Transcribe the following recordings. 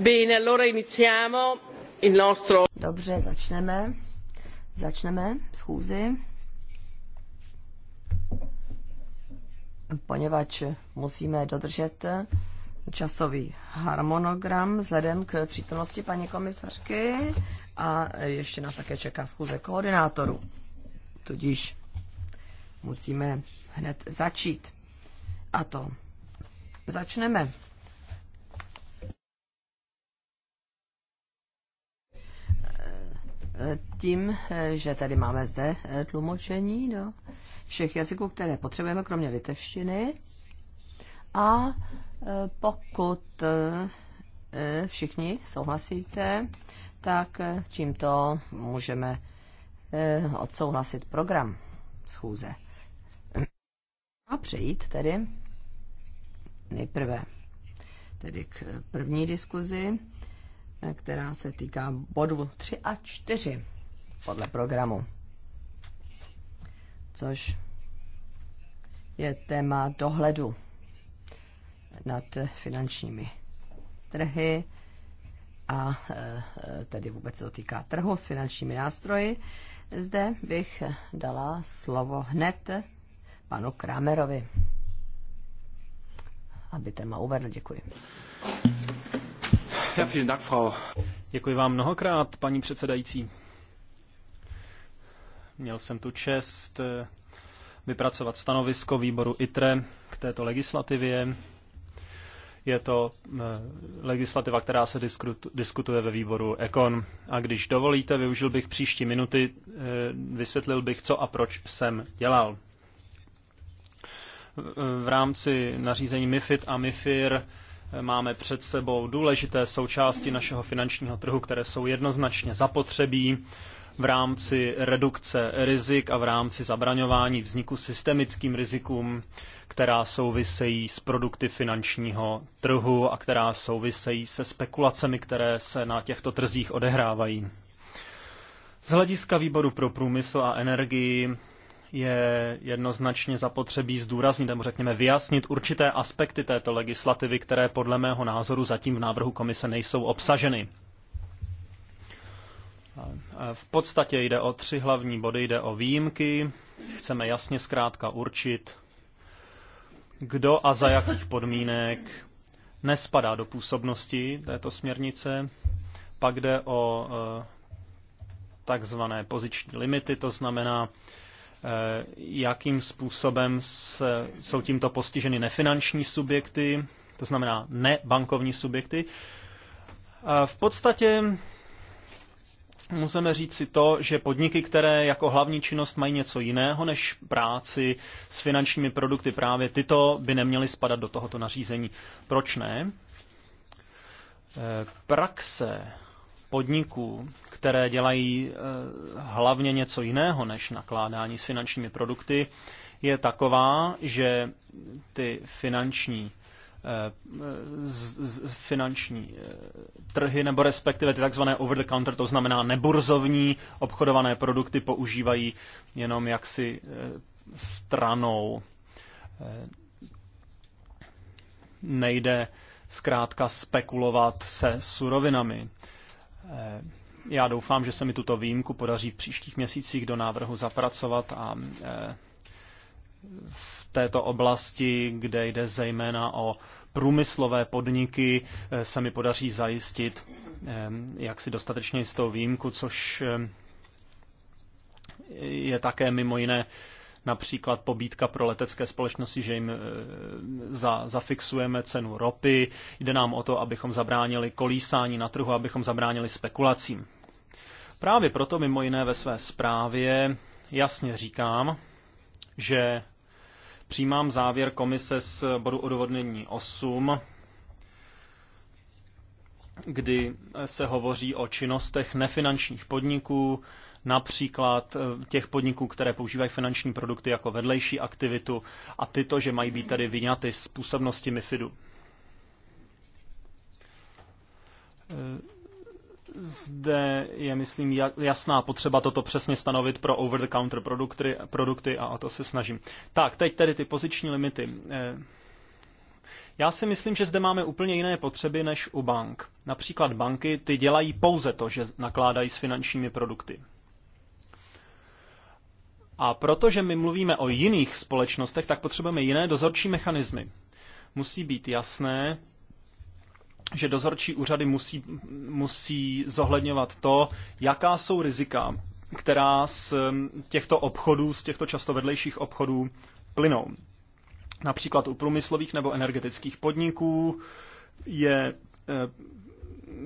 Bene, allora iniziamo il nostro... Dobře, začneme. Začneme schůzi. Poněvadž musíme dodržet časový harmonogram vzhledem k přítomnosti paní komisařky a ještě nás také čeká schůze koordinátorů. Tudíž musíme hned začít. A to začneme. tím, že tady máme zde tlumočení do všech jazyků, které potřebujeme, kromě litevštiny. A e, pokud e, všichni souhlasíte, tak e, tímto můžeme odsouhlasit program schůze. A přejít tedy nejprve tedy k první diskuzi která se týká bodu 3 a 4 podle programu, což je téma dohledu nad finančními trhy a e, e, tedy vůbec se to týká trhu s finančními nástroji. Zde bych dala slovo hned panu Kramerovi, aby téma uvedl. Děkuji. Děkuji vám mnohokrát, paní předsedající. Měl jsem tu čest eh, vypracovat stanovisko výboru ITRE k této legislativě. Je to eh, legislativa, která se diskutuje ve výboru ECON. A když dovolíte, využil bych příští minuty, eh, vysvětlil bych, co a proč jsem dělal. V rámci nařízení MIFID a MIFIR Máme před sebou důležité součásti našeho finančního trhu, které jsou jednoznačně zapotřebí v rámci redukce rizik a v rámci zabraňování vzniku systemickým rizikům, která souvisejí s produkty finančního trhu a která souvisejí se spekulacemi, které se na těchto trzích odehrávají. Z hlediska výboru pro průmysl a energii je jednoznačně zapotřebí zdůraznit nebo řekněme vyjasnit určité aspekty této legislativy, které podle mého názoru zatím v návrhu komise nejsou obsaženy. V podstatě jde o tři hlavní body, jde o výjimky. Chceme jasně zkrátka určit, kdo a za jakých podmínek nespadá do působnosti této směrnice. Pak jde o eh, takzvané poziční limity, to znamená Eh, jakým způsobem se, jsou tímto postiženy nefinanční subjekty, to znamená nebankovní subjekty. V podstatě Můžeme říct si to, že podniky, které jako hlavní činnost mají něco jiného než práci s finančními produkty, právě tyto by neměly spadat do tohoto nařízení. Proč ne? Eh, praxe podniků, které dělají eh, hlavně něco jiného než nakládání s finančními produkty, je taková, že ty finanční eh, z, z, finanční eh, trhy, nebo respektive ty takzvané over-the-counter, to znamená neburzovní obchodované produkty, používají jenom jaksi stranou. Nejde zkrátka spekulovat se surovinami. Eh, já doufám, že se mi tuto výjimku podaří v příštích měsících do návrhu zapracovat a eh, v této oblasti, kde jde zejména o průmyslové podniky, eh, se mi podaří zajistit jak si dostatečně jistou výjimku, což je také mimo jiné například pobídka pro letecké společnosti, že jim e, za, zafixujeme cenu ropy. Jde nám o to, abychom zabránili kolísání na trhu, abychom zabránili spekulacím. Právě proto mimo jiné ve své zprávě jasně říkám, že přijímám závěr komise z bodu odvodnění 8, kdy se hovoří o činnostech nefinančních podniků, například eh, těch podniků, které používají finanční produkty jako vedlejší aktivitu a tyto, že mají být tedy vyňaty z působnosti MIFIDu. Eh, zde je, myslím, jasná potřeba toto přesně stanovit pro over-the-counter produkty, produkty a o to se snažím. Tak, teď tedy ty poziční limity. Eh, já si myslím, že zde máme úplně jiné potřeby než u bank. Například banky, ty dělají pouze to, že nakládají s finančními produkty. A protože my mluvíme o jiných společnostech, tak potřebujeme jiné dozorčí mechanismy. Musí být jasné, že dozorčí úřady musí, musí zohledňovat to, jaká jsou rizika, která z těchto obchodů, z těchto často vedlejších obchodů plynou. Například u průmyslových nebo energetických podniků je e,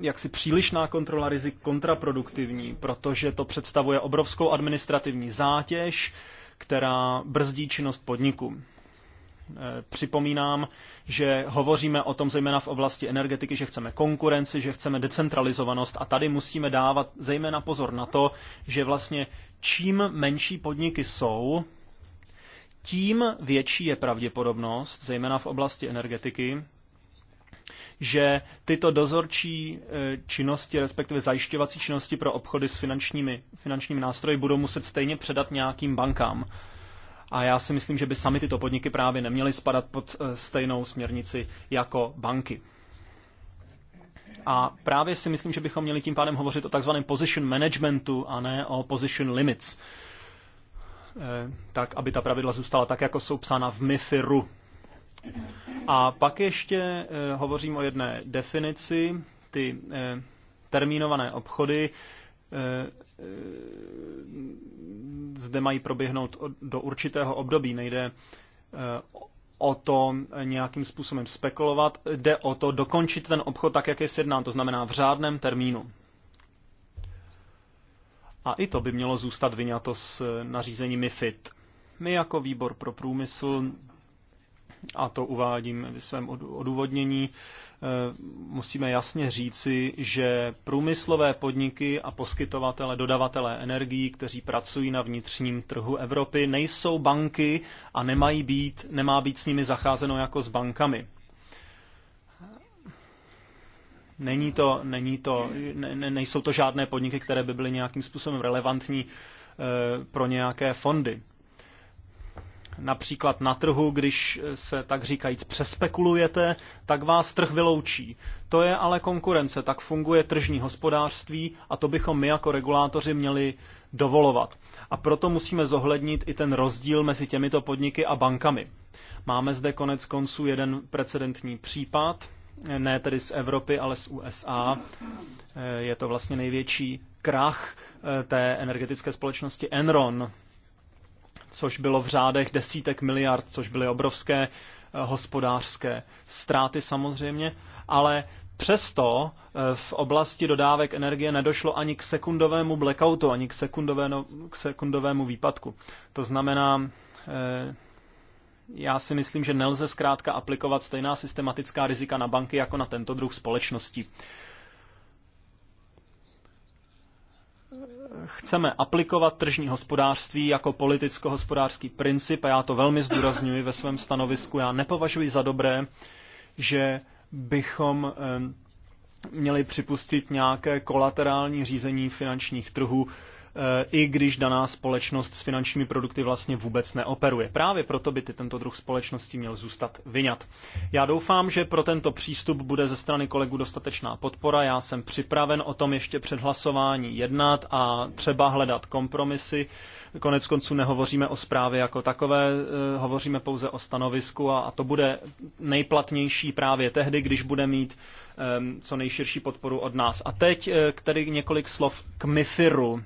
jaksi přílišná kontrola rizik kontraproduktivní, protože to představuje obrovskou administrativní zátěž, která brzdí činnost podniku. E, připomínám, že hovoříme o tom zejména v oblasti energetiky, že chceme konkurenci, že chceme decentralizovanost a tady musíme dávat zejména pozor na to, že vlastně čím menší podniky jsou, tím větší je pravděpodobnost, zejména v oblasti energetiky, že tyto dozorčí eh, činnosti, respektive zajišťovací činnosti pro obchody s finančními, finančními nástroji budou muset stejně předat nějakým bankám. A já si myslím, že by sami tyto podniky právě neměly spadat pod eh, stejnou směrnici jako banky. A právě si myslím, že bychom měli tím pádem hovořit o takzvaném position managementu a ne o position limits. Eh, tak, aby ta pravidla zůstala tak, jako jsou psána v MIFIRu a pak ještě eh, hovořím o jedné definici, ty eh, termínované obchody eh, zde mají proběhnout do určitého období. Nejde o to nějakým způsobem spekulovat, jde o to dokončit ten obchod tak, jak je sjednán, to znamená v řádném termínu. A i to by mělo zůstat vyňato s nařízením MIFID. My jako výbor pro průmysl a to uvádím v svém odůvodnění, e, musíme jasně říci, že průmyslové podniky a poskytovatele, dodavatele energií, kteří pracují na vnitřním trhu Evropy, nejsou banky a nemají být, nemá být s nimi zacházeno jako s bankami. Není to, není to, ne, nejsou to žádné podniky, které by byly nějakým způsobem relevantní e, pro nějaké fondy. Například na trhu, když se tak říkajíc přespekulujete, tak vás trh vyloučí. To je ale konkurence, tak funguje tržní hospodářství a to bychom my jako regulátoři měli dovolovat. A proto musíme zohlednit i ten rozdíl mezi těmito podniky a bankami. Máme zde konec konců jeden precedentní případ, ne tedy z Evropy, ale z USA. Je to vlastně největší krach eh, té energetické společnosti Enron což bylo v řádech desítek miliard, což byly obrovské eh, hospodářské ztráty samozřejmě, ale přesto eh, v oblasti dodávek energie nedošlo ani k sekundovému blackoutu, ani k, sekundové, no, k sekundovému výpadku. To znamená, eh, já si myslím, že nelze zkrátka aplikovat stejná systematická rizika na banky jako na tento druh společností. chceme aplikovat tržní hospodářství jako politicko-hospodářský princip a já to velmi zdůrazňuji ve svém stanovisku. Já nepovažuji za dobré, že bychom eh, měli připustit nějaké kolaterální řízení finančních trhů i když daná společnost s finančními produkty vlastně vůbec neoperuje. Právě proto by ty tento druh společnosti měl zůstat vyňat. Já doufám, že pro tento přístup bude ze strany kolegů dostatečná podpora. Já jsem připraven o tom ještě před hlasování jednat a třeba hledat kompromisy. Konec konců nehovoříme o zprávě jako takové, eh, hovoříme pouze o stanovisku a, a to bude nejplatnější právě tehdy, když bude mít eh, co nejširší podporu od nás. A teď eh, k tedy několik slov k MIFIRu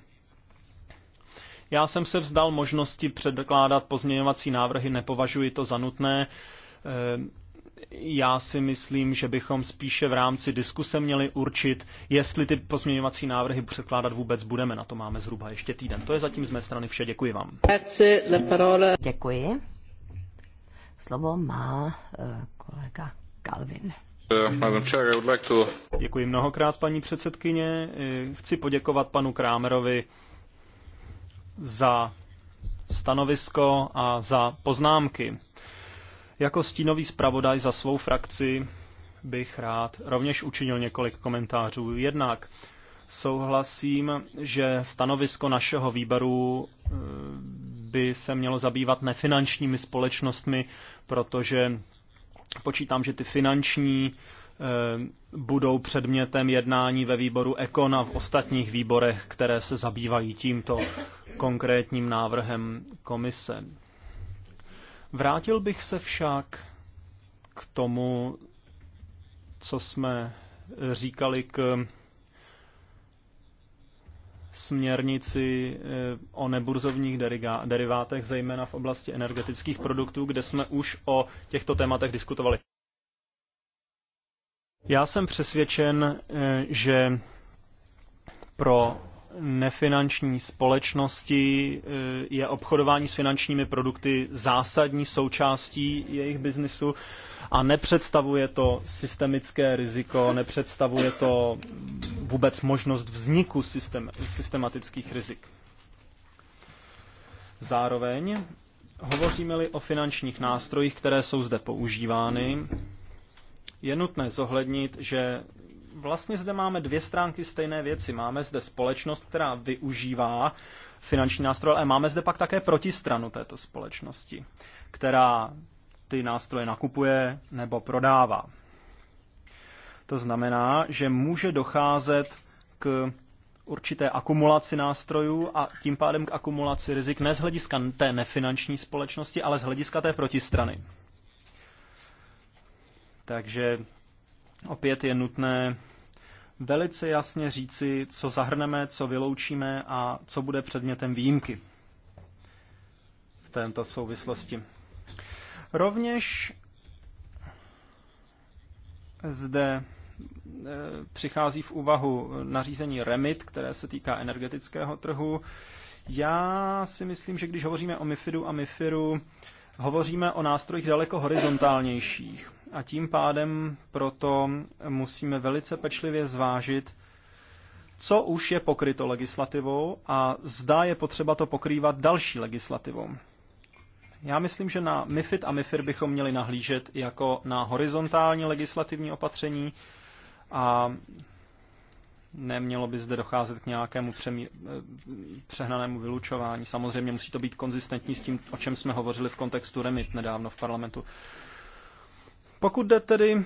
já jsem se vzdal možnosti předkládat pozměňovací návrhy, nepovažuji to za nutné. Eh, já si myslím, že bychom spíše v rámci diskuse měli určit, jestli ty pozměňovací návrhy předkládat vůbec budeme. Na to máme zhruba ještě týden. To je zatím z mé strany vše. Děkuji vám. Děkuji. Slovo má eh, kolega Calvin. Eh, Děkuji mnohokrát, paní předsedkyně. Chci poděkovat panu Krámerovi za stanovisko a za poznámky. Jako stínový zpravodaj za svou frakci bych rád rovněž učinil několik komentářů. Jednak souhlasím, že stanovisko našeho výboru eh, by se mělo zabývat nefinančními společnostmi, protože počítám, že ty finanční Eh, budou předmětem jednání ve výboru Ekon a v ostatních výborech, které se zabývají tímto konkrétním návrhem komise. Vrátil bych se však k tomu, co jsme říkali k směrnici eh, o neburzovních derivátech, zejména v oblasti energetických produktů, kde jsme už o těchto tématech diskutovali. Já jsem přesvědčen, eh, že pro nefinanční společnosti eh, je obchodování s finančními produkty zásadní součástí jejich biznisu a nepředstavuje to systemické riziko, nepředstavuje to vůbec možnost vzniku systém, systematických rizik. Zároveň hovoříme-li o finančních nástrojích, které jsou zde používány, je nutné zohlednit, že vlastně zde máme dvě stránky stejné věci. Máme zde společnost, která využívá finanční nástroje, ale máme zde pak také protistranu této společnosti, která ty nástroje nakupuje nebo prodává. To znamená, že může docházet k určité akumulaci nástrojů a tím pádem k akumulaci rizik ne z hlediska té nefinanční společnosti, ale z hlediska té protistrany. Takže opět je nutné velice jasně říci, co zahrneme, co vyloučíme a co bude předmětem výjimky v této souvislosti. Rovněž zde e, přichází v úvahu nařízení REMIT, které se týká energetického trhu. Já si myslím, že když hovoříme o MIFIDu a MIFIRu, hovoříme o nástrojích daleko horizontálnějších. A tím pádem proto musíme velice pečlivě zvážit, co už je pokryto legislativou a zdá je potřeba to pokrývat další legislativou. Já myslím, že na MIFID a MIFIR bychom měli nahlížet jako na horizontální legislativní opatření a nemělo by zde docházet k nějakému přemí, přehnanému vylučování. Samozřejmě musí to být konzistentní s tím, o čem jsme hovořili v kontextu REMIT nedávno v parlamentu. Pokud jde tedy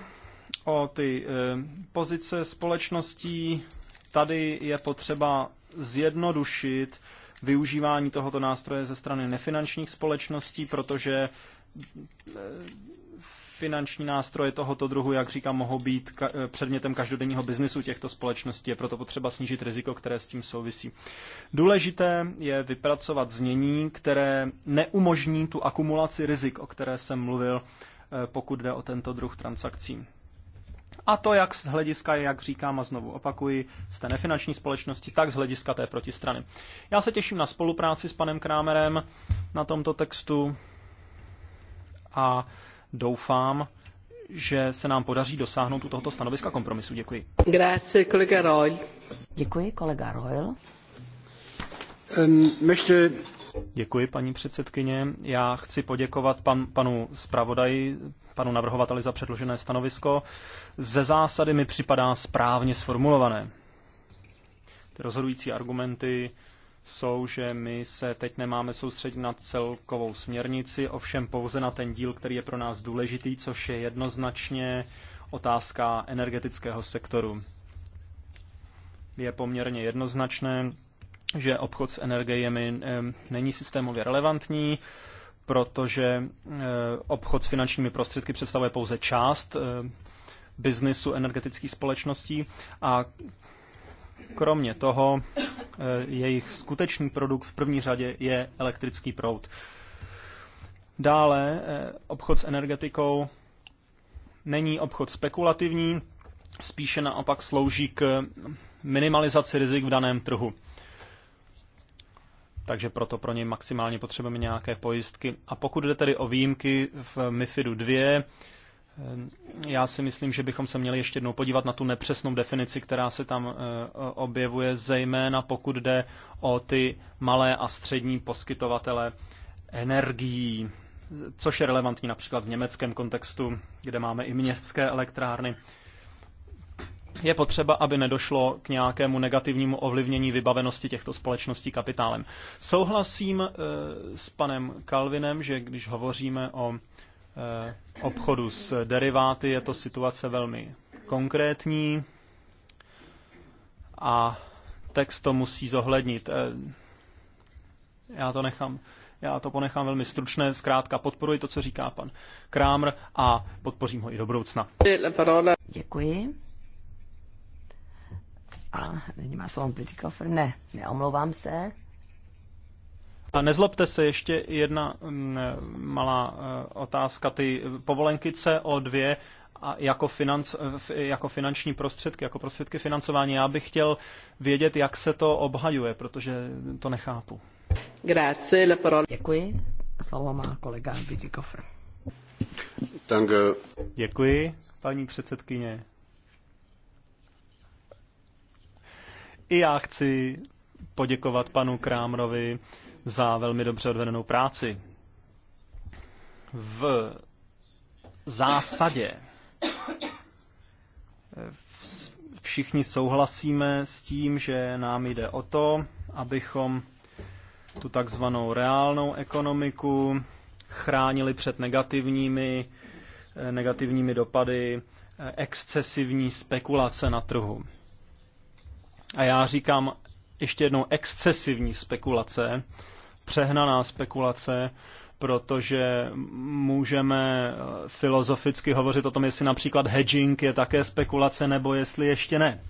o ty eh, pozice společností, tady je potřeba zjednodušit využívání tohoto nástroje ze strany nefinančních společností, protože eh, finanční nástroje tohoto druhu, jak říkám, mohou být eh, předmětem každodenního biznisu těchto společností, je proto potřeba snížit riziko, které s tím souvisí. Důležité je vypracovat znění, které neumožní tu akumulaci rizik, o které jsem mluvil Eh, pokud jde o tento druh transakcí. A to jak z hlediska, jak říkám a znovu opakuji, z té nefinanční společnosti, tak z hlediska té protistrany. Já se těším na spolupráci s panem Krámerem na tomto textu a doufám, že se nám podaří dosáhnout u tohoto stanoviska kompromisu. Děkuji. Grazie, kolega Royl. Děkuji, kolega Royl. Um, ehm, möchte Děkuji, paní předsedkyně. Já chci poděkovat pan, panu zpravodaji, panu navrhovateli za předložené stanovisko. Ze zásady mi připadá správně sformulované. Ty rozhodující argumenty jsou, že my se teď nemáme soustředit na celkovou směrnici, ovšem pouze na ten díl, který je pro nás důležitý, což je jednoznačně otázka energetického sektoru. Je poměrně jednoznačné, že obchod s energiemi není systémově relevantní, protože obchod s finančními prostředky představuje pouze část biznisu energetických společností a kromě toho jejich skutečný produkt v první řadě je elektrický proud. Dále obchod s energetikou není obchod spekulativní, spíše naopak slouží k minimalizaci rizik v daném trhu takže proto pro něj maximálně potřebujeme nějaké pojistky. A pokud jde tedy o výjimky v MIFIDu 2, eh, já si myslím, že bychom se měli ještě jednou podívat na tu nepřesnou definici, která se tam eh, objevuje, zejména pokud jde o ty malé a střední poskytovatele energií, což je relevantní například v německém kontextu, kde máme i městské elektrárny je potřeba, aby nedošlo k nějakému negativnímu ovlivnění vybavenosti těchto společností kapitálem. Souhlasím eh, s panem Kalvinem, že když hovoříme o eh, obchodu s deriváty, je to situace velmi konkrétní a text to musí zohlednit. Eh, já to nechám já to ponechám velmi stručné, zkrátka podporuji to, co říká pan Krámr a podpořím ho i do budoucna. Děkuji. A není má slovo Bytikofer. Ne, neomlouvám se. A nezlobte se, ještě jedna mm, malá eh, otázka. Ty povolenky CO2 a jako, financ, eh, jako finanční prostředky, jako prostředky financování. Já bych chtěl vědět, jak se to obhajuje, protože to nechápu. Děkuji. Slovo má kolega Bytikofer. Děkuji, paní předsedkyně. I já chci poděkovat panu Krámrovi za velmi dobře odvedenou práci. V zásadě všichni souhlasíme s tím, že nám jde o to, abychom tu takzvanou reálnou ekonomiku chránili před negativními, eh, negativními dopady eh, excesivní spekulace na trhu a já říkám ještě jednou excesivní spekulace, přehnaná spekulace, protože můžeme eh, filozoficky hovořit o tom, jestli například hedging je také spekulace, nebo jestli ještě ne.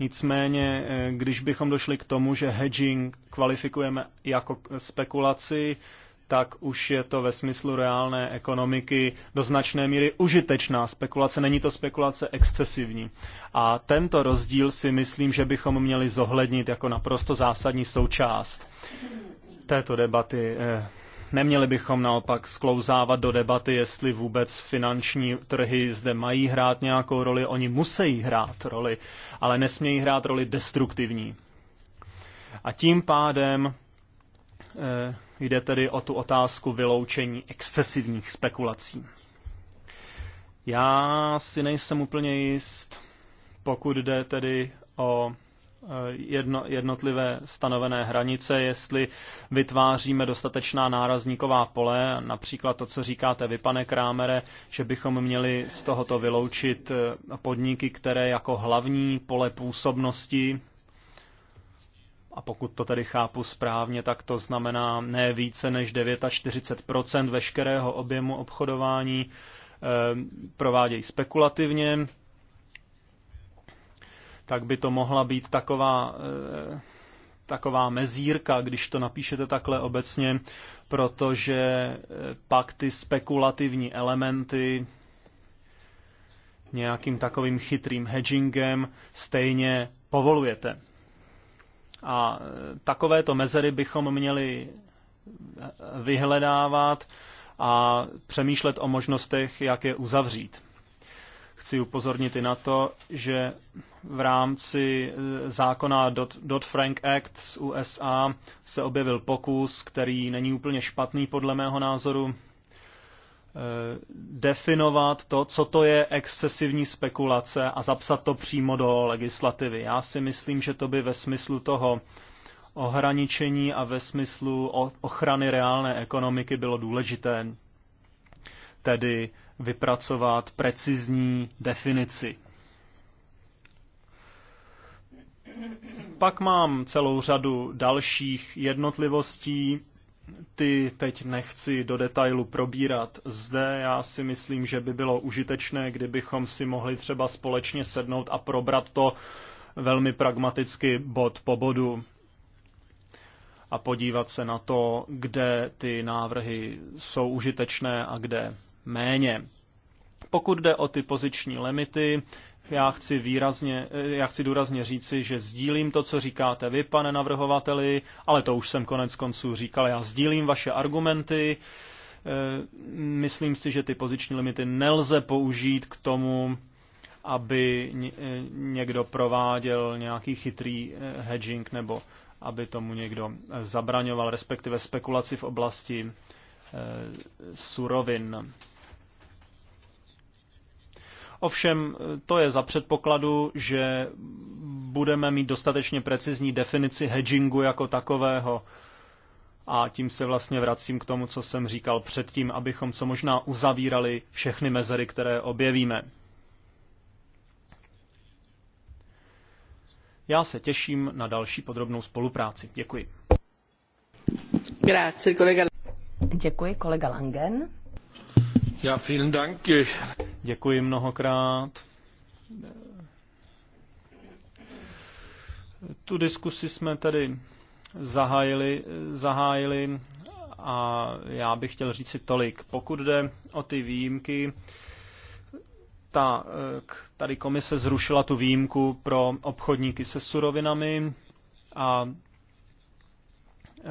Nicméně, eh, když bychom došli k tomu, že hedging kvalifikujeme jako spekulaci, tak už je to ve smyslu reálné ekonomiky do značné míry užitečná spekulace. Není to spekulace excesivní. A tento rozdíl si myslím, že bychom měli zohlednit jako naprosto zásadní součást této debaty. Eh, neměli bychom naopak sklouzávat do debaty, jestli vůbec finanční trhy zde mají hrát nějakou roli. Oni musí hrát roli, ale nesmějí hrát roli destruktivní. A tím pádem eh, Jde tedy o tu otázku vyloučení excesivních spekulací. Já si nejsem úplně jist, pokud jde tedy o eh, jedno, jednotlivé stanovené hranice, jestli vytváříme dostatečná nárazníková pole, například to, co říkáte vy, pane Krámere, že bychom měli z tohoto vyloučit eh, podniky, které jako hlavní pole působnosti a pokud to tedy chápu správně, tak to znamená ne více než 49% veškerého objemu obchodování eh, provádějí spekulativně, tak by to mohla být taková, eh, taková mezírka, když to napíšete takhle obecně, protože eh, pak ty spekulativní elementy nějakým takovým chytrým hedgingem stejně povolujete. A e, takovéto mezery bychom měli vyhledávat a přemýšlet o možnostech, jak je uzavřít. Chci upozornit i na to, že v rámci e, zákona Dodd-Frank Act z USA se objevil pokus, který není úplně špatný podle mého názoru, Eh, definovat to, co to je excesivní spekulace a zapsat to přímo do legislativy. Já si myslím, že to by ve smyslu toho ohraničení a ve smyslu ochrany reálné ekonomiky bylo důležité, tedy vypracovat precizní definici. Pak mám celou řadu dalších jednotlivostí, ty teď nechci do detailu probírat. Zde já si myslím, že by bylo užitečné, kdybychom si mohli třeba společně sednout a probrat to velmi pragmaticky bod po bodu a podívat se na to, kde ty návrhy jsou užitečné a kde méně. Pokud jde o ty poziční limity, já chci, výrazně, eh, já chci důrazně říci, že sdílím to, co říkáte vy, pane navrhovateli, ale to už jsem konec konců říkal. Já sdílím vaše argumenty. Eh, myslím si, že ty poziční limity nelze použít k tomu, aby eh, někdo prováděl nějaký chytrý hedging nebo aby tomu někdo zabraňoval, respektive spekulaci v oblasti surovin. Ovšem, to je za předpokladu, že budeme mít dostatečně precizní definici hedgingu jako takového. A tím se vlastně vracím k tomu, co jsem říkal předtím, abychom co možná uzavírali všechny mezery, které objevíme. Já se těším na další podrobnou spolupráci. Děkuji. Grazie, kolega. Děkuji, kolega Langen. Ja, vielen Dank. Děkuji mnohokrát. Tu diskusi jsme tady zahájili, zahájili a já bych chtěl říct si tolik. Pokud jde o ty výjimky, ta, tady komise zrušila tu výjimku pro obchodníky se surovinami a e,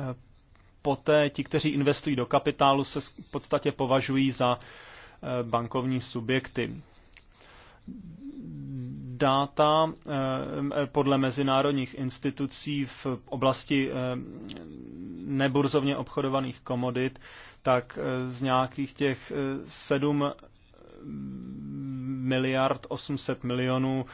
poté ti, kteří investují do kapitálu, se v podstatě považují za Eh, bankovní subjekty. Data eh, podle mezinárodních institucí v oblasti eh, neburzovně obchodovaných komodit, tak z nějakých těch 7 mm, miliard 800 milionů.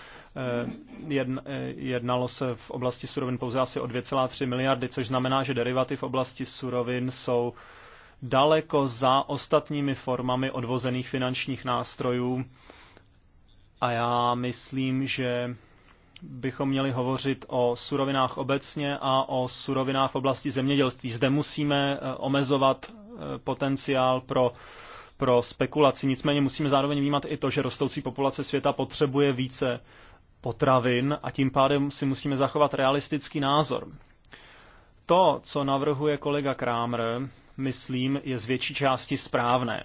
Jednalo se v oblasti surovin pouze asi o 2,3 miliardy, což znamená, že derivaty v oblasti surovin jsou daleko za ostatními formami odvozených finančních nástrojů a já myslím, že bychom měli hovořit o surovinách obecně a o surovinách v oblasti zemědělství. Zde musíme eh, omezovat eh, potenciál pro pro spekulaci. Nicméně musíme zároveň vnímat i to, že rostoucí populace světa potřebuje více potravin a tím pádem si musíme zachovat realistický názor. To, co navrhuje kolega Krámer, myslím, je z větší části správné.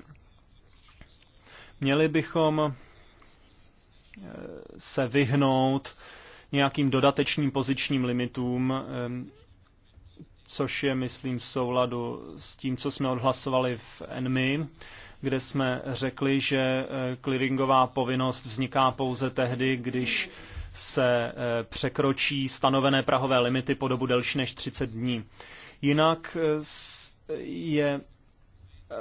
Měli bychom eh, se vyhnout nějakým dodatečným pozičním limitům, eh, což je, myslím, v souladu s tím, co jsme odhlasovali v NMI, kde jsme řekli, že eh, clearingová povinnost vzniká pouze tehdy, když se překročí stanovené prahové limity po dobu delší než 30 dní. Jinak je eh,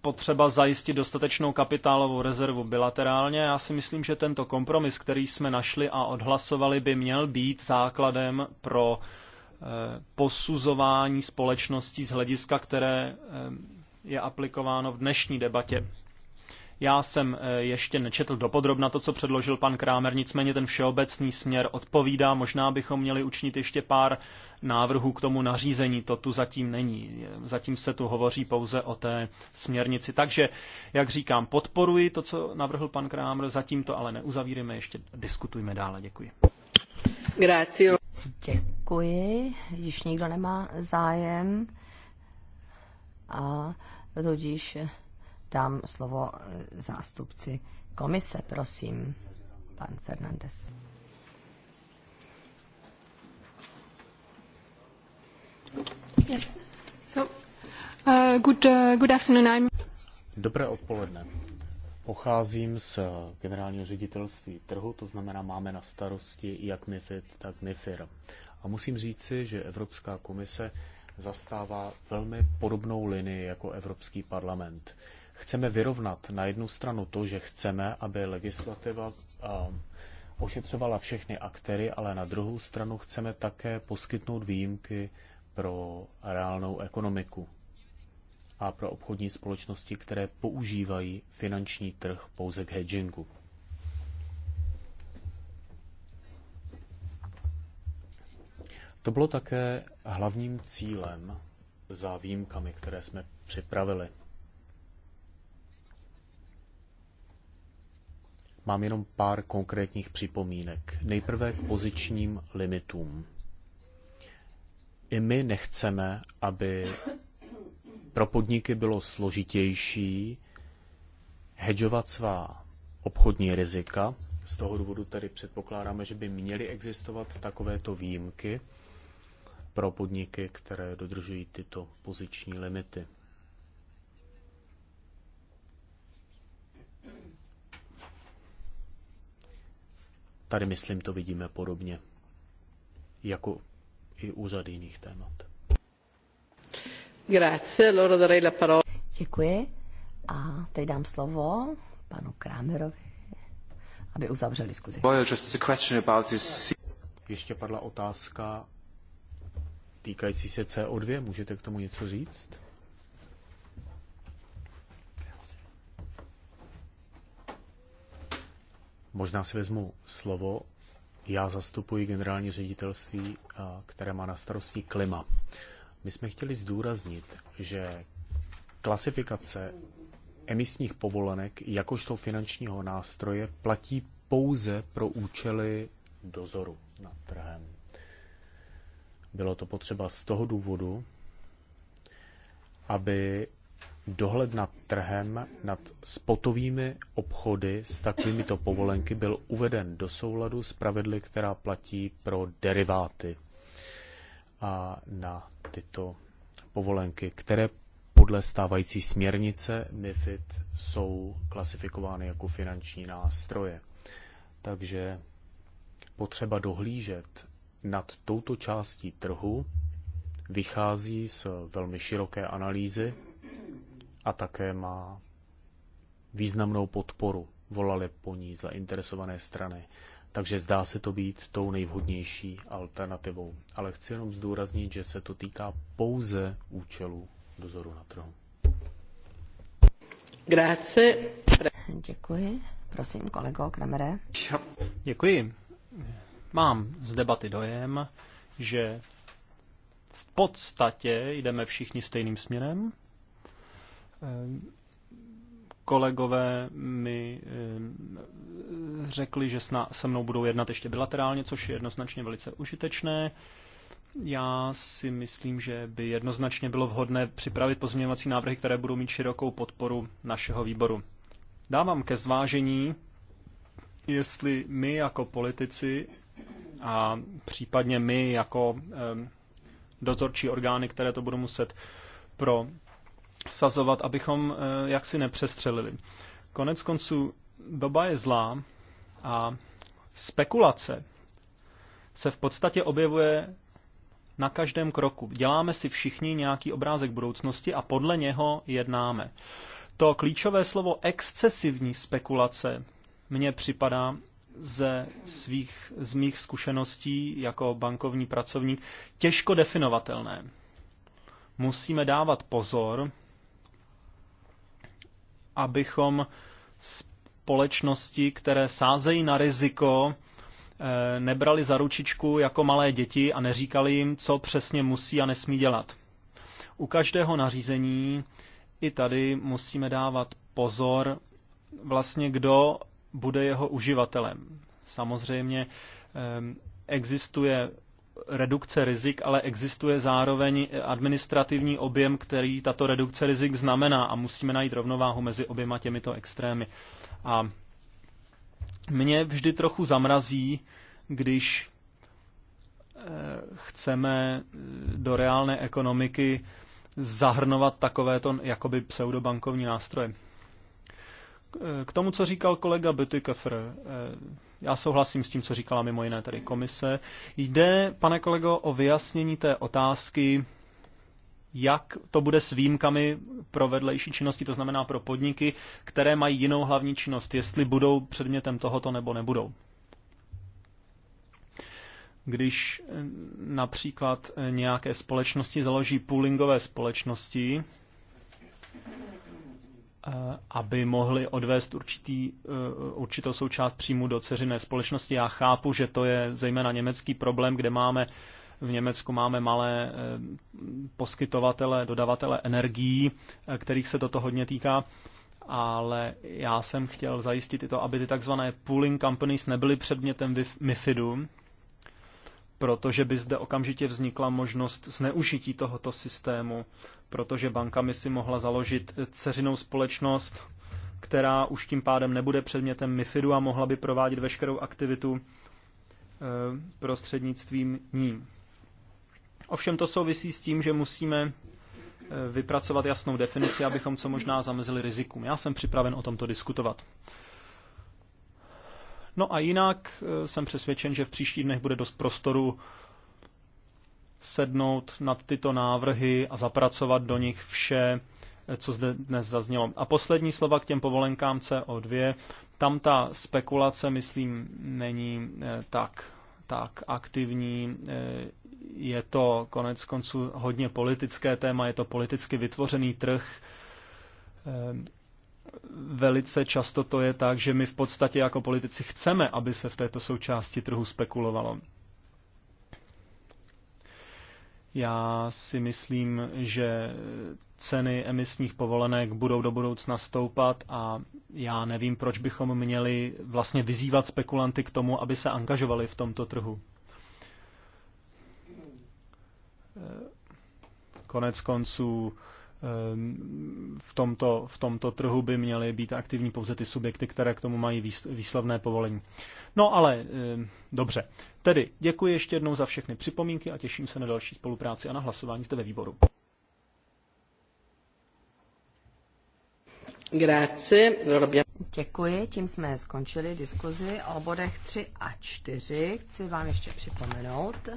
potřeba zajistit dostatečnou kapitálovou rezervu bilaterálně. Já si myslím, že tento kompromis, který jsme našli a odhlasovali, by měl být základem pro eh, posuzování společností z hlediska, které eh, je aplikováno v dnešní debatě. Já jsem eh, ještě nečetl dopodrobna to, co předložil pan Krámer, nicméně ten všeobecný směr odpovídá. Možná bychom měli učinit ještě pár návrhů k tomu nařízení. To tu zatím není. Zatím se tu hovoří pouze o té směrnici. Takže, jak říkám, podporuji to, co navrhl pan Krámer, zatím to ale neuzavíreme, ještě diskutujme dále. Děkuji. Grazie. Děkuji. Již nikdo nemá zájem a tudíž dám slovo eh, zástupci komise. Prosím, pan Fernandez. Yes. So, uh, good, uh, good afternoon. I'm... Dobré odpoledne. Pocházím z eh, generálního ředitelství trhu, to znamená máme na starosti jak MIFID, tak MIFIR. A musím říci, že Evropská komise zastává velmi podobnou linii jako Evropský parlament chceme vyrovnat na jednu stranu to, že chceme, aby legislativa um, ošetřovala všechny aktéry, ale na druhou stranu chceme také poskytnout výjimky pro reálnou ekonomiku a pro obchodní společnosti, které používají finanční trh pouze k hedgingu. To bylo také hlavním cílem za výjimkami, které jsme připravili. Mám jenom pár konkrétních připomínek. Nejprve k pozičním limitům. I my nechceme, aby pro podniky bylo složitější hedžovat svá obchodní rizika. Z toho důvodu tedy předpokládáme, že by měly existovat takovéto výjimky pro podniky, které dodržují tyto poziční limity. Tady, myslím, to vidíme podobně, jako i u řady jiných témat. Děkuji. A teď dám slovo panu Kramerovi, aby uzavřel diskuzi. Ještě padla otázka týkající se CO2. Můžete k tomu něco říct? Možná si vezmu slovo. Já zastupuji generální ředitelství, eh, které má na starosti klima. My jsme chtěli zdůraznit, že klasifikace emisních povolenek jakožto finančního nástroje platí pouze pro účely dozoru nad trhem. Bylo to potřeba z toho důvodu, aby dohled nad trhem, nad spotovými obchody s takovýmito povolenky byl uveden do souladu s pravidly, která platí pro deriváty a na tyto povolenky, které podle stávající směrnice MIFID jsou klasifikovány jako finanční nástroje. Takže potřeba dohlížet nad touto částí trhu vychází z velmi široké analýzy a také má významnou podporu. Volali po ní zainteresované strany. Takže zdá se to být tou nejvhodnější alternativou. Ale chci jenom zdůraznit, že se to týká pouze účelu dozoru na trhu. Grazie. Děkuji. Prosím, kolego Kramere. Děkuji. Mám z debaty dojem, že v podstatě jdeme všichni stejným směrem, kolegové mi eh, řekli, že se mnou budou jednat ještě bilaterálně, což je jednoznačně velice užitečné. Já si myslím, že by jednoznačně bylo vhodné připravit pozměňovací návrhy, které budou mít širokou podporu našeho výboru. Dávám ke zvážení, jestli my jako politici a případně my jako eh, dozorčí orgány, které to budou muset pro sazovat, abychom eh, jaksi nepřestřelili. Konec konců doba je zlá a spekulace se v podstatě objevuje na každém kroku. Děláme si všichni nějaký obrázek budoucnosti a podle něho jednáme. To klíčové slovo excesivní spekulace mně připadá ze svých, z mých zkušeností jako bankovní pracovník těžko definovatelné. Musíme dávat pozor abychom společnosti, které sázejí na riziko, eh, nebrali za ručičku jako malé děti a neříkali jim, co přesně musí a nesmí dělat. U každého nařízení i tady musíme dávat pozor, vlastně kdo bude jeho uživatelem. Samozřejmě eh, existuje redukce rizik, ale existuje zároveň administrativní objem, který tato redukce rizik znamená a musíme najít rovnováhu mezi oběma těmito extrémy. A mě vždy trochu zamrazí, když eh, chceme do reálné ekonomiky zahrnovat takovéto jakoby pseudobankovní nástroje. K eh, tomu, co říkal kolega Bytykefr. Eh, já souhlasím s tím, co říkala mimo jiné tady komise. Jde, pane kolego, o vyjasnění té otázky, jak to bude s výjimkami pro vedlejší činnosti, to znamená pro podniky, které mají jinou hlavní činnost, jestli budou předmětem tohoto nebo nebudou. Když eh, například eh, nějaké společnosti založí poolingové společnosti, Eh, aby mohli odvést určitý, eh, určitou součást příjmu do ceřiné společnosti. Já chápu, že to je zejména německý problém, kde máme v Německu máme malé eh, poskytovatele, dodavatele energií, kterých se toto hodně týká, ale já jsem chtěl zajistit i to, aby ty takzvané pooling companies nebyly předmětem MIFIDu, protože by zde okamžitě vznikla možnost zneužití tohoto systému, protože banka by si mohla založit ceřinou společnost, která už tím pádem nebude předmětem MIFIDu a mohla by provádět veškerou aktivitu eh, prostřednictvím ní. Ovšem to souvisí s tím, že musíme eh, vypracovat jasnou definici, abychom co možná zamezili rizikům. Já jsem připraven o tomto diskutovat. No a jinak eh, jsem přesvědčen, že v příštích dnech bude dost prostoru sednout nad tyto návrhy a zapracovat do nich vše, eh, co zde dnes zaznělo. A poslední slova k těm povolenkám CO2. Tam ta spekulace, myslím, není eh, tak, tak aktivní. Je to konec konců hodně politické téma, je to politicky vytvořený trh velice často to je tak, že my v podstatě jako politici chceme, aby se v této součásti trhu spekulovalo. Já si myslím, že ceny emisních povolenek budou do budoucna stoupat a já nevím, proč bychom měli vlastně vyzývat spekulanty k tomu, aby se angažovali v tomto trhu. Konec konců Ehm, v tomto, v tomto trhu by měly být aktivní pouze ty subjekty, které k tomu mají výslovné povolení. No ale ehm, dobře, tedy děkuji ještě jednou za všechny připomínky a těším se na další spolupráci a na hlasování zde ve výboru. Děkuji, tím jsme skončili diskuzi o bodech 3 a 4. Chci vám ještě připomenout,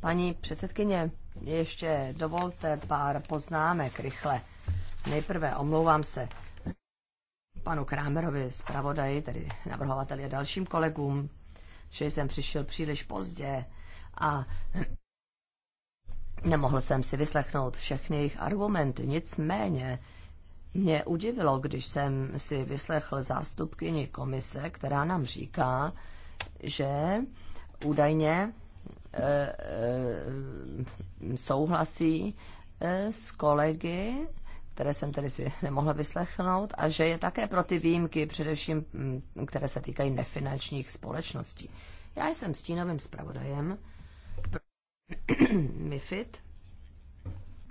Paní předsedkyně, ještě dovolte pár poznámek rychle. Nejprve omlouvám se panu Krámerovi, zpravodaji, tedy navrhovateli a dalším kolegům, že jsem přišel příliš pozdě a nemohl jsem si vyslechnout všechny jejich argumenty. Nicméně mě udivilo, když jsem si vyslechl zástupkyni komise, která nám říká, že údajně Eh, eh, souhlasí eh, s kolegy, které jsem tedy si nemohla vyslechnout, a že je také pro ty výjimky, především mm, které se týkají nefinančních společností. Já jsem stínovým zpravodajem MIFID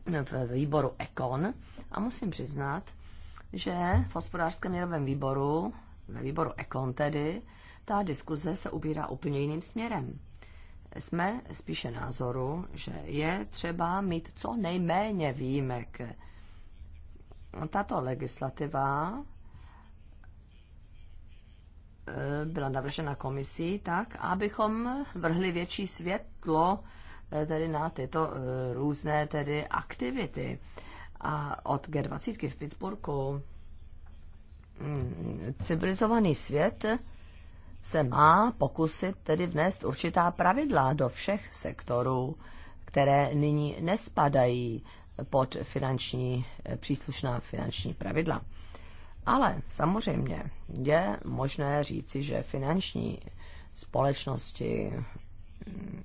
no, v výboru Econ a musím přiznat, že v hospodářském měrovém výboru, ve výboru Econ tedy, ta diskuze se ubírá úplně jiným směrem jsme spíše názoru, že je třeba mít co nejméně výjimek. Tato legislativa eh, byla navržena komisí tak, abychom vrhli větší světlo eh, tedy na tyto eh, různé tedy aktivity. A od G20 v Pittsburghu mm, civilizovaný svět se má pokusit tedy vnést určitá pravidla do všech sektorů, které nyní nespadají pod finanční, eh, příslušná finanční pravidla. Ale samozřejmě je možné říci, že finanční společnosti mm,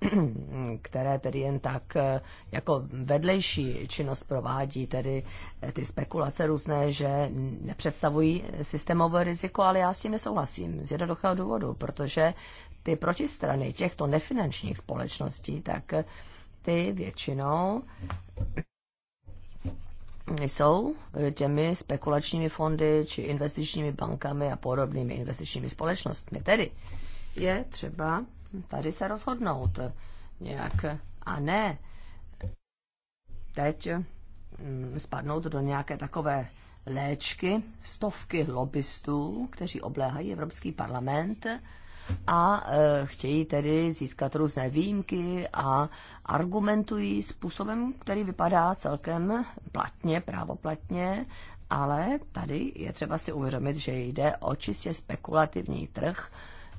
které tedy jen tak eh, jako vedlejší činnost provádí, tedy eh, ty spekulace různé, že nepředstavují systémové riziko, ale já s tím nesouhlasím z jednoduchého důvodu, protože ty protistrany těchto nefinančních společností, tak eh, ty většinou jsou těmi spekulačními fondy či investičními bankami a podobnými investičními společnostmi. Tedy je třeba tady se rozhodnout nějak a ne teď mm, spadnout do nějaké takové léčky, stovky lobbystů, kteří obléhají Evropský parlament a e, chtějí tedy získat různé výjimky a argumentují způsobem, který vypadá celkem platně, právoplatně, ale tady je třeba si uvědomit, že jde o čistě spekulativní trh,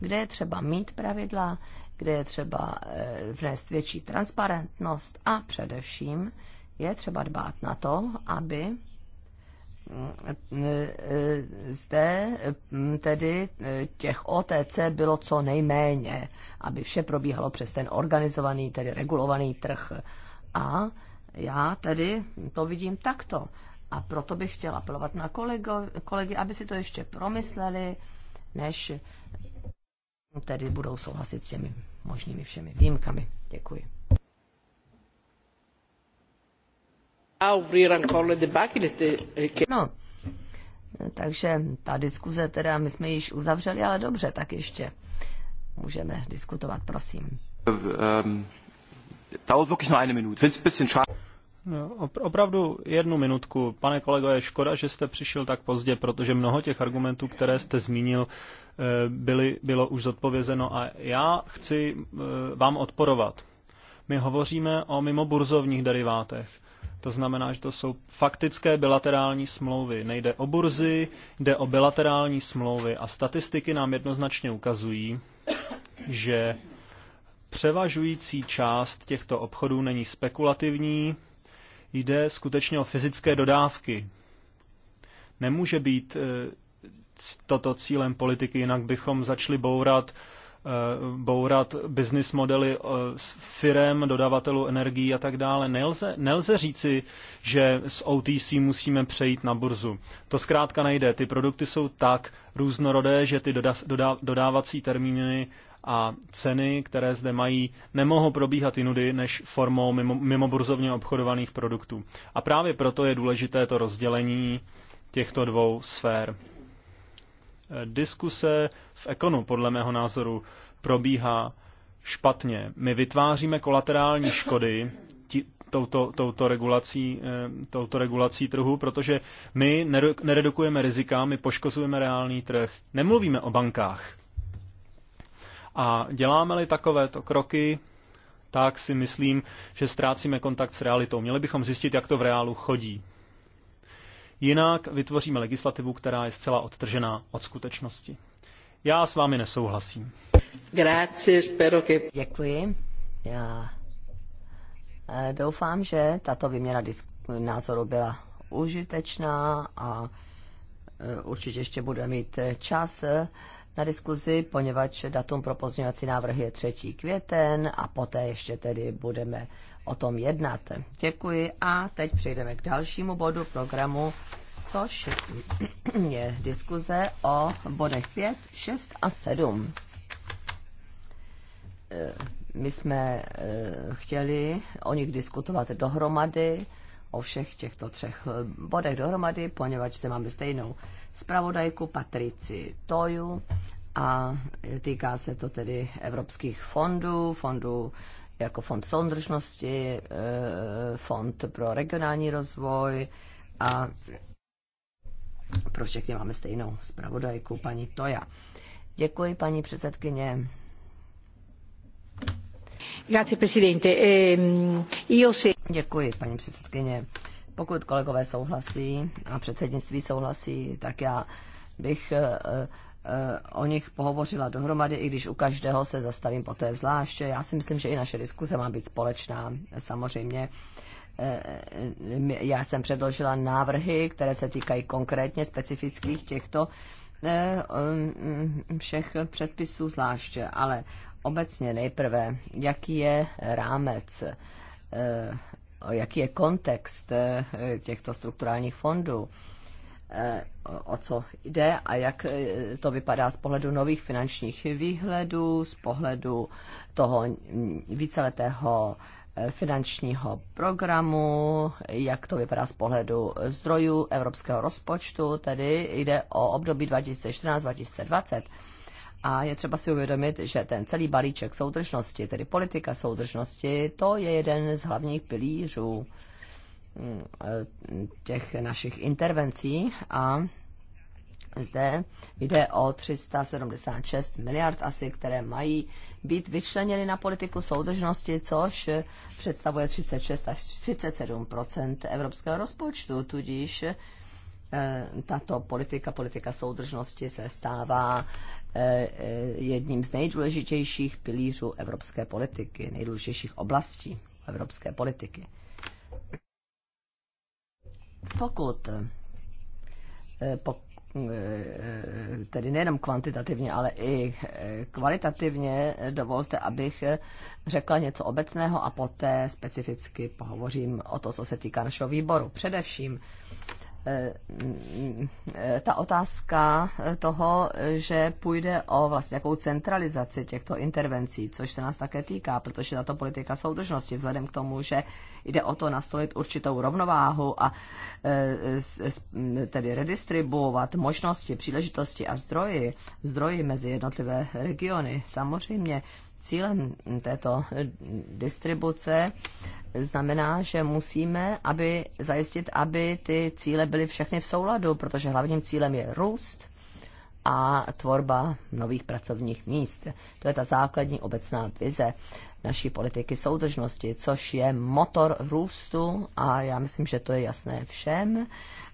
kde je třeba mít pravidla, kde je třeba eh, vnést větší transparentnost a především je třeba dbát na to, aby mm, eh, zde mm, tedy eh, těch OTC bylo co nejméně, aby vše probíhalo přes ten organizovaný, tedy regulovaný trh. A já tedy to vidím takto. A proto bych chtěla apelovat na kolego, kolegy, aby si to ještě promysleli, než tedy budou souhlasit s těmi možnými všemi výjimkami. Děkuji. Eh, no, takže ta diskuze teda, my jsme již uzavřeli, ale dobře, tak ještě můžeme diskutovat, prosím. Um, eh, ehm, dauert Opravdu jednu minutku. Pane kolego, je škoda, že jste přišel tak pozdě, protože mnoho těch argumentů, které jste zmínil, eh, byly, bylo už zodpovězeno a já chci eh, vám odporovat. My hovoříme o mimoburzovních derivátech. To znamená, že to jsou faktické bilaterální smlouvy. Nejde o burzy, jde o bilaterální smlouvy a statistiky nám jednoznačně ukazují, že převažující část těchto obchodů není spekulativní, Jde skutečně o fyzické dodávky. Nemůže být eh, toto cílem politiky, jinak bychom začali bourat eh, bourat business modely eh, s firem, dodavatelů energií a tak dále. Nelze, nelze říci, že z OTC musíme přejít na burzu. To zkrátka nejde. Ty produkty jsou tak různorodé, že ty doda, doda, dodávací termíny a ceny, které zde mají, nemohou probíhat jinudy než formou mimo, mimoburzovně obchodovaných produktů. A právě proto je důležité to rozdělení těchto dvou sfér. Diskuse v ekonu, podle mého názoru, probíhá špatně. My vytváříme kolaterální škody tí, touto, touto, regulací, eh, touto regulací trhu, protože my neredukujeme rizika, my poškozujeme reálný trh. Nemluvíme o bankách. A děláme-li takovéto kroky, tak si myslím, že ztrácíme kontakt s realitou. Měli bychom zjistit, jak to v reálu chodí. Jinak vytvoříme legislativu, která je zcela odtržená od skutečnosti. Já s vámi nesouhlasím. Grazie, spero che... Děkuji. Já eh, doufám, že tato výměna názoru byla užitečná a eh, určitě ještě bude mít eh, čas na diskuzi, poněvadž datum pro pozměňovací návrhy je 3. květen a poté ještě tedy budeme o tom jednat. Děkuji a teď přejdeme k dalšímu bodu programu, což je diskuze o bodech 5, 6 a 7. My jsme eh, chtěli o nich diskutovat dohromady, o všech těchto třech bodech dohromady, poněvadž se máme stejnou zpravodajku Patrici Toju a týká se to tedy evropských fondů, fondů jako fond soudržnosti, e, fond pro regionální rozvoj a pro všechny máme stejnou zpravodajku, paní Toja. Děkuji, paní předsedkyně. Grazie, presidente. Ehm, Děkuji, paní předsedkyně. Pokud kolegové souhlasí a předsednictví souhlasí, tak já bych eh, eh, o nich pohovořila dohromady, i když u každého se zastavím poté zvláště. Já si myslím, že i naše diskuse má být společná. Samozřejmě eh, já jsem předložila návrhy, které se týkají konkrétně specifických těchto všech předpisů zvláště, ale obecně nejprve, jaký je rámec jaký je kontext eh, těchto strukturálních fondů, eh, o co jde a jak eh, to vypadá z pohledu nových finančních výhledů, z pohledu toho víceletého finančního programu, jak to vypadá z pohledu zdrojů evropského rozpočtu, tedy jde o období 2014-2020. A je třeba si uvědomit, že ten celý balíček soudržnosti, tedy politika soudržnosti, to je jeden z hlavních pilířů mm, eh, těch našich intervencí a zde jde o 376 miliard asi, které mají být vyčleněny na politiku soudržnosti, což představuje 36 až 37 evropského rozpočtu, tudíž eh, tato politika, politika soudržnosti se stává Eh, eh, jedním z nejdůležitějších pilířů evropské politiky, nejdůležitějších oblastí evropské politiky. Pokud, eh, tedy nejenom kvantitativně, ale i kvalitativně, dovolte, abych řekla něco obecného a poté specificky pohovořím o to, co se týká našeho výboru. Především Eh, ta otázka toho, že půjde o vlastně jakou centralizaci těchto intervencí, což se nás také týká, protože tato politika soudržnosti, vzhledem k tomu, že jde o to nastolit určitou rovnováhu a eh, tedy redistribuovat možnosti, příležitosti a zdroji, zdroji mezi jednotlivé regiony, samozřejmě Cílem této distribuce znamená, že musíme aby, zajistit, aby ty cíle byly všechny v souladu, protože hlavním cílem je růst a tvorba nových pracovních míst. To je ta základní obecná vize naší politiky soudržnosti, což je motor růstu a já myslím, že to je jasné všem.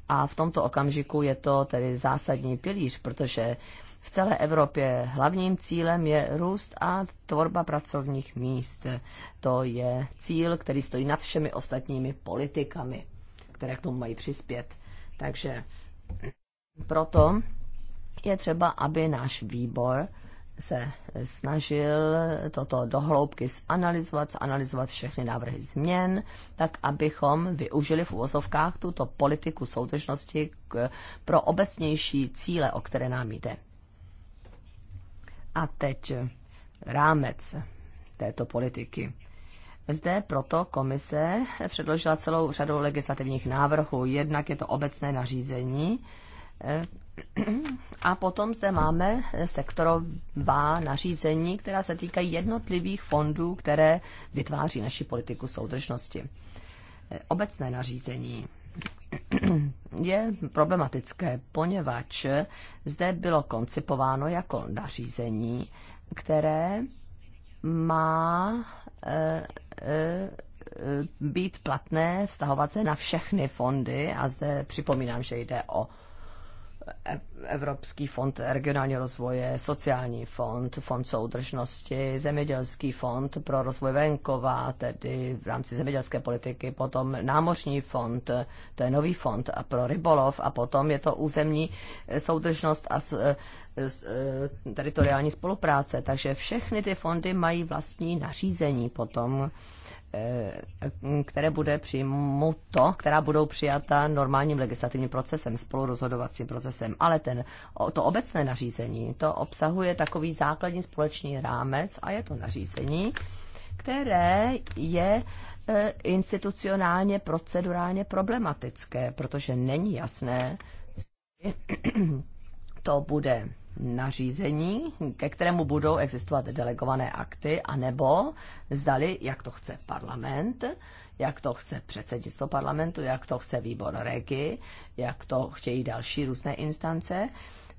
A v tomto okamžiku je to tedy zásadní pilíř, protože v celé Evropě. Hlavním cílem je růst a tvorba pracovních míst. To je cíl, který stojí nad všemi ostatními politikami, které k tomu mají přispět. Takže proto je třeba, aby náš výbor se snažil toto dohloubky zanalizovat, zanalizovat všechny návrhy změn, tak abychom využili v uvozovkách tuto politiku soudržnosti pro obecnější cíle, o které nám jde. A teď rámec této politiky. Zde proto komise předložila celou řadu legislativních návrhů. Jednak je to obecné nařízení, eh, a potom zde máme sektorová nařízení, která se týkají jednotlivých fondů, které vytváří naši politiku soudržnosti. Eh, obecné nařízení je problematické, poněvadž zde bylo koncipováno jako nařízení, které má eh, eh, být platné, vztahovat se na všechny fondy a zde připomínám, že jde o Evropský fond regionálního rozvoje, sociální fond, fond soudržnosti, zemědělský fond pro rozvoj venkova, tedy v rámci zemědělské politiky, potom námořní fond, to je nový fond a pro rybolov a potom je to územní soudržnost a e, teritoriální spolupráce. Takže všechny ty fondy mají vlastní nařízení potom Eh, které bude to, která budou přijata normálním legislativním procesem, spolurozhodovacím procesem. Ale ten, to obecné nařízení, to obsahuje takový základní společný rámec a je to nařízení, které je eh, institucionálně, procedurálně problematické, protože není jasné, to bude nařízení, ke kterému budou existovat delegované akty, anebo zdali, jak to chce parlament, jak to chce předsednictvo parlamentu, jak to chce výbor regi, jak to chtějí další různé instance,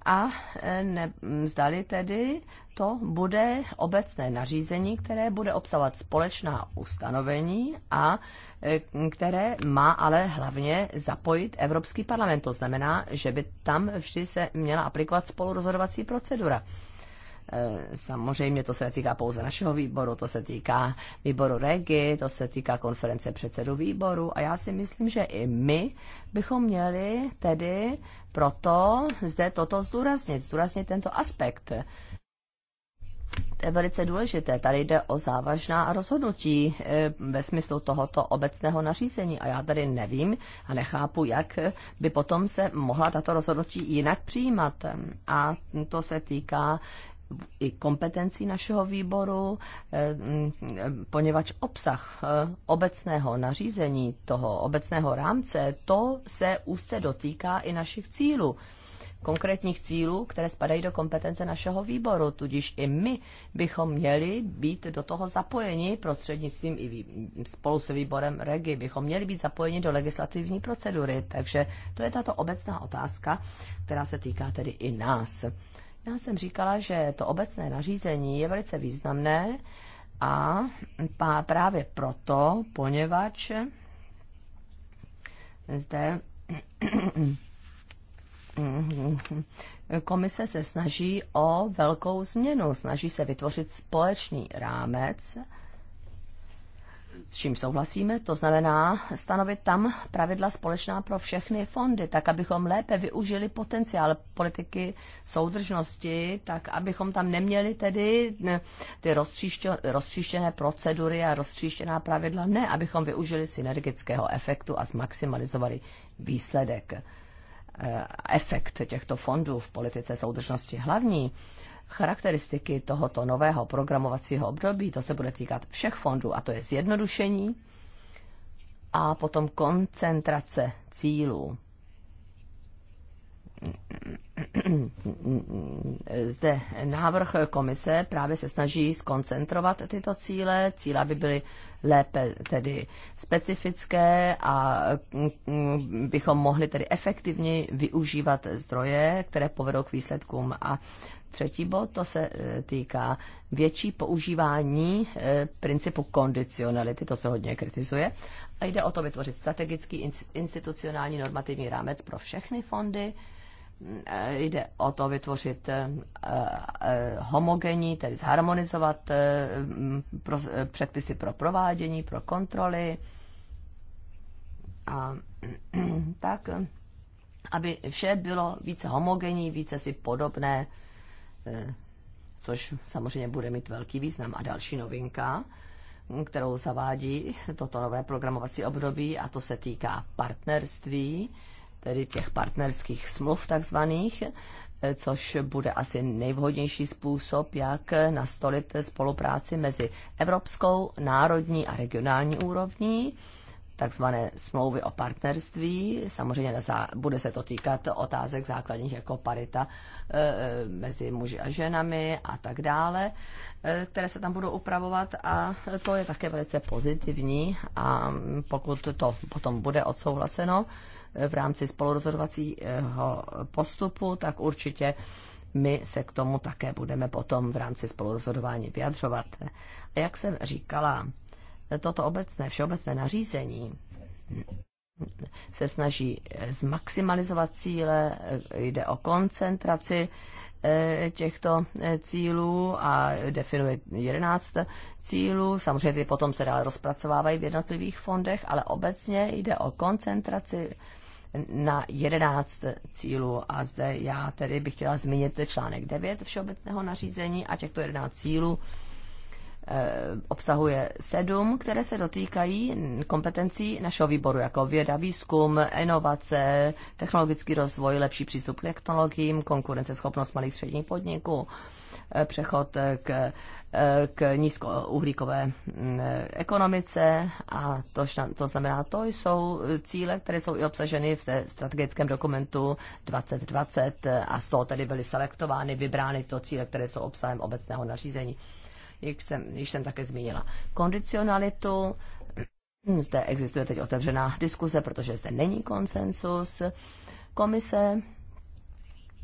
a e, ne, zdali tedy to bude obecné nařízení, které bude obsahovat společná ustanovení a e, které má ale hlavně zapojit Evropský parlament. To znamená, že by tam vždy se měla aplikovat spolurozhodovací procedura. Eh, samozřejmě to se netýká pouze našeho výboru, to se týká výboru REGI, to se týká konference předsedů výboru a já si myslím, že i my bychom měli tedy proto zde toto zdůraznit, zdůraznit tento aspekt. To je velice důležité. Tady jde o závažná rozhodnutí eh, ve smyslu tohoto obecného nařízení a já tady nevím a nechápu, jak by potom se mohla tato rozhodnutí jinak přijímat. A to se týká i kompetencí našeho výboru, eh, mm, poněvadž obsah eh, obecného nařízení, toho obecného rámce, to se úzce dotýká i našich cílů konkrétních cílů, které spadají do kompetence našeho výboru. Tudíž i my bychom měli být do toho zapojeni prostřednictvím i spolu s výborem REGI, bychom měli být zapojeni do legislativní procedury. Takže to je tato obecná otázka, která se týká tedy i nás. Já jsem říkala, že to obecné nařízení je velice významné a právě proto, poněvadž zde komise se snaží o velkou změnu, snaží se vytvořit společný rámec s čím souhlasíme, to znamená stanovit tam pravidla společná pro všechny fondy, tak abychom lépe využili potenciál politiky soudržnosti, tak abychom tam neměli tedy ty rozstříštěné procedury a rozstříštěná pravidla, ne, abychom využili synergického efektu a zmaximalizovali výsledek eh, efekt těchto fondů v politice soudržnosti. Hlavní charakteristiky tohoto nového programovacího období. To se bude týkat všech fondů a to je zjednodušení a potom koncentrace cílů zde návrh komise právě se snaží skoncentrovat tyto cíle, cíle by byly lépe tedy specifické a mm, mm, bychom mohli tedy efektivně využívat zdroje, které povedou k výsledkům. A třetí bod, to se e, týká větší používání e, principu kondicionality, to se hodně kritizuje. A jde o to vytvořit strategický institucionální normativní rámec pro všechny fondy, Eh, jde o to vytvořit eh, eh, homogenní, tedy zharmonizovat předpisy pro provádění, pro kontroly a tak, aby vše bylo více homogenní, více si podobné, což samozřejmě bude mít velký význam. A další novinka, kterou zavádí toto nové programovací období, a to se týká partnerství, tedy těch partnerských smluv takzvaných, eh, což bude asi nejvhodnější způsob, jak nastolit spolupráci mezi evropskou, národní a regionální úrovní, takzvané smlouvy o partnerství. Samozřejmě bude se to týkat otázek základních jako parita eh, eh, mezi muži a ženami a tak dále, které se tam budou upravovat a to je také velice pozitivní a pokud to potom bude odsouhlaseno, v rámci spolurozhodovacího postupu, tak určitě my se k tomu také budeme potom v rámci spolurozhodování vyjadřovat. A jak jsem říkala, toto obecné, všeobecné nařízení se snaží zmaximalizovat cíle, jde o koncentraci eh, těchto eh, cílů a definuje 11 cílů. Samozřejmě ty potom se dále rozpracovávají v jednotlivých fondech, ale obecně jde o koncentraci na 11 cílů. A zde já tedy bych chtěla zmínit článek 9 Všeobecného nařízení a těchto 11 cílů eh, obsahuje sedm, které se dotýkají kompetencí našeho výboru, jako věda, výzkum, inovace, technologický rozvoj, lepší přístup k technologiím, konkurenceschopnost malých středních podniků, eh, přechod k Eh, k nízkouhlíkové mm, eh, ekonomice a to, to znamená, to jsou cíle, které jsou i obsaženy v strategickém dokumentu 2020 eh, a z toho tedy byly selektovány, vybrány to cíle, které jsou obsahem obecného nařízení. Jak jsem, již jsem také zmínila. Kondicionalitu, mm, zde existuje teď otevřená diskuse, protože zde není konsensus. Komise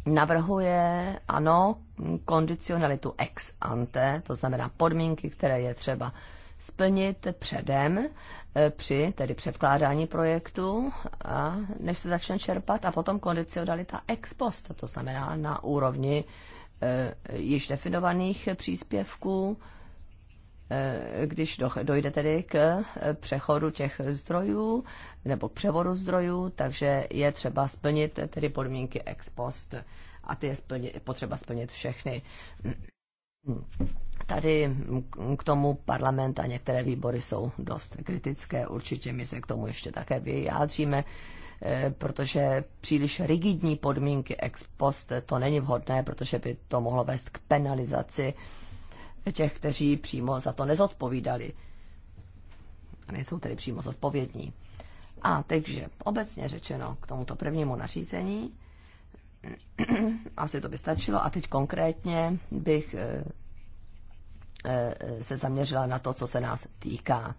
navrhuje, ano, kondicionalitu ex ante, to znamená podmínky, které je třeba splnit předem e, při tedy předkládání projektu, a než se začne čerpat, a potom kondicionalita ex post, to znamená na úrovni e, již definovaných příspěvků, Eh, když dojde tedy k eh, přechodu těch zdrojů nebo k převodu zdrojů, takže je třeba splnit tedy podmínky ex post a ty je splnit, potřeba splnit všechny. Tady k tomu parlament a některé výbory jsou dost kritické, určitě my se k tomu ještě také vyjádříme, eh, protože příliš rigidní podmínky ex post to není vhodné, protože by to mohlo vést k penalizaci těch, kteří přímo za to nezodpovídali. Nejsou tedy přímo zodpovědní. A takže obecně řečeno k tomuto prvnímu nařízení, asi to by stačilo. A teď konkrétně bych eh, eh, se zaměřila na to, co se nás týká.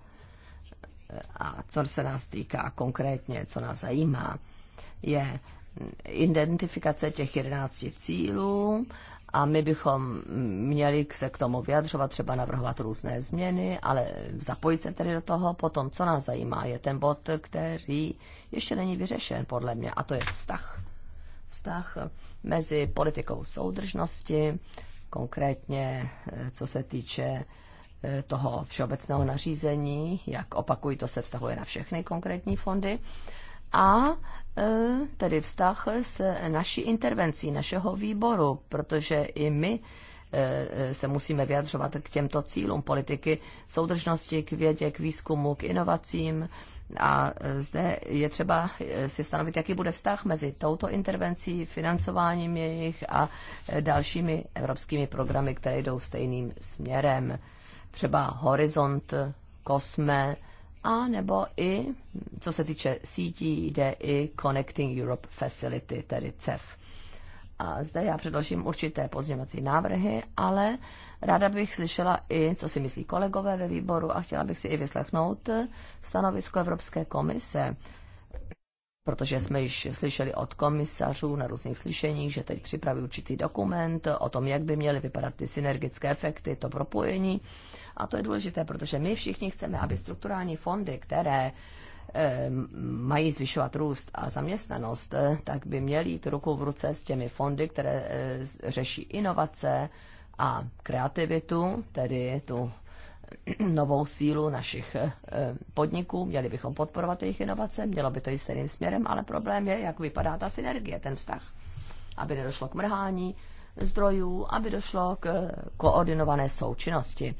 A co se nás týká konkrétně, co nás zajímá, je identifikace těch 11 cílů a my bychom měli se k tomu vyjadřovat, třeba navrhovat různé změny, ale zapojit se tedy do toho. Potom, co nás zajímá, je ten bod, který ještě není vyřešen, podle mě, a to je vztah. Vztah mezi politikou soudržnosti, konkrétně eh, co se týče eh, toho všeobecného nařízení, jak opakují, to se vztahuje na všechny konkrétní fondy a e, tedy vztah s naší intervencí, našeho výboru, protože i my e, e, se musíme vyjadřovat k těmto cílům politiky soudržnosti, k vědě, k výzkumu, k inovacím. A zde je třeba si stanovit, jaký bude vztah mezi touto intervencí, financováním jejich a dalšími evropskými programy, které jdou stejným směrem. Třeba Horizont, Kosme, a nebo i, co se týče sítí, jde i Connecting Europe Facility, tedy CEF. A zde já předložím určité pozměňovací návrhy, ale ráda bych slyšela i, co si myslí kolegové ve výboru a chtěla bych si i vyslechnout stanovisko Evropské komise protože jsme již slyšeli od komisařů na různých slyšeních, že teď připraví určitý dokument o tom, jak by měly vypadat ty synergické efekty, to propojení. A to je důležité, protože my všichni chceme, aby strukturální fondy, které mají zvyšovat růst a zaměstnanost, tak by měly jít ruku v ruce s těmi fondy, které eh, řeší inovace a kreativitu, tedy tu novou sílu našich eh, podniků, měli bychom podporovat jejich inovace, mělo by to jít stejným směrem, ale problém je, jak vypadá ta synergie, ten vztah. Aby nedošlo k mrhání zdrojů, aby došlo k eh, koordinované součinnosti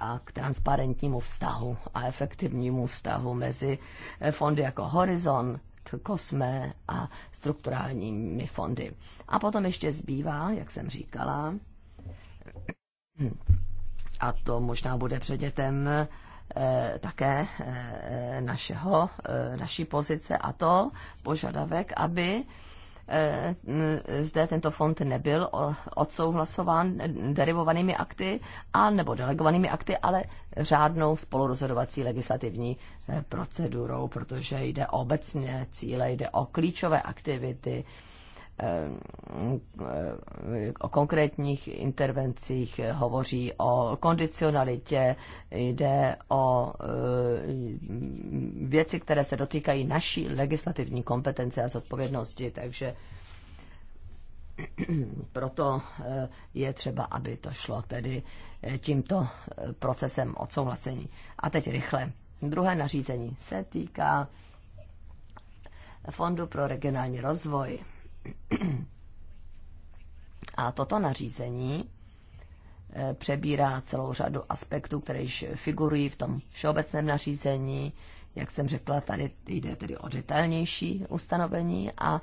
a k transparentnímu vztahu a efektivnímu vztahu mezi eh, fondy jako Horizon, Kosme a strukturálními fondy. A potom ještě zbývá, jak jsem říkala, a to možná bude předmětem eh, také eh, našeho, eh, naší pozice a to požadavek, aby zde tento fond nebyl odsouhlasován derivovanými akty a nebo delegovanými akty, ale řádnou spolurozhodovací legislativní procedurou, protože jde obecně cíle, jde o klíčové aktivity, Eh, eh, o konkrétních intervencích, hovoří o kondicionalitě, jde o eh, věci, které se dotýkají naší legislativní kompetence a zodpovědnosti, takže proto je třeba, aby to šlo tedy tímto procesem odsouhlasení. A teď rychle. Druhé nařízení se týká Fondu pro regionální rozvoj a toto nařízení eh, přebírá celou řadu aspektů, které již figurují v tom všeobecném nařízení. Jak jsem řekla, tady jde tedy o detailnější ustanovení a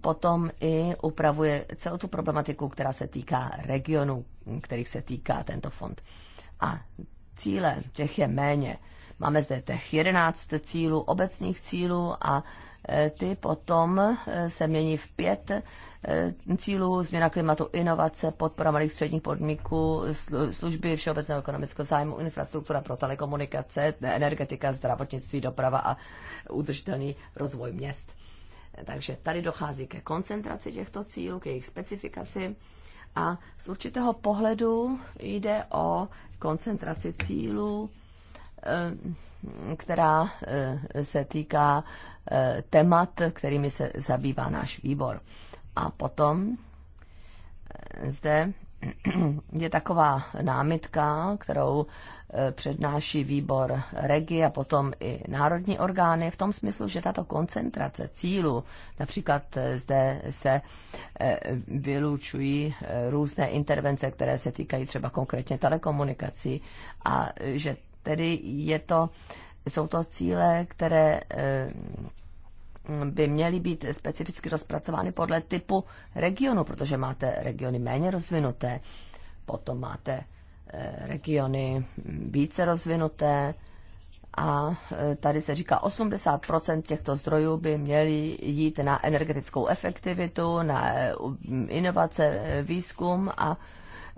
potom i upravuje celou tu problematiku, která se týká regionů, kterých se týká tento fond. A cíle těch je méně. Máme zde těch 11 cílů, obecních cílů a ty potom eh, se mění v pět eh, cílů změna klimatu, inovace, podpora malých středních podniků, služby všeobecného ekonomického zájmu, infrastruktura pro telekomunikace, energetika, zdravotnictví, doprava a udržitelný rozvoj měst. Takže tady dochází ke koncentraci těchto cílů, k jejich specifikaci a z určitého pohledu jde o koncentraci cílů, Eh, která eh, se týká eh, témat, kterými se zabývá náš výbor. A potom zde je taková námitka, kterou přednáší výbor REGI a potom i národní orgány v tom smyslu, že tato koncentrace cílů, například zde se vylučují různé intervence, které se týkají třeba konkrétně telekomunikací a že Tedy je to, jsou to cíle, které eh, by měly být specificky rozpracovány podle typu regionu, protože máte regiony méně rozvinuté, potom máte eh, regiony více rozvinuté a eh, tady se říká, 80% těchto zdrojů by měly jít na energetickou efektivitu, na inovace, výzkum a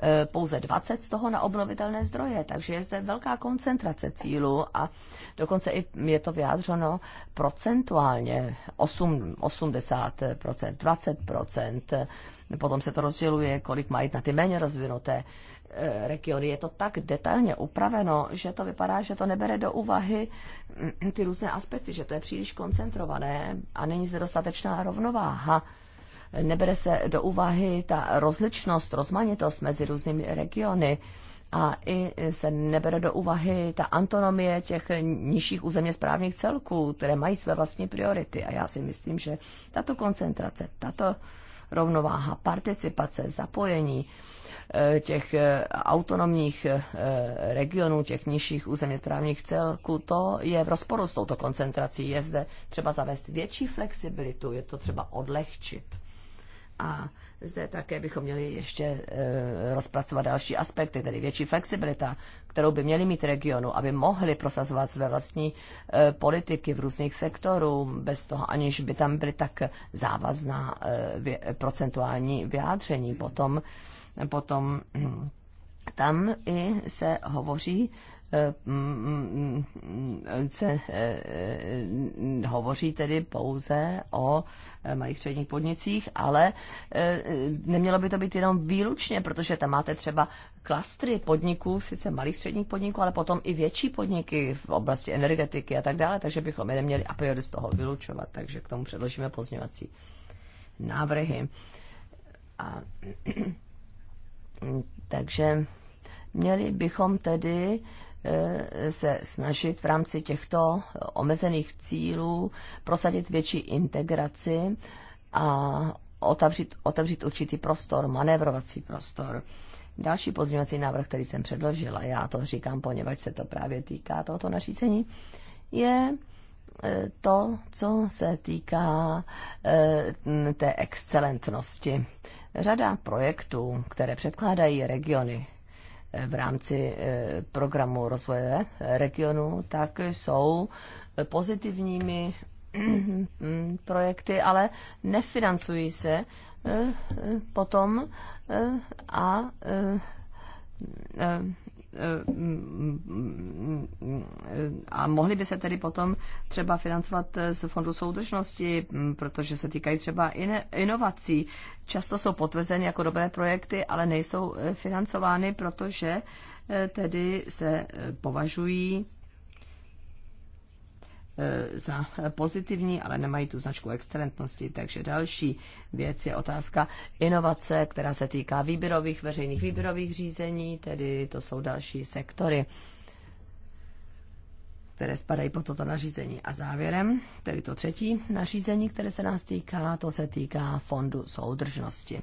Eh, pouze 20 z toho na obnovitelné zdroje, takže je zde velká koncentrace cílů a dokonce i je to vyjádřeno procentuálně 8, 80%, 20%, potom se to rozděluje, kolik mají na ty méně rozvinuté eh, regiony. Je to tak detailně upraveno, že to vypadá, že to nebere do úvahy mm, ty různé aspekty, že to je příliš koncentrované a není zde dostatečná rovnováha nebere se do úvahy ta rozličnost, rozmanitost mezi různými regiony a i se nebere do úvahy ta antonomie těch nižších územně správních celků, které mají své vlastní priority. A já si myslím, že tato koncentrace, tato rovnováha, participace, zapojení eh, těch eh, autonomních eh, regionů, těch nižších územně správních celků, to je v rozporu s touto koncentrací. Je zde třeba zavést větší flexibilitu, je to třeba odlehčit. A zde také bychom měli ještě eh, rozpracovat další aspekty, tedy větší flexibilita, kterou by měli mít regionu, aby mohli prosazovat své vlastní eh, politiky v různých sektorů, bez toho aniž by tam byly tak závazná eh, procentuální vyjádření. Potom, potom hm, tam i se hovoří se eh, hovoří tedy pouze o eh, malých středních podnicích, ale eh, nemělo by to být jenom výlučně, protože tam máte třeba klastry podniků, sice malých středních podniků, ale potom i větší podniky v oblasti energetiky a tak dále, takže bychom je neměli a priori z toho vylučovat, takže k tomu předložíme pozněvací návrhy. A, takže měli bychom tedy Eh, se snažit v rámci těchto omezených cílů prosadit větší integraci a otevřít, otevřít určitý prostor, manévrovací prostor. Další pozměňovací návrh, který jsem předložila, já to říkám, poněvadž se to právě týká tohoto nařízení, je eh, to, co se týká eh, té excelentnosti. Řada projektů, které předkládají regiony v rámci eh, programu rozvoje regionu, tak jsou pozitivními projekty, ale nefinancují se eh, eh, potom a a mohly by se tedy potom třeba financovat z fondu soudržnosti, protože se týkají třeba inovací. Často jsou potvrzeny jako dobré projekty, ale nejsou eh, financovány, protože eh, tedy se eh, považují Eh, za pozitivní, ale nemají tu značku excelentnosti. Takže další věc je otázka inovace, která se týká výběrových, veřejných výběrových řízení, tedy to jsou další sektory které spadají pod toto nařízení. A závěrem, tedy to třetí nařízení, které se nás týká, to se týká fondu soudržnosti.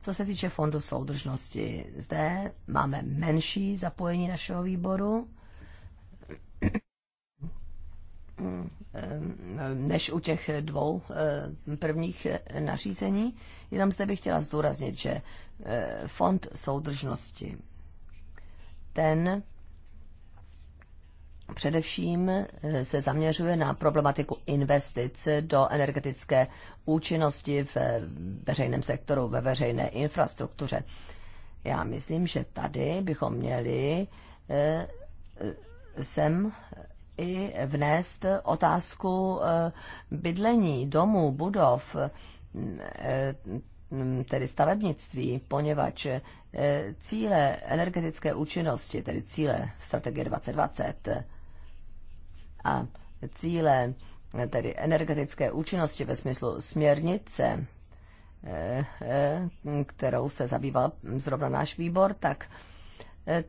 Co se týče fondu soudržnosti, zde máme menší zapojení našeho výboru než u těch dvou prvních nařízení. Jenom zde bych chtěla zdůraznit, že e, fond soudržnosti, ten především e, se zaměřuje na problematiku investic do energetické účinnosti v e, veřejném sektoru, ve veřejné infrastruktuře. Já myslím, že tady bychom měli sem i vnést otázku eh, bydlení, domů, budov, eh, mm, tedy stavebnictví, poněvadž eh, cíle energetické účinnosti, tedy cíle strategie 2020 a cíle tedy energetické účinnosti ve smyslu směrnice, kterou se zabýval zrovna náš výbor, tak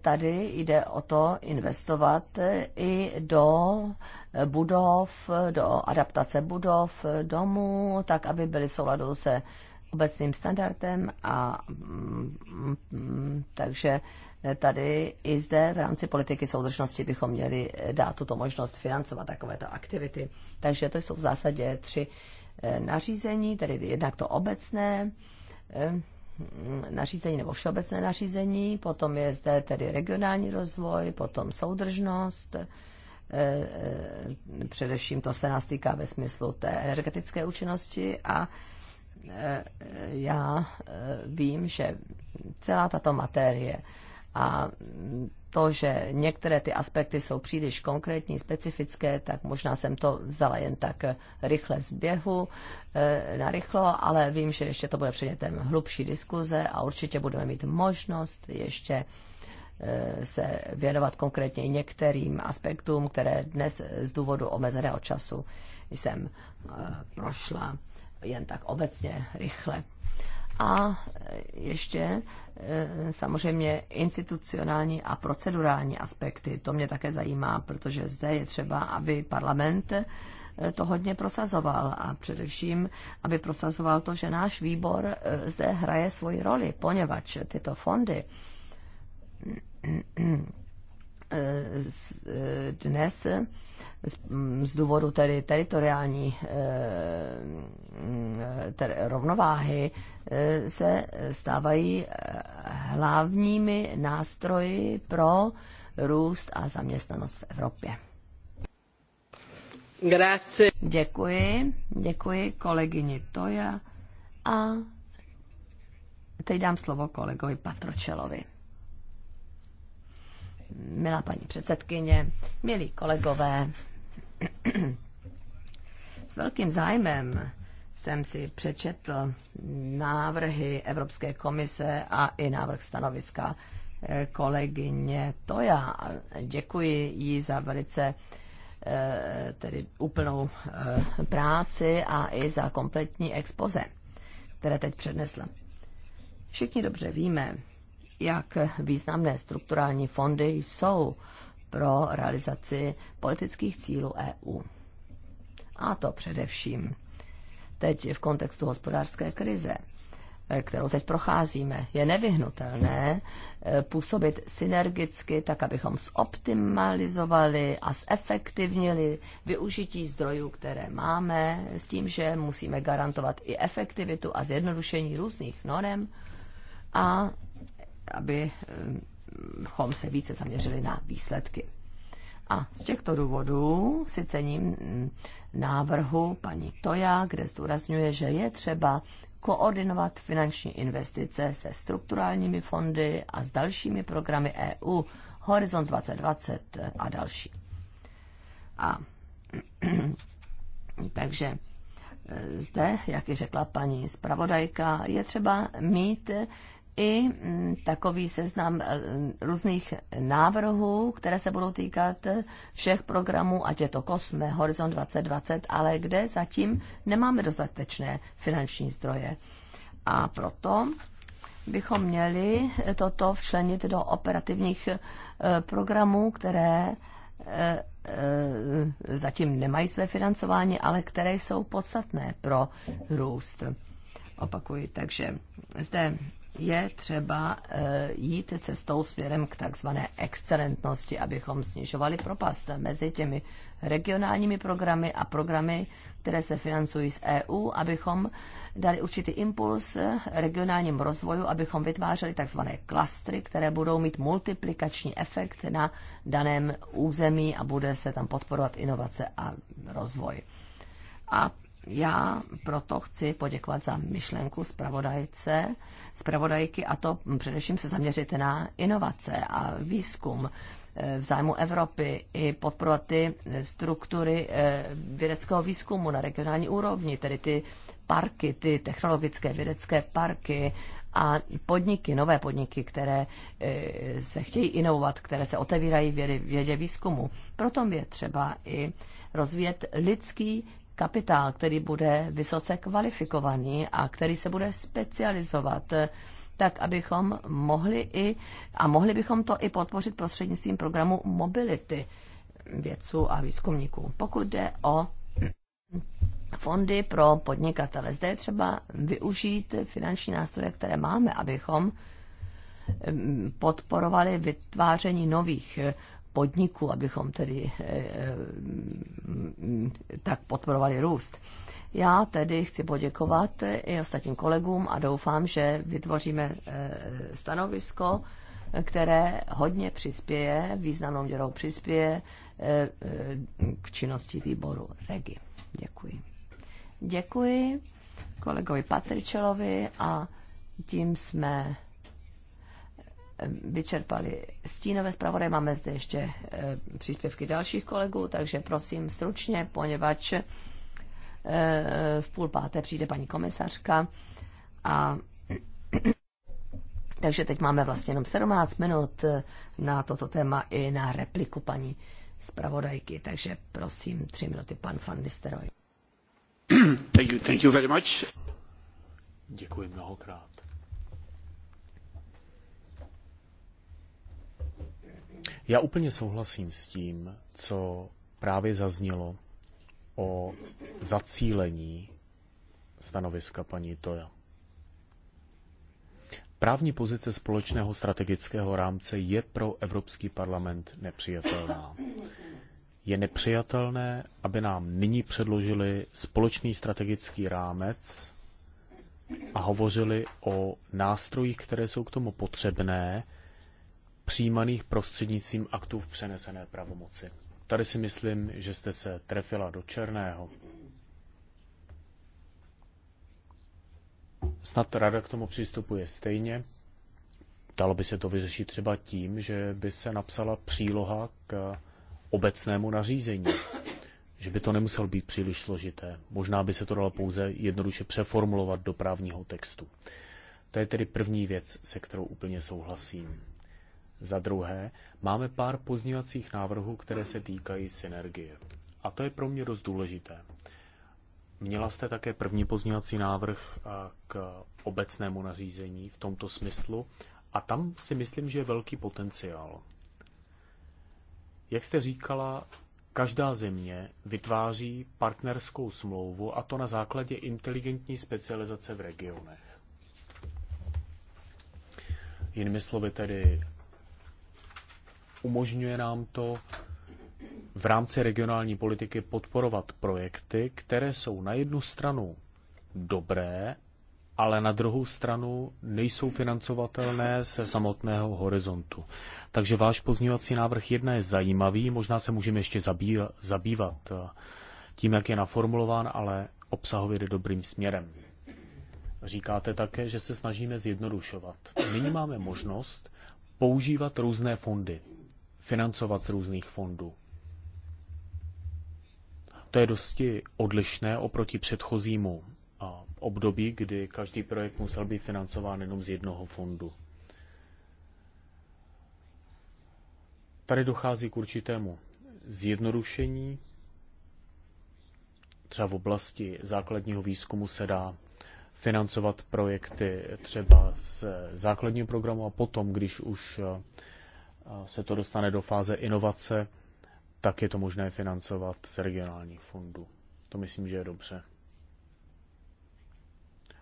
tady jde o to investovat i do budov, do adaptace budov, domů, tak, aby byly v souladu se obecným standardem a mm, takže tady i zde v rámci politiky soudržnosti bychom měli dát tuto možnost financovat takovéto aktivity. Takže to jsou v zásadě tři eh, nařízení, tedy jednak to obecné, eh, nařízení nebo všeobecné nařízení, potom je zde tedy regionální rozvoj, potom soudržnost, eh, eh, především to se nás týká ve smyslu té energetické účinnosti a eh, já vím, že celá tato materie a to, že některé ty aspekty jsou příliš konkrétní, specifické, tak možná jsem to vzala jen tak rychle z běhu, eh, na rychlo, ale vím, že ještě to bude předmětem hlubší diskuze a určitě budeme mít možnost ještě eh, se věnovat konkrétně některým aspektům, které dnes z důvodu omezeného času jsem eh, prošla jen tak obecně rychle. A ještě Eh, samozřejmě institucionální a procedurální aspekty. To mě také zajímá, protože zde je třeba, aby parlament eh, to hodně prosazoval a především, aby prosazoval to, že náš výbor eh, zde hraje svoji roli, poněvadž tyto fondy dnes z, mm, z důvodu tedy teritoriální eh, mm, ter, rovnováhy eh, se stávají eh, hlavními nástroji pro růst a zaměstnanost v Evropě. Grazie. Děkuji, děkuji kolegyni Toja a teď dám slovo kolegovi Patročelovi milá paní předsedkyně, milí kolegové. S velkým zájmem jsem si přečetl návrhy Evropské komise a i návrh stanoviska eh, kolegyně Toja. Děkuji jí za velice eh, tedy úplnou eh, práci a i za kompletní expoze, které teď přednesla. Všichni dobře víme, jak významné strukturální fondy jsou pro realizaci politických cílů EU. A to především teď v kontextu hospodářské krize, kterou teď procházíme, je nevyhnutelné eh, působit synergicky, tak abychom zoptimalizovali a zefektivnili využití zdrojů, které máme, s tím, že musíme garantovat i efektivitu a zjednodušení různých norem a abychom se více zaměřili na výsledky. A z těchto důvodů si cením mm, návrhu paní Toja, kde zdůrazňuje, že je třeba koordinovat finanční investice se strukturálními fondy a s dalšími programy EU Horizont 2020 a další. A takže e, zde, jak i řekla paní zpravodajka, je třeba mít i mm, takový seznam eh, různých návrhů, které se budou týkat eh, všech programů, ať je to Kosme, Horizon 2020, ale kde zatím nemáme dostatečné finanční zdroje. A proto bychom měli eh, toto včlenit do operativních programů, které zatím nemají své financování, ale které jsou podstatné pro růst. Opakuji, takže zde je třeba eh, jít cestou směrem k takzvané excelentnosti, abychom snižovali propast mezi těmi regionálními programy a programy, které se financují z EU, abychom dali určitý impuls regionálním rozvoju, abychom vytvářeli takzvané klastry, které budou mít multiplikační efekt na daném území a bude se tam podporovat inovace a rozvoj. A já proto chci poděkovat za myšlenku zpravodajce, zpravodajky a to především se zaměřit na inovace a výzkum eh, v zájmu Evropy i podporovat ty struktury eh, vědeckého výzkumu na regionální úrovni, tedy ty parky, ty technologické vědecké parky a podniky, nové podniky, které eh, se chtějí inovovat, které se otevírají vědě, vědě výzkumu. Proto je třeba i rozvíjet lidský kapitál, který bude vysoce kvalifikovaný a který se bude specializovat eh, tak abychom mohli i, a mohli bychom to i podpořit prostřednictvím programu mobility vědců a výzkumníků. Pokud jde o fondy pro podnikatele, zde je třeba využít finanční nástroje, které máme, abychom mm, podporovali vytváření nových eh, podniků, abychom tedy eh, eh, tak podporovali růst. Já tedy chci poděkovat i ostatním kolegům a doufám, že vytvoříme eh, stanovisko, které hodně přispěje, významnou měrou přispěje k činnosti výboru REGI. Děkuji. Děkuji kolegovi Patričelovi a tím jsme vyčerpali stínové zpravodaj. Máme zde ještě eh, příspěvky dalších kolegů, takže prosím stručně, poněvadž eh, v půl páté přijde paní komisařka a takže teď máme vlastně jenom 17 minut eh, na toto téma i na repliku paní zpravodajky. Takže prosím, tři minuty, pan Van Nisteroj. Thank you, thank you very much. Děkuji mnohokrát. Já úplně souhlasím s tím, co právě zaznělo o zacílení stanoviska paní Toja. Právní pozice společného strategického rámce je pro Evropský parlament nepřijatelná. Je nepřijatelné, aby nám nyní předložili společný strategický rámec a hovořili o nástrojích, které jsou k tomu potřebné, přijímaných prostřednictvím aktů v přenesené pravomoci. Tady si myslím, že jste se trefila do černého. Snad rada k tomu přistupuje stejně. Dalo by se to vyřešit třeba tím, že by se napsala příloha k obecnému nařízení, že by to nemuselo být příliš složité. Možná by se to dalo pouze jednoduše přeformulovat do právního textu. To je tedy první věc, se kterou úplně souhlasím. Za druhé, máme pár pozněvacích návrhů, které se týkají synergie. A to je pro mě dost důležité. Měla jste také první pozněvací návrh eh, k obecnému nařízení v tomto smyslu a tam si myslím, že je velký potenciál. Jak jste říkala, každá země vytváří partnerskou smlouvu a to na základě inteligentní specializace v regionech. Jinými slovy tedy umožňuje nám to v rámci regionální politiky podporovat projekty, které jsou na jednu stranu dobré, ale na druhou stranu nejsou financovatelné ze samotného horizontu. Takže váš pozměňovací návrh jedna je zajímavý, možná se můžeme ještě zabývat eh, tím, jak je naformulován, ale obsahově jde dobrým směrem. Říkáte také, že se snažíme zjednodušovat. Nyní máme možnost používat různé fondy financovat z různých fondů. To je dosti odlišné oproti předchozímu období, kdy každý projekt musel být financován jenom z jednoho fondu. Tady dochází k určitému zjednodušení. Třeba v oblasti základního výzkumu se dá financovat projekty třeba z základního programu a potom, když už se to dostane do fáze inovace, tak je to možné financovat z regionálních fondů. To myslím, že je dobře.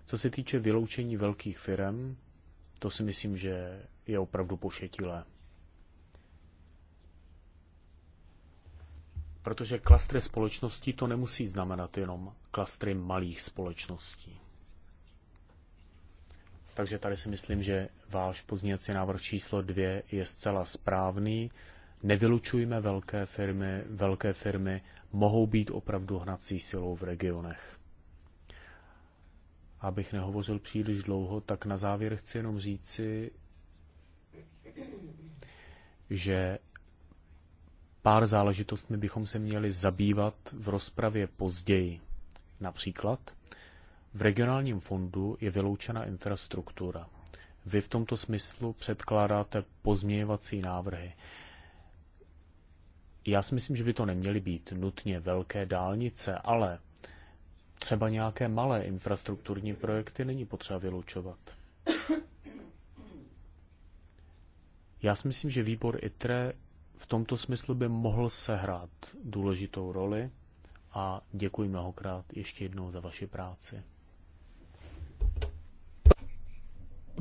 Co se týče vyloučení velkých firm, to si myslím, že je opravdu pošetilé. Protože klastry společností to nemusí znamenat jenom klastry malých společností. Takže tady si myslím, že váš pozněcí návrh číslo dvě je zcela správný. Nevylučujme velké firmy. Velké firmy mohou být opravdu hnací silou v regionech. Abych nehovořil příliš dlouho, tak na závěr chci jenom říci, že pár záležitostmi bychom se měli zabývat v rozpravě později. Například v regionálním fondu je vyloučena infrastruktura. Vy v tomto smyslu předkládáte pozměňovací návrhy. Já si myslím, že by to neměly být nutně velké dálnice, ale třeba nějaké malé infrastrukturní projekty není potřeba vylučovat. Já si myslím, že výbor ITRE v tomto smyslu by mohl sehrát důležitou roli a děkuji mnohokrát ještě jednou za vaši práci.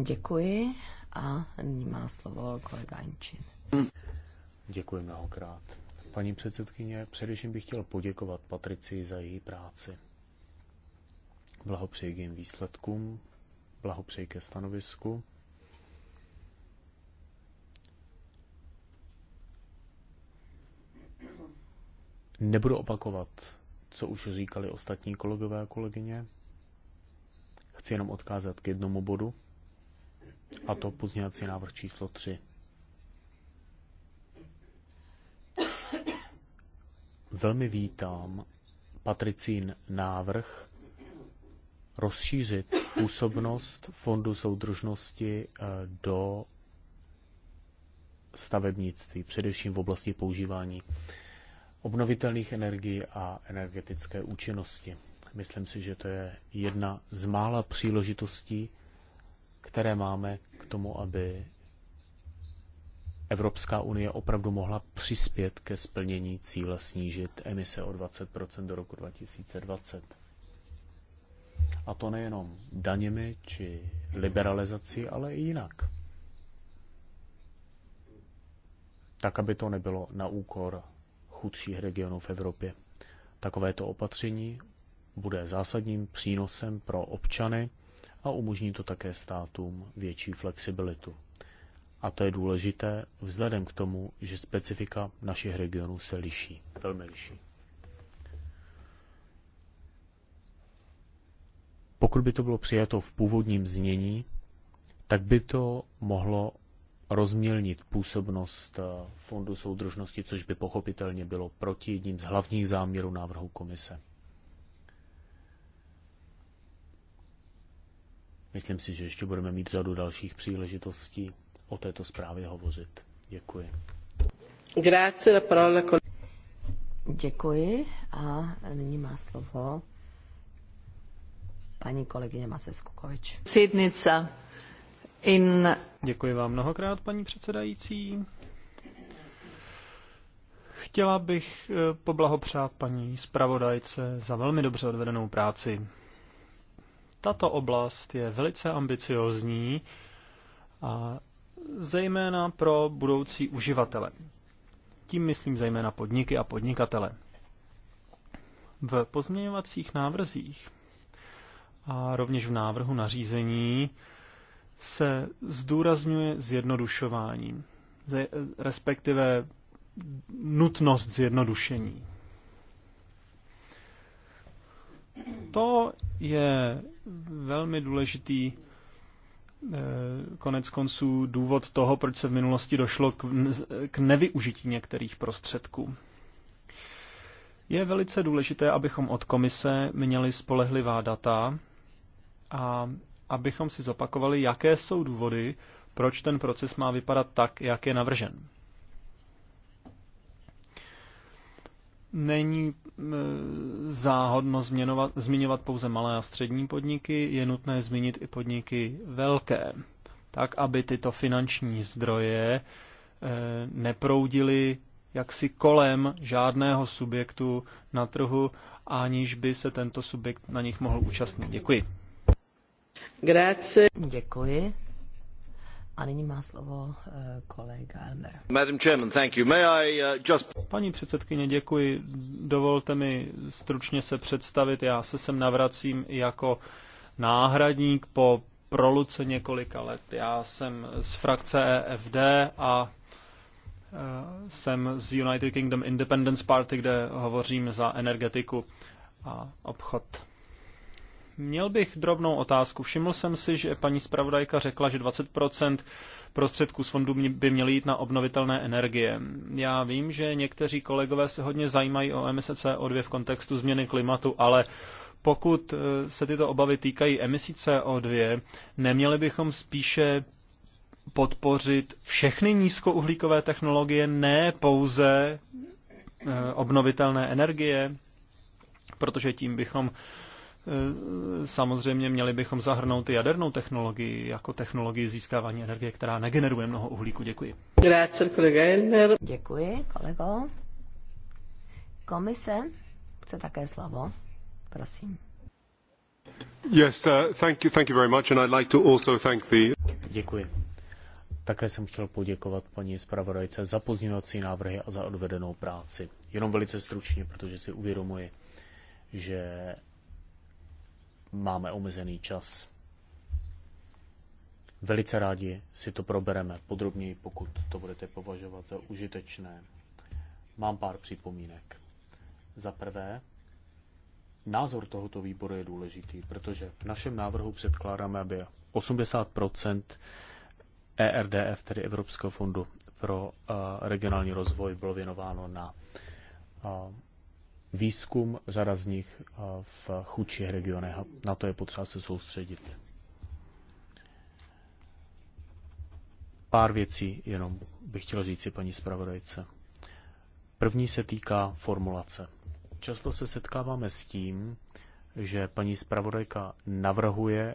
Děkuji a nyní má slovo kolega Ančin. Děkuji mnohokrát. Paní předsedkyně, především bych chtěl poděkovat Patrici za její práci. Blahopřeji k jejím výsledkům, blahopřeji ke stanovisku. Nebudu opakovat, co už říkali ostatní kolegové a kolegyně. Chci jenom odkázat k jednomu bodu, a to pozměňovací návrh číslo 3. Velmi vítám Patricín návrh rozšířit působnost Fondu soudržnosti eh, do stavebnictví, především v oblasti používání obnovitelných energií a energetické účinnosti. Myslím si, že to je jedna z mála příležitostí, které máme k tomu, aby Evropská unie opravdu mohla přispět ke splnění cíle snížit emise o 20 do roku 2020. A to nejenom daněmi či liberalizací, ale i jinak. Tak, aby to nebylo na úkor chudších regionů v Evropě. Takovéto opatření bude zásadním přínosem pro občany a umožní to také státům větší flexibilitu. A to je důležité vzhledem k tomu, že specifika našich regionů se liší, velmi liší. Pokud by to bylo přijato v původním znění, tak by to mohlo rozmělnit působnost eh, Fondu soudržnosti, což by pochopitelně bylo proti jedním z hlavních záměrů návrhu komise. Myslím si, že ještě budeme mít řadu dalších příležitostí o této zprávě hovořit. Děkuji. Děkuji a nyní má slovo paní kolegyně Maces Kukovič. In... Děkuji vám mnohokrát, paní předsedající. Chtěla bych eh, poblahopřát paní zpravodajce za velmi dobře odvedenou práci. Tato oblast je velice ambiciózní a zejména pro budoucí uživatele. Tím myslím zejména podniky a podnikatele. V pozměňovacích návrzích a rovněž v návrhu nařízení se zdůrazňuje zjednodušování, respektive nutnost zjednodušení. To je velmi důležitý eh, konec konců důvod toho, proč se v minulosti došlo k nevyužití některých prostředků. Je velice důležité, abychom od komise měli spolehlivá data a abychom si zopakovali, jaké jsou důvody, proč ten proces má vypadat tak, jak je navržen. není e, záhodno zmiňovat pouze malé a střední podniky, je nutné zmínit i podniky velké, tak aby tyto finanční zdroje e, neproudily jaksi kolem žádného subjektu na trhu, aniž by se tento subjekt na nich mohl účastnit. Děkuji. Grazie. Děkuji. A nyní má slovo eh, kolega Elmer. Madam Chairman, thank you. May I eh, just... Paní předsedkyně, děkuji. Dovolte mi stručně se představit. Já se sem navracím jako náhradník po proluce několika let. Já jsem z frakce EFD a eh, jsem z United Kingdom Independence Party, kde hovořím za energetiku a obchod. Měl bych drobnou otázku. Všiml jsem si, že paní zpravodajka řekla, že 20% prostředků z fondu by měly jít na obnovitelné energie. Já vím, že někteří kolegové se hodně zajímají o emise CO2 v kontextu změny klimatu, ale pokud eh, se tyto obavy týkají emisí CO2, neměli bychom spíše podpořit všechny nízkouhlíkové technologie, ne pouze eh, obnovitelné energie, protože tím bychom Eh, samozřejmě měli bychom zahrnout i jadernou technologii jako technologii získávání energie, která negeneruje mnoho uhlíku. Děkuji. Děkuji, kolego. Komise chce také slovo. Prosím. Yes, uh, thank you, thank you very much, and I'd like to also thank the... Děkuji. Také jsem chtěl poděkovat paní zpravodajce za pozměňovací návrhy a za odvedenou práci. Jenom velice stručně, protože si uvědomuji, že máme omezený čas. Velice rádi si to probereme podrobněji, pokud to budete považovat za užitečné. Mám pár připomínek. Za prvé, názor tohoto výboru je důležitý, protože v našem návrhu předkládáme, aby 80 ERDF, tedy Evropského fondu pro eh, regionální rozvoj, bylo věnováno na eh, výzkum, řada z nich eh, v chudších regionech. Na to je potřeba se soustředit. Pár věcí jenom bych chtěl říci paní zpravodajce. První se týká formulace. Často se setkáváme s tím, že paní zpravodajka navrhuje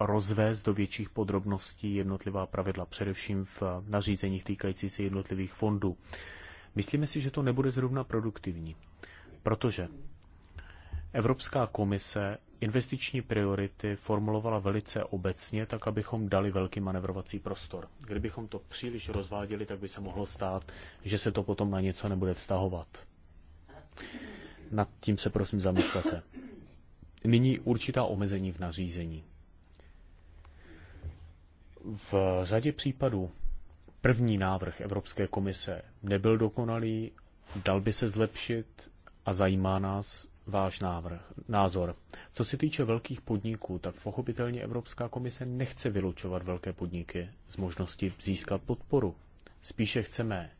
rozvést do větších podrobností jednotlivá pravidla, především v nařízeních týkající se jednotlivých fondů. Myslíme si, že to nebude zrovna produktivní, protože Evropská komise investiční priority formulovala velice obecně, tak abychom dali velký manevrovací prostor. Kdybychom to příliš rozváděli, tak by se mohlo stát, že se to potom na něco nebude vztahovat. Nad tím se prosím zamyslete. Nyní určitá omezení v nařízení. V řadě případů První návrh Evropské komise nebyl dokonalý, dal by se zlepšit a zajímá nás váš návrh, názor. Co se týče velkých podniků, tak pochopitelně Evropská komise nechce vylučovat velké podniky z možnosti získat podporu. Spíše chceme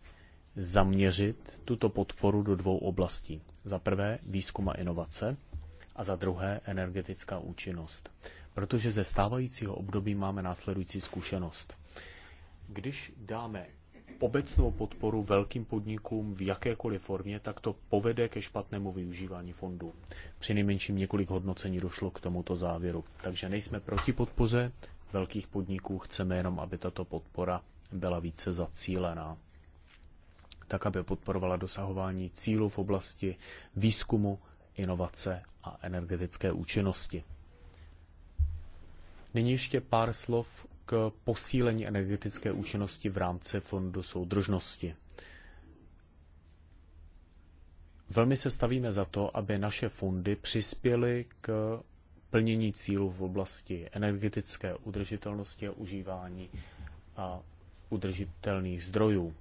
zaměřit tuto podporu do dvou oblastí. Za prvé výzkum a inovace a za druhé energetická účinnost. Protože ze stávajícího období máme následující zkušenost. Když dáme obecnou podporu velkým podnikům v jakékoliv formě, tak to povede ke špatnému využívání fondů. Při nejmenším několik hodnocení došlo k tomuto závěru. Takže nejsme proti podpoře velkých podniků, chceme jenom, aby tato podpora byla více zacílená. Tak, aby podporovala dosahování cílů v oblasti výzkumu, inovace a energetické účinnosti. Nyní ještě pár slov k posílení energetické účinnosti v rámci Fondu soudržnosti. Velmi se stavíme za to, aby naše fondy přispěly k plnění cílů v oblasti energetické udržitelnosti a užívání a udržitelných zdrojů.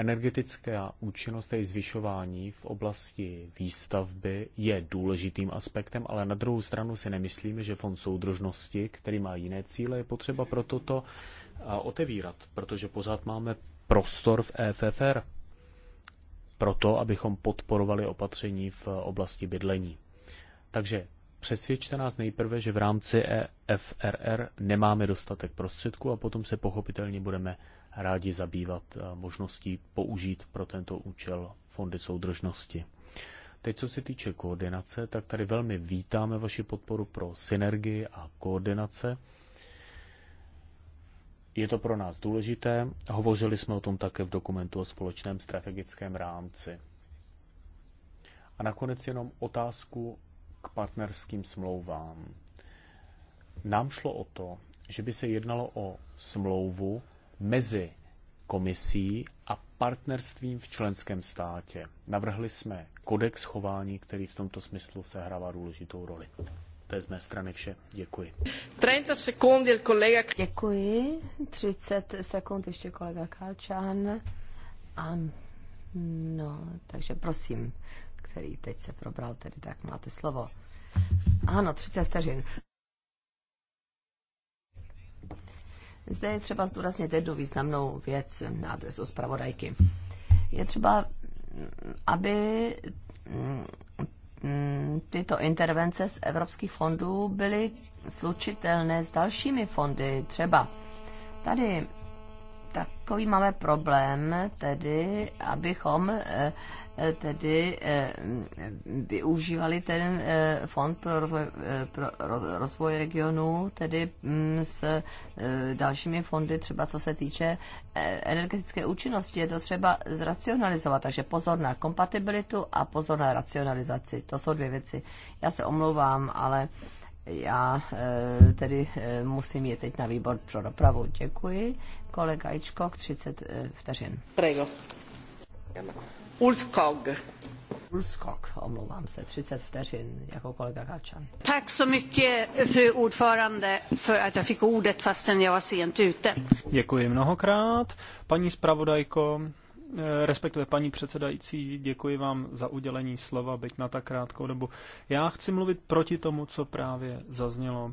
Energetická účinnost a zvyšování v oblasti výstavby je důležitým aspektem, ale na druhou stranu si nemyslíme, že fond soudržnosti, který má jiné cíle, je potřeba pro toto otevírat, protože pořád máme prostor v EFFR to, abychom podporovali opatření v oblasti bydlení. Takže přesvědčte nás nejprve, že v rámci EFRR nemáme dostatek prostředků a potom se pochopitelně budeme rádi zabývat eh, možností použít pro tento účel fondy soudržnosti. Teď, co se týče koordinace, tak tady velmi vítáme vaši podporu pro synergii a koordinace. Je to pro nás důležité. Hovořili jsme o tom také v dokumentu o společném strategickém rámci. A nakonec jenom otázku k partnerským smlouvám. Nám šlo o to, že by se jednalo o smlouvu, mezi komisí a partnerstvím v členském státě. Navrhli jsme kodex chování, který v tomto smyslu sehrává důležitou roli. To je z mé strany vše. Děkuji. 30 sekund, kolega... Děkuji. 30 sekund ještě kolega Kalčan. A no, takže prosím, který teď se probral, tedy tak máte slovo. Ano, 30 vteřin. Zde je třeba zdůraznit jednu významnou věc na adresu zpravodajky. Je třeba, aby mm, mm, tyto intervence z evropských fondů byly slučitelné s dalšími fondy. Třeba tady takový máme problém, tedy abychom eh, tedy eh, využívali ten eh, fond pro rozvoj, eh, pro rozvoj regionu, tedy mm, s dalšími fondy, třeba co se týče energetické účinnosti. Je to třeba zracionalizovat, takže pozor na kompatibilitu a pozor na racionalizaci. To jsou dvě věci. Já se omlouvám, ale já tedy musím je teď na výbor pro dopravu. Děkuji. Kolega Ičkok, 30 vteřin. Prego. Ulskog. Ulskog, omlouvám se, 30 vteřin jako kolega Kalčan. Tak mycket, fru ordförande, för att jag fick ordet fastän jag var sent ute. Děkuji mnohokrát. Paní zpravodajko, eh, respektive paní předsedající, děkuji vám za udělení slova, byť na tak krátkou dobu. Já chci mluvit proti tomu, co právě zaznělo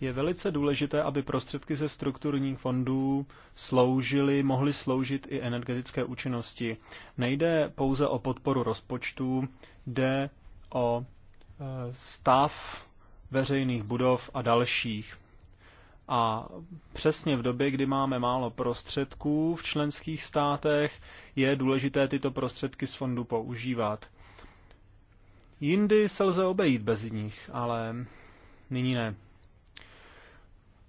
je velice důležité, aby prostředky ze strukturních fondů sloužily, mohly sloužit i energetické účinnosti. Nejde pouze o podporu rozpočtů, jde o e, stav veřejných budov a dalších. A přesně v době, kdy máme málo prostředků v členských státech, je důležité tyto prostředky z fondu používat. Jindy se lze obejít bez nich, ale nyní ne.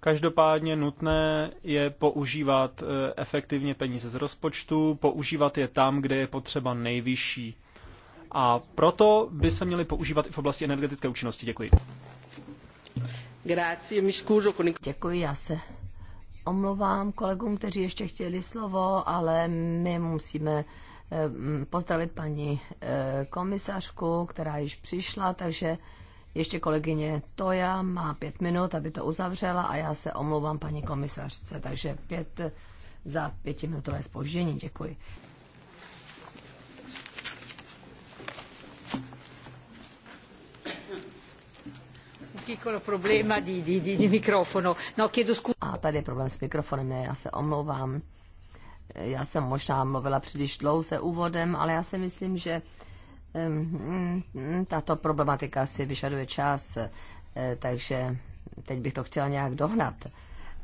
Každopádně nutné je používat eh, efektivně peníze z rozpočtu, používat je tam, kde je potřeba nejvyšší. A proto by se měly používat i v oblasti energetické účinnosti. Děkuji. Děkuji, já se omlouvám kolegům, kteří ještě chtěli slovo, ale my musíme eh, pozdravit paní eh, komisařku, která již přišla, takže ještě kolegyně Toja má pět minut, aby to uzavřela a já se omlouvám paní komisařce, takže pět za pětiminutové spoždění. Děkuji. No, a tady je problém s mikrofonem, ne, já se omlouvám. Já jsem možná mluvila příliš dlouze úvodem, ale já si myslím, že tato problematika si vyžaduje čas, e, takže teď bych to chtěla nějak dohnat.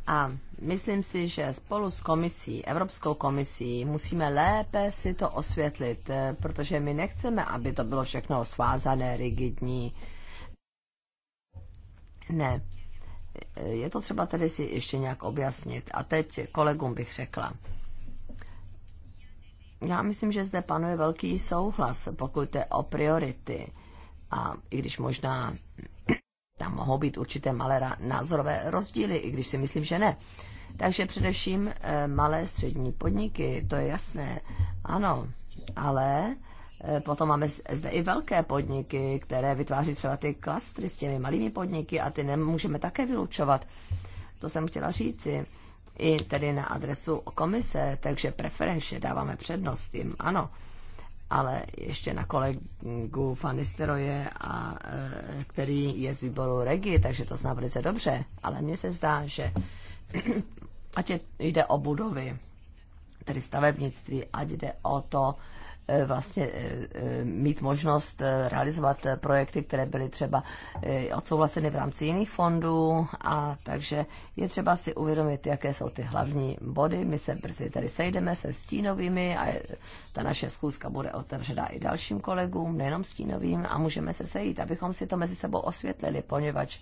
A myslím si, že spolu s komisí, Evropskou komisí, musíme lépe si to osvětlit, e, protože my nechceme, aby to bylo všechno svázané, rigidní. Ne. E, je to třeba tedy si ještě nějak objasnit. A teď kolegům bych řekla, já myslím, že zde panuje velký souhlas, pokud je o priority. A i když možná tam mohou být určité malé názorové rozdíly, i když si myslím, že ne. Takže především eh, malé střední podniky, to je jasné, ano, ale eh, potom máme zde i velké podniky, které vytváří třeba ty klastry s těmi malými podniky a ty nemůžeme také vylučovat. To jsem chtěla říci i tedy na adresu komise, takže preferenčně dáváme přednost jim, ano. Ale ještě na kolegu Fanisteroje, a, e, který je z výboru Regi, takže to zná velice dobře. Ale mně se zdá, že ať jde o budovy, tedy stavebnictví, ať jde o to, Eh, vlastně eh, eh, mít možnost realizovat projekty, které byly třeba odsouhlaseny v rámci jiných fondů a takže je třeba si uvědomit, jaké jsou ty hlavní body. My se brzy tady sejdeme se stínovými a ta naše schůzka bude otevřená i dalším kolegům, nejenom stínovým a můžeme se sejít, abychom si to mezi sebou osvětlili, poněvadž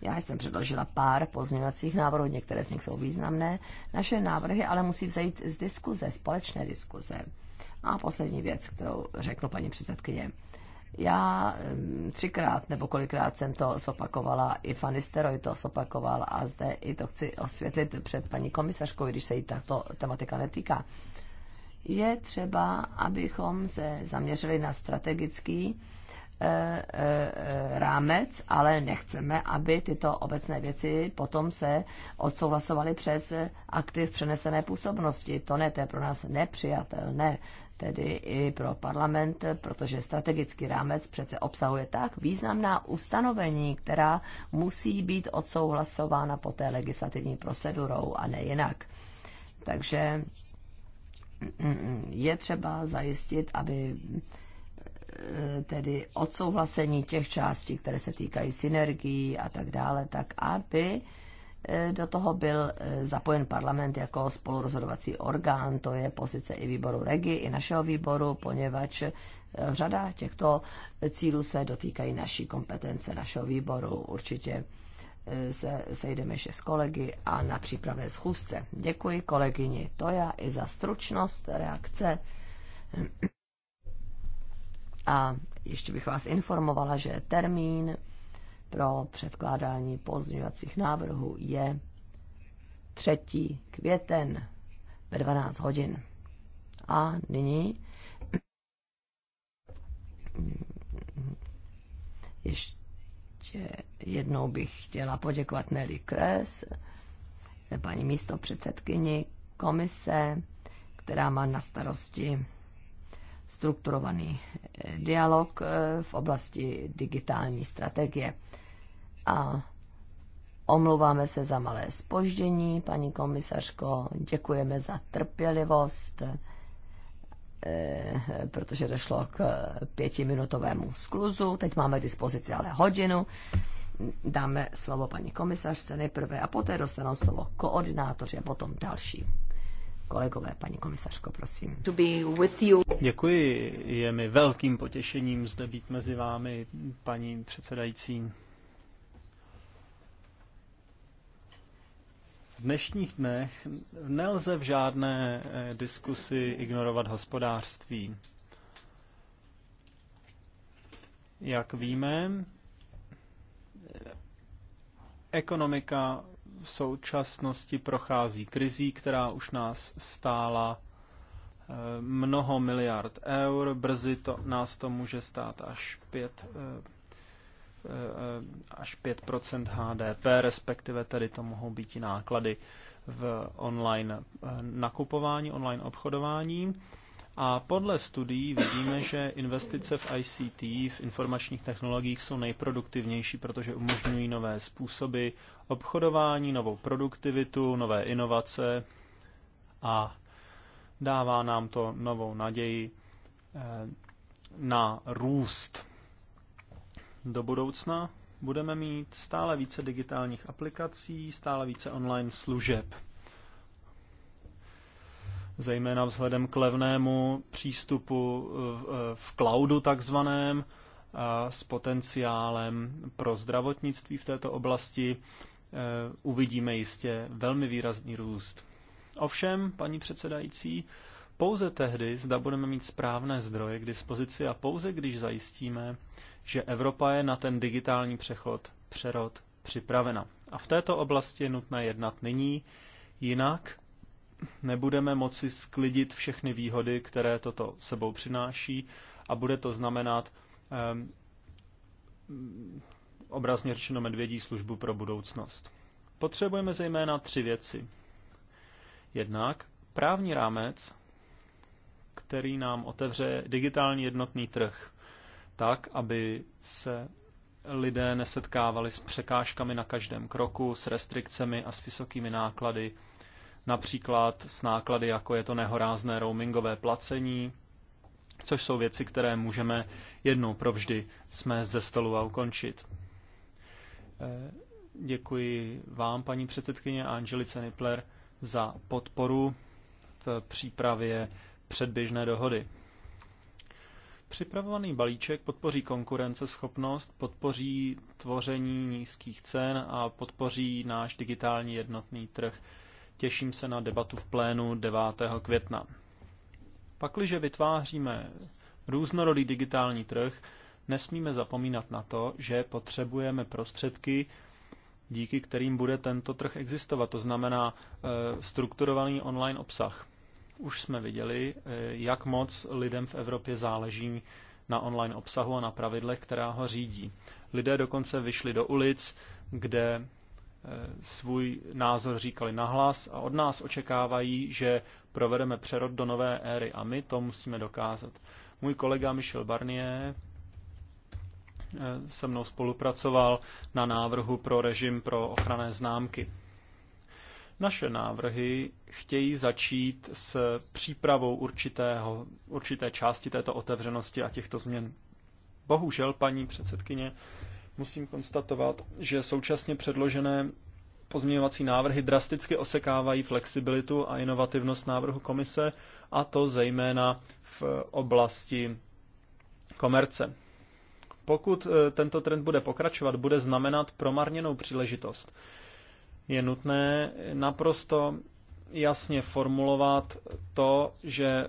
já jsem předložila pár pozměňovacích návrhů, některé z nich jsou významné. Naše návrhy ale musí vzejít z diskuze, společné diskuze. A poslední věc, kterou řekla paní předsedkyně. Já třikrát nebo kolikrát jsem to zopakovala, i Fanisteroj to zopakoval a zde i to chci osvětlit před paní komisařkou, když se jí tato tematika netýká. Je třeba, abychom se zaměřili na strategický eh, eh, rámec, ale nechceme, aby tyto obecné věci potom se odsouhlasovaly přes aktiv přenesené působnosti. To ne, to je pro nás nepřijatelné tedy i pro parlament, protože strategický rámec přece obsahuje tak významná ustanovení, která musí být odsouhlasována poté legislativní procedurou a ne jinak. Takže mm, mm, je třeba zajistit, aby e, tedy odsouhlasení těch částí, které se týkají synergií a tak dále, tak aby Eh, do toho byl eh, zapojen parlament jako spolurozhodovací orgán, to je pozice i výboru REGI, i našeho výboru, poněvadž eh, řada těchto cílů se dotýkají naší kompetence, našeho výboru. Určitě se sejdeme ještě s kolegy a na přípravné schůzce. Děkuji kolegyni Toja i za stručnost reakce. A ještě bych vás informovala, že termín pro předkládání pozměňovacích návrhů je 3. květen ve 12 hodin. A nyní ještě jednou bych chtěla poděkovat Nelly Kres, paní místo předsedkyni komise, která má na starosti strukturovaný dialog eh, v oblasti digitální strategie a omlouváme se za malé spoždění. Paní komisařko, děkujeme za trpělivost, eh, protože došlo k pětiminutovému skluzu. Teď máme k dispozici ale hodinu. Dáme slovo paní komisařce nejprve a poté dostanou slovo koordinátoři a potom další kolegové. Paní komisařko, prosím. To be with you. Děkuji, je mi velkým potěšením zde být mezi vámi, paní předsedající. V dnešních dnech nelze v žádné eh, diskusi ignorovat hospodářství. Jak víme, ekonomika v současnosti prochází krizí, která už nás stála eh, mnoho miliard eur. Brzy to, nás to může stát až 5 Eh, až 5 HDP, respektive tedy to mohou být i náklady v online eh, nakupování, online obchodování. A podle studií vidíme, že investice v ICT, v informačních technologiích, jsou nejproduktivnější, protože umožňují nové způsoby obchodování, novou produktivitu, nové inovace a dává nám to novou naději eh, na růst do budoucna budeme mít stále více digitálních aplikací, stále více online služeb. Zejména vzhledem k levnému přístupu eh, v cloudu takzvaném s potenciálem pro zdravotnictví v této oblasti eh, uvidíme jistě velmi výrazný růst. Ovšem, paní předsedající, pouze tehdy, zda budeme mít správné zdroje k dispozici a pouze když zajistíme, že Evropa je na ten digitální přechod, přerod připravena. A v této oblasti je nutné jednat nyní, jinak nebudeme moci sklidit všechny výhody, které toto sebou přináší a bude to znamenat um, obrazně řečeno medvědí službu pro budoucnost. Potřebujeme zejména tři věci. Jednak právní rámec, který nám otevře digitální jednotný trh tak, aby se lidé nesetkávali s překážkami na každém kroku, s restrikcemi a s vysokými náklady, například s náklady, jako je to nehorázné roamingové placení, což jsou věci, které můžeme jednou provždy jsme ze stolu a ukončit. Eh, děkuji vám, paní předsedkyně a Angelice Nipler, za podporu v přípravě předběžné dohody. Připravovaný balíček podpoří konkurenceschopnost, podpoří tvoření nízkých cen a podpoří náš digitální jednotný trh. Těším se na debatu v plénu 9. května. Pakliže vytváříme různorodý digitální trh, nesmíme zapomínat na to, že potřebujeme prostředky, díky kterým bude tento trh existovat, to znamená e, strukturovaný online obsah už jsme viděli, eh, jak moc lidem v Evropě záleží na online obsahu a na pravidlech, která ho řídí. Lidé dokonce vyšli do ulic, kde eh, svůj názor říkali nahlas a od nás očekávají, že provedeme přerod do nové éry a my to musíme dokázat. Můj kolega Michel Barnier eh, se mnou spolupracoval na návrhu pro režim pro ochranné známky. Naše návrhy chtějí začít s přípravou určitého, určité části této otevřenosti a těchto změn. Bohužel, paní předsedkyně, musím konstatovat, že současně předložené pozměňovací návrhy drasticky osekávají flexibilitu a inovativnost návrhu komise, a to zejména v oblasti komerce. Pokud eh, tento trend bude pokračovat, bude znamenat promarněnou příležitost je nutné naprosto jasně formulovat to, že e,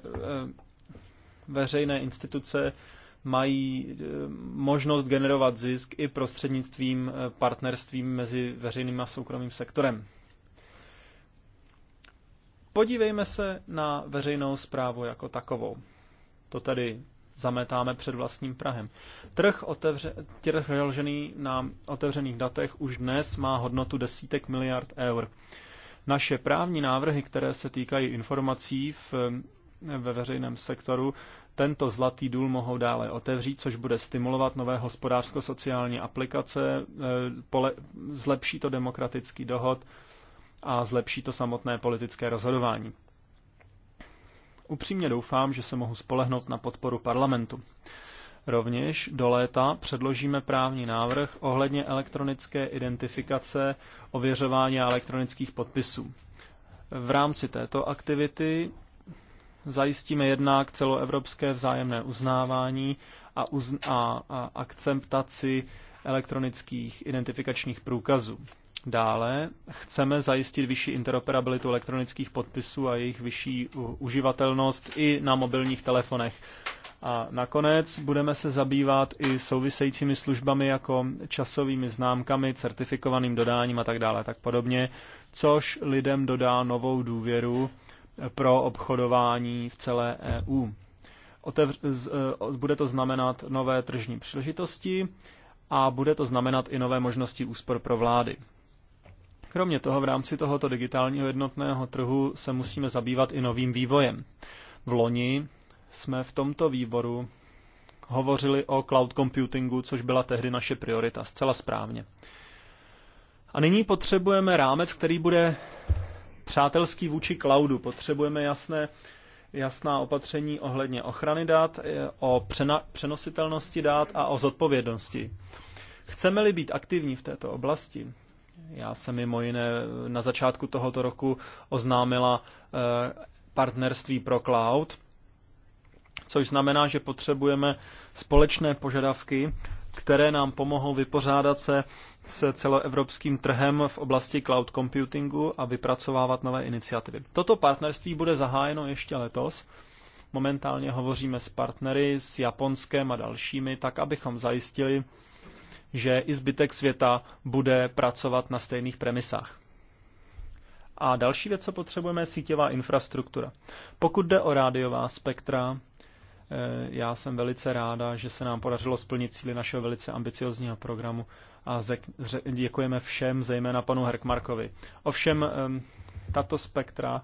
veřejné instituce mají e, možnost generovat zisk i prostřednictvím e, partnerství mezi veřejným a soukromým sektorem. Podívejme se na veřejnou zprávu jako takovou. To tedy zametáme před vlastním Prahem. Trh, otevře, trh založený na otevřených datech už dnes má hodnotu desítek miliard eur. Naše právní návrhy, které se týkají informací v, ve veřejném sektoru, tento zlatý důl mohou dále otevřít, což bude stimulovat nové hospodářsko-sociální aplikace, e, pole, zlepší to demokratický dohod a zlepší to samotné politické rozhodování. Upřímně doufám, že se mohu spolehnout na podporu parlamentu. Rovněž do léta předložíme právní návrh ohledně elektronické identifikace, ověřování elektronických podpisů. V rámci této aktivity zajistíme jednak celoevropské vzájemné uznávání a, uzn- a, a akceptaci elektronických identifikačních průkazů. Dále chceme zajistit vyšší interoperabilitu elektronických podpisů a jejich vyšší uživatelnost i na mobilních telefonech. A nakonec budeme se zabývat i souvisejícími službami jako časovými známkami, certifikovaným dodáním a tak dále, tak podobně, což lidem dodá novou důvěru eh, pro obchodování v celé EU. Otevř, z, eh, bude to znamenat nové tržní příležitosti a bude to znamenat i nové možnosti úspor pro vlády. Kromě toho v rámci tohoto digitálního jednotného trhu se musíme zabývat i novým vývojem. V loni jsme v tomto výboru hovořili o cloud computingu, což byla tehdy naše priorita, zcela správně. A nyní potřebujeme rámec, který bude přátelský vůči cloudu. Potřebujeme jasné, jasná opatření ohledně ochrany dat, eh, o přenositelnosti dat a o zodpovědnosti. Chceme-li být aktivní v této oblasti, já jsem mimo jiné na začátku tohoto roku oznámila eh, partnerství pro cloud, což znamená, že potřebujeme společné požadavky, které nám pomohou vypořádat se s celoevropským trhem v oblasti cloud computingu a vypracovávat nové iniciativy. Toto partnerství bude zahájeno ještě letos. Momentálně hovoříme s partnery, s Japonskem a dalšími, tak abychom zajistili, že i zbytek světa bude pracovat na stejných premisách. A další věc, co potřebujeme, je sítěvá infrastruktura. Pokud jde o rádiová spektra, eh, já jsem velice ráda, že se nám podařilo splnit cíly našeho velice ambiciozního programu a děkujeme všem, zejména panu Herkmarkovi. Ovšem, ehm, tato spektra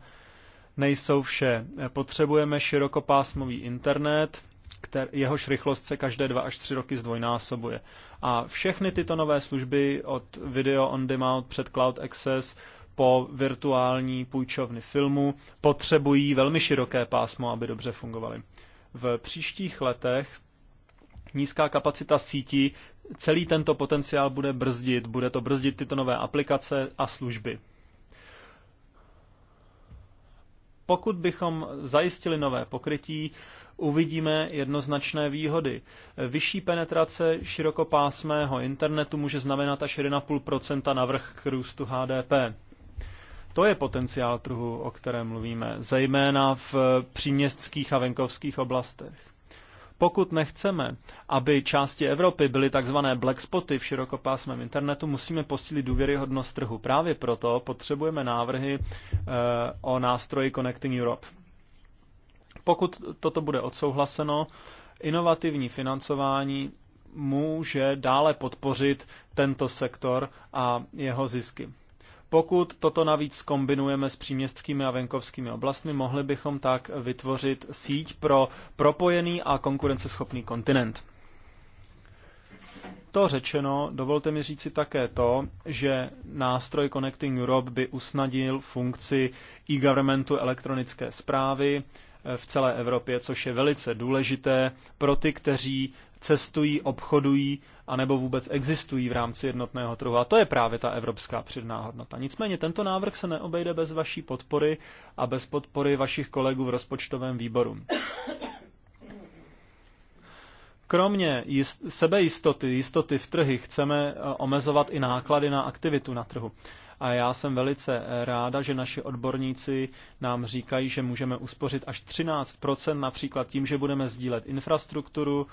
nejsou vše. Potřebujeme širokopásmový internet, kter, jehož rychlost se každé dva až tři roky zdvojnásobuje. A všechny tyto nové služby od video on demand před cloud access po virtuální půjčovny filmu potřebují velmi široké pásmo, aby dobře fungovaly. V příštích letech nízká kapacita sítí celý tento potenciál bude brzdit, bude to brzdit tyto nové aplikace a služby. Pokud bychom zajistili nové pokrytí, uvidíme jednoznačné výhody. Vyšší penetrace širokopásmého internetu může znamenat až 1,5 navrh k růstu HDP. To je potenciál trhu, o kterém mluvíme, zejména v příměstských a venkovských oblastech. Pokud nechceme, aby části Evropy byly takzvané black spoty v širokopásmém internetu, musíme posílit důvěryhodnost trhu. Právě proto potřebujeme návrhy eh, o nástroji Connecting Europe. Pokud toto bude odsouhlaseno, inovativní financování může dále podpořit tento sektor a jeho zisky. Pokud toto navíc kombinujeme s příměstskými a venkovskými oblastmi, mohli bychom tak vytvořit síť pro propojený a konkurenceschopný kontinent. To řečeno, dovolte mi říci také to, že nástroj Connecting Europe by usnadil funkci e-governmentu elektronické zprávy, v celé Evropě, což je velice důležité pro ty, kteří cestují, obchodují a nebo vůbec existují v rámci jednotného trhu. A to je právě ta evropská přidaná hodnota. Nicméně tento návrh se neobejde bez vaší podpory a bez podpory vašich kolegů v rozpočtovém výboru. Kromě jist- sebejistoty, jistoty v trhy, chceme eh, omezovat i náklady na aktivitu na trhu a já jsem velice eh, ráda, že naši odborníci nám říkají, že můžeme uspořit až 13 například tím, že budeme sdílet infrastrukturu,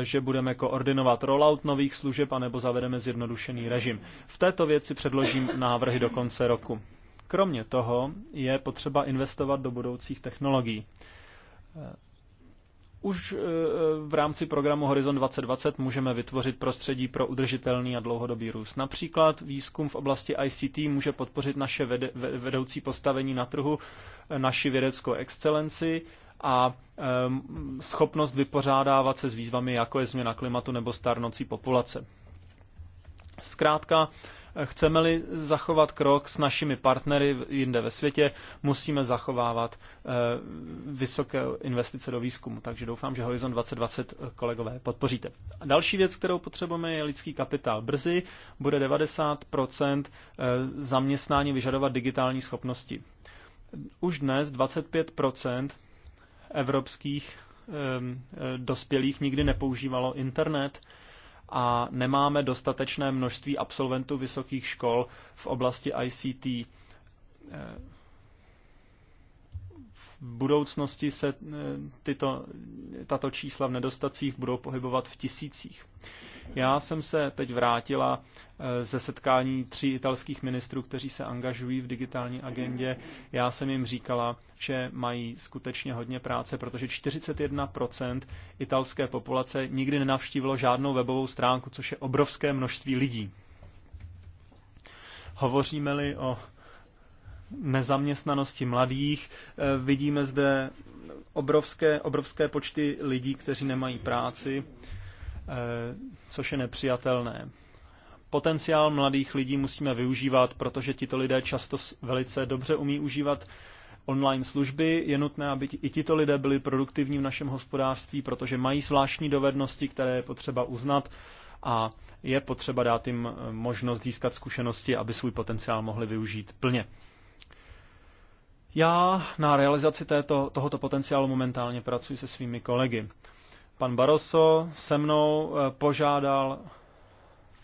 eh, že budeme koordinovat rollout nových služeb anebo zavedeme zjednodušený režim. V této věci předložím návrhy do konce roku. Kromě toho je potřeba investovat do budoucích technologií. Eh, už eh, v rámci programu Horizon 2020 můžeme vytvořit prostředí pro udržitelný a dlouhodobý růst. Například výzkum v oblasti ICT může podpořit naše vedoucí postavení na trhu, eh, naši vědeckou excelenci a eh, schopnost vypořádávat se s výzvami, jako je změna klimatu nebo starnocí populace. Zkrátka, Chceme-li zachovat krok s našimi partnery jinde ve světě, musíme zachovávat eh, vysoké investice do výzkumu. Takže doufám, že Horizon 2020 eh, kolegové podpoříte. A další věc, kterou potřebujeme, je lidský kapitál. Brzy bude 90% eh, zaměstnání vyžadovat digitální schopnosti. Už dnes 25% evropských dospělých nikdy nepoužívalo internet a nemáme dostatečné množství absolventů vysokých škol v oblasti ICT. Eh, v budoucnosti se eh, tyto, tato čísla v nedostacích budou pohybovat v tisících. Já jsem se teď vrátila eh, ze setkání tří italských ministrů, kteří se angažují v digitální agendě. Já jsem jim říkala, že mají skutečně hodně práce, protože 41% italské populace nikdy nenavštívilo žádnou webovou stránku, což je obrovské množství lidí. Hovoříme-li o nezaměstnanosti mladých. Eh, vidíme zde obrovské, obrovské počty lidí, kteří nemají práci. Eh, což je nepřijatelné. Potenciál mladých lidí musíme využívat, protože tito lidé často velice dobře umí užívat online služby. Je nutné, aby i tito lidé byli produktivní v našem hospodářství, protože mají zvláštní dovednosti, které je potřeba uznat a je potřeba dát jim eh, možnost získat zkušenosti, aby svůj potenciál mohli využít plně. Já na realizaci této, tohoto potenciálu momentálně pracuji se svými kolegy. Pan Barroso se mnou eh, požádal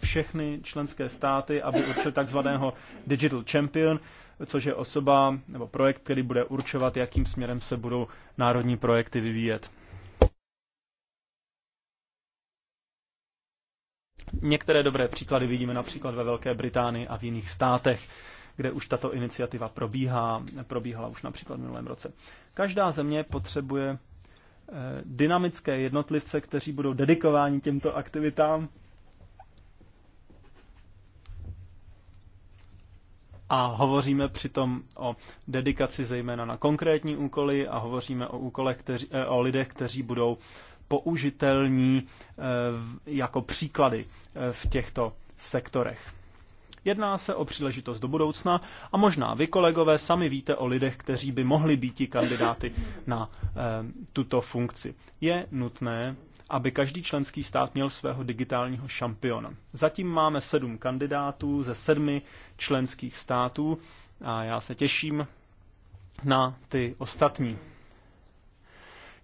všechny členské státy, aby určil takzvaného Digital Champion, což je osoba nebo projekt, který bude určovat, jakým směrem se budou národní projekty vyvíjet. Některé dobré příklady vidíme například ve Velké Británii a v jiných státech, kde už tato iniciativa probíhá, probíhala už například v minulém roce. Každá země potřebuje Eh, dynamické jednotlivce, kteří budou dedikováni těmto aktivitám. A hovoříme přitom o dedikaci zejména na konkrétní úkoly a hovoříme o, úkolech, kteří, eh, o lidech, kteří budou použitelní eh, jako příklady v těchto sektorech. Jedná se o příležitost do budoucna a možná vy, kolegové, sami víte o lidech, kteří by mohli být kandidáty na e, tuto funkci. Je nutné, aby každý členský stát měl svého digitálního šampiona. Zatím máme sedm kandidátů ze sedmi členských států a já se těším na ty ostatní.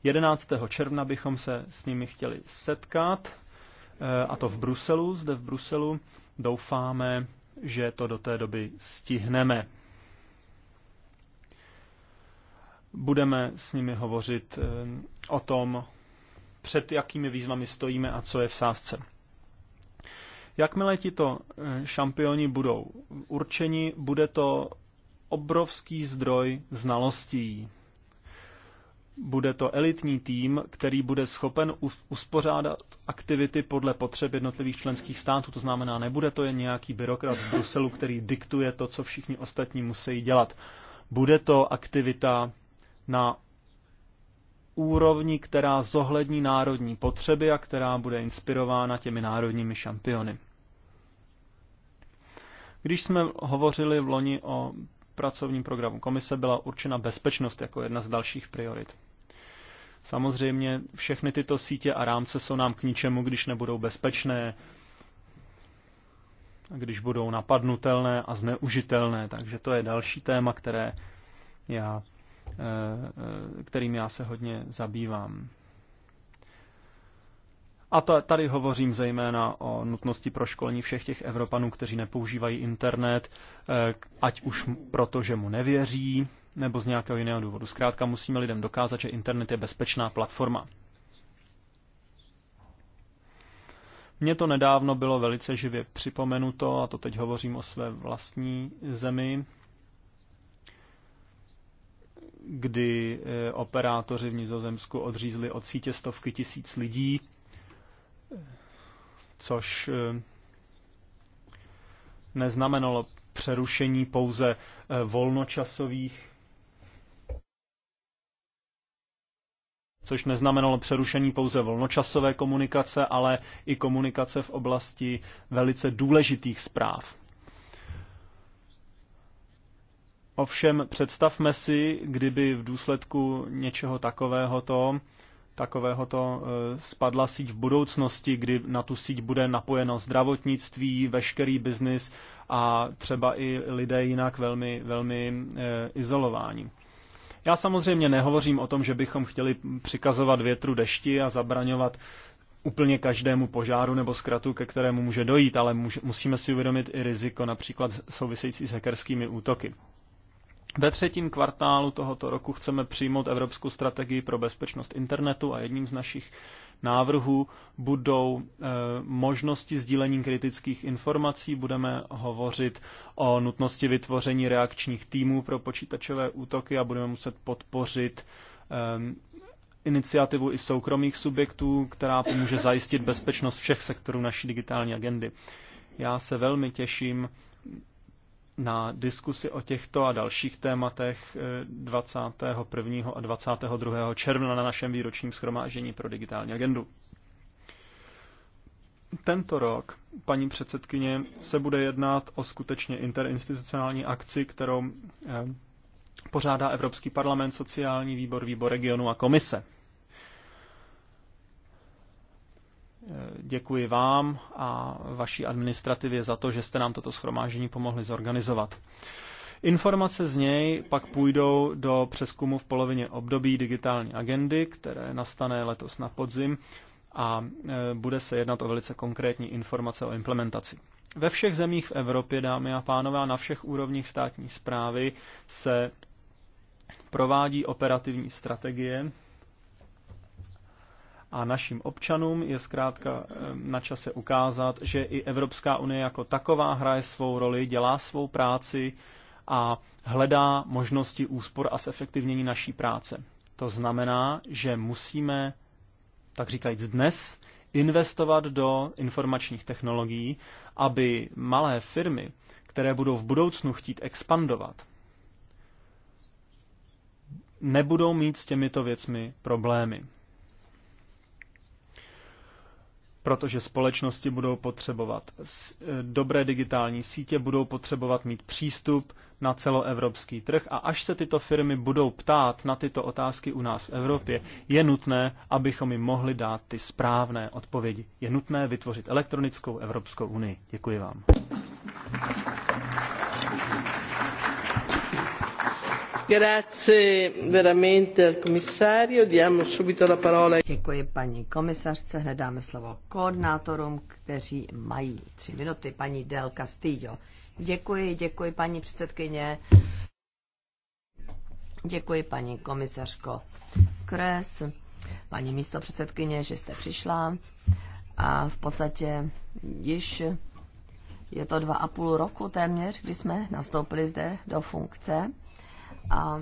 11. června bychom se s nimi chtěli setkat, eh, a to v Bruselu, zde v Bruselu. Doufáme, že to do té doby stihneme. Budeme s nimi hovořit eh, o tom, před jakými výzvami stojíme a co je v sázce. Jakmile tito eh, šampioni budou určeni, bude to obrovský zdroj znalostí, bude to elitní tým, který bude schopen uspořádat aktivity podle potřeb jednotlivých členských států. To znamená, nebude to jen nějaký byrokrat v Bruselu, který diktuje to, co všichni ostatní musí dělat. Bude to aktivita na úrovni, která zohlední národní potřeby a která bude inspirována těmi národními šampiony. Když jsme hovořili v loni o pracovním programu komise byla určena bezpečnost jako jedna z dalších priorit. Samozřejmě všechny tyto sítě a rámce jsou nám k ničemu, když nebudou bezpečné, když budou napadnutelné a zneužitelné. Takže to je další téma, které já, eh, eh, kterým já se hodně zabývám. A to, tady hovořím zejména o nutnosti proškolení všech těch Evropanů, kteří nepoužívají internet, eh, ať už proto, že mu nevěří, nebo z nějakého jiného důvodu. Zkrátka musíme lidem dokázat, že internet je bezpečná platforma. Mně to nedávno bylo velice živě připomenuto, a to teď hovořím o své vlastní zemi, kdy eh, operátoři v Nizozemsku odřízli od sítě stovky tisíc lidí což eh, neznamenalo přerušení pouze eh, volnočasových což neznamenalo přerušení pouze volnočasové komunikace, ale i komunikace v oblasti velice důležitých zpráv. Ovšem představme si, kdyby v důsledku něčeho takového to Takového to e, spadla síť v budoucnosti, kdy na tu síť bude napojeno zdravotnictví, veškerý biznis a třeba i lidé jinak velmi, velmi e, izolování. Já samozřejmě nehovořím o tom, že bychom chtěli přikazovat větru dešti a zabraňovat úplně každému požáru nebo zkratu, ke kterému může dojít, ale musíme si uvědomit i riziko například související s hackerskými útoky. Ve třetím kvartálu tohoto roku chceme přijmout Evropskou strategii pro bezpečnost internetu a jedním z našich návrhů budou e, možnosti sdílení kritických informací. Budeme hovořit o nutnosti vytvoření reakčních týmů pro počítačové útoky a budeme muset podpořit e, iniciativu i soukromých subjektů, která pomůže zajistit bezpečnost všech sektorů naší digitální agendy. Já se velmi těším na diskusi o těchto a dalších tématech 21. Eh, a 22. června na našem výročním schromáždění pro digitální agendu. Tento rok, paní předsedkyně, se bude jednat o skutečně interinstitucionální akci, kterou eh, pořádá Evropský parlament, sociální výbor, výbor regionu a komise. děkuji vám a vaší administrativě za to, že jste nám toto schromáždění pomohli zorganizovat. Informace z něj pak půjdou do přeskumu v polovině období digitální agendy, které nastane letos na podzim a e, bude se jednat o velice konkrétní informace o implementaci. Ve všech zemích v Evropě, dámy a pánové, a na všech úrovních státní zprávy se provádí operativní strategie a našim občanům je zkrátka eh, na čase ukázat, že i Evropská unie jako taková hraje svou roli, dělá svou práci a hledá možnosti úspor a zefektivnění naší práce. To znamená, že musíme, tak říkajíc dnes, investovat do informačních technologií, aby malé firmy, které budou v budoucnu chtít expandovat, nebudou mít s těmito věcmi problémy protože společnosti budou potřebovat e, dobré digitální sítě, budou potřebovat mít přístup na celoevropský trh a až se tyto firmy budou ptát na tyto otázky u nás v Evropě, je nutné, abychom jim mohli dát ty správné odpovědi. Je nutné vytvořit elektronickou Evropskou unii. Děkuji vám. Grazie veramente al commissario. Diamo subito la parola. Děkuji paní komisařce, hned dáme slovo koordinátorům, kteří mají tři minuty. Paní Del Castillo. Děkuji, děkuji paní předsedkyně. Děkuji paní komisařko Kres, paní místopředsedkyně, že jste přišla. A v podstatě již je to dva a půl roku téměř, kdy jsme nastoupili zde do funkce. A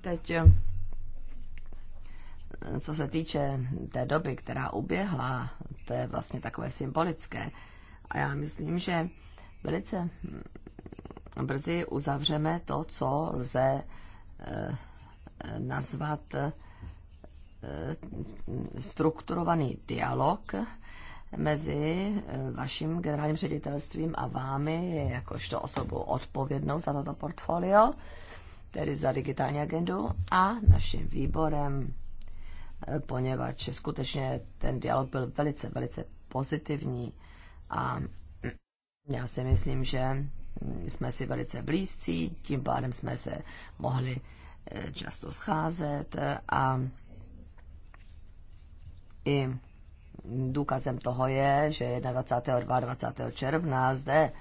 teď, co se týče té doby, která uběhla, to je vlastně takové symbolické. A já myslím, že velice brzy uzavřeme to, co lze eh, nazvat eh, strukturovaný dialog mezi eh, vaším generálním ředitelstvím a vámi, jakožto osobu odpovědnou za toto portfolio, tedy za digitální agendu, a naším výborem, eh, poněvadž skutečně ten dialog byl velice, velice pozitivní a mm, já si myslím, že mm, jsme si velice blízcí, tím pádem jsme se mohli eh, často scházet a i důkazem toho je, že 21. a 22. června zde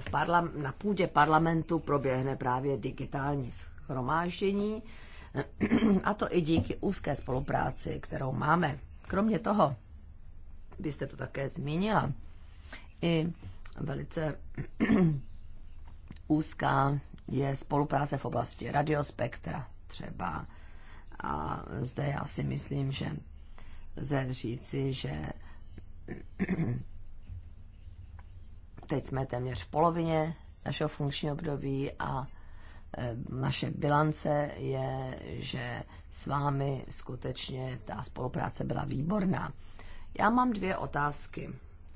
v parlam- na půdě parlamentu proběhne právě digitální schromáždění, a to i díky úzké spolupráci, kterou máme. Kromě toho, byste to také zmínila, i velice úzká je spolupráce v oblasti radiospektra třeba. A zde já si myslím, že lze říci, že teď jsme téměř v polovině našeho funkčního období a e, naše bilance je, že s vámi skutečně ta spolupráce byla výborná. Já mám dvě otázky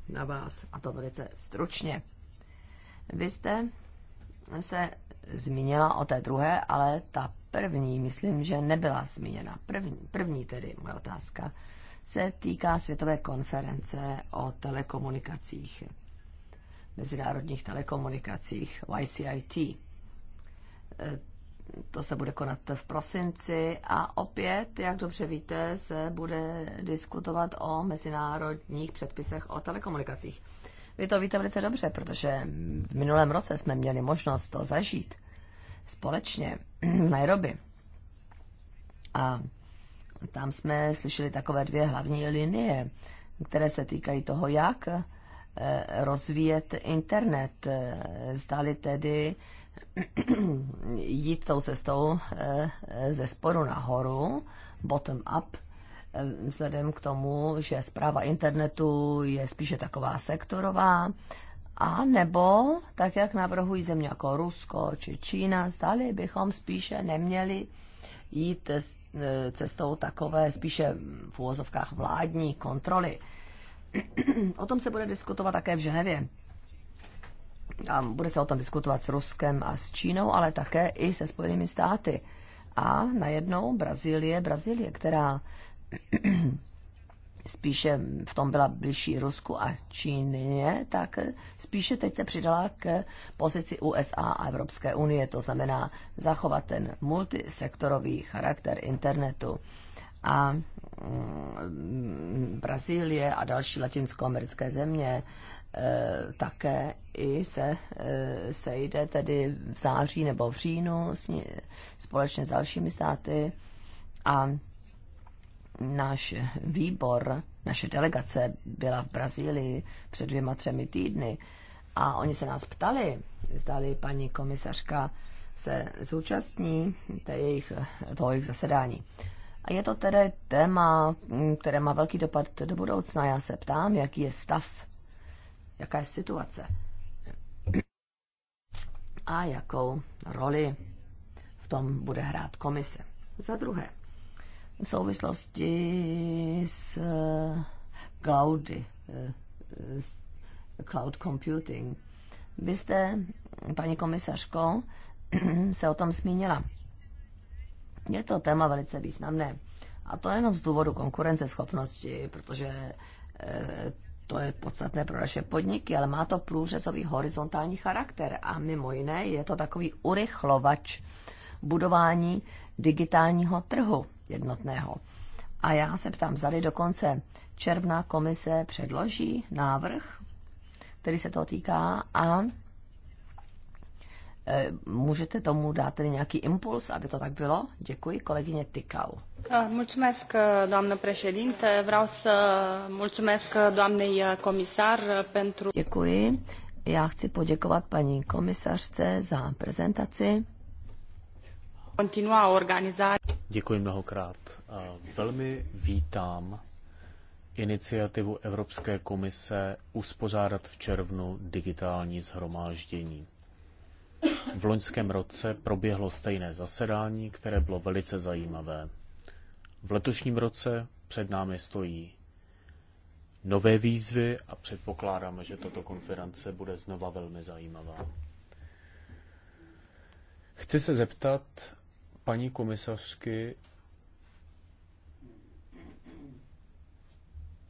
na vás, a to velice stručně. Vy jste se zmínila o té druhé, ale ta první, myslím, že nebyla zmíněna. První, první tedy moje otázka se týká Světové konference o telekomunikacích, mezinárodních telekomunikacích, YCIT. E, to se bude konat v prosinci a opět, jak dobře víte, se bude diskutovat o mezinárodních předpisech o telekomunikacích. Vy to víte velice dobře, protože v minulém roce jsme měli možnost to zažít společně v Nairobi. A tam jsme slyšeli takové dvě hlavní linie, které se týkají toho, jak eh, rozvíjet internet. Eh, zdali tedy jít tou cestou eh, ze sporu nahoru, bottom up, vzhledem k tomu, že zpráva internetu je spíše taková sektorová, a nebo, tak jak navrhují země jako Rusko či Čína, zdali bychom spíše neměli jít e, cestou takové spíše v úvozovkách vládní kontroly. O tom se bude diskutovat také v Ženevě. A bude se o tom diskutovat s Ruskem a s Čínou, ale také i se Spojenými státy. A najednou Brazílie, Brazílie, která spíše v tom byla blížší Rusku a Číně, tak spíše teď se přidala k pozici USA a Evropské unie, to znamená zachovat ten multisektorový charakter internetu. A mm, Brazílie a další latinskoamerické země e, také i se e, sejde tedy v září nebo v říjnu společně s dalšími státy a náš výbor, naše delegace byla v Brazílii před dvěma, třemi týdny a oni se nás ptali, zdali paní komisařka se zúčastní té jejich, toho jejich zasedání. A je to tedy téma, které má velký dopad do budoucna. Já se ptám, jaký je stav, jaká je situace a jakou roli v tom bude hrát komise. Za druhé, v souvislosti s eh, cloudy, eh, s cloud computing. Vy jste, paní komisařko, se o tom zmínila. Je to téma velice významné. A to jenom z důvodu konkurenceschopnosti, protože eh, to je podstatné pro naše podniky, ale má to průřezový horizontální charakter a mimo jiné je to takový urychlovač budování digitálního trhu jednotného. A já se ptám, zda do konce června komise předloží návrh, který se toho týká a e, můžete tomu dát tedy nějaký impuls, aby to tak bylo? Děkuji, kolegyně Tykau. Mulțumesc, doamnă președinte. Vreau să mulțumesc doamnei comisar pentru... Děkuji. Já chci poděkovat paní komisařce za prezentaci Děkuji mnohokrát. Velmi vítám iniciativu Evropské komise uspořádat v červnu digitální zhromáždění. V loňském roce proběhlo stejné zasedání, které bylo velice zajímavé. V letošním roce před námi stojí nové výzvy a předpokládáme, že tato konference bude znova velmi zajímavá. Chci se zeptat paní komisařky,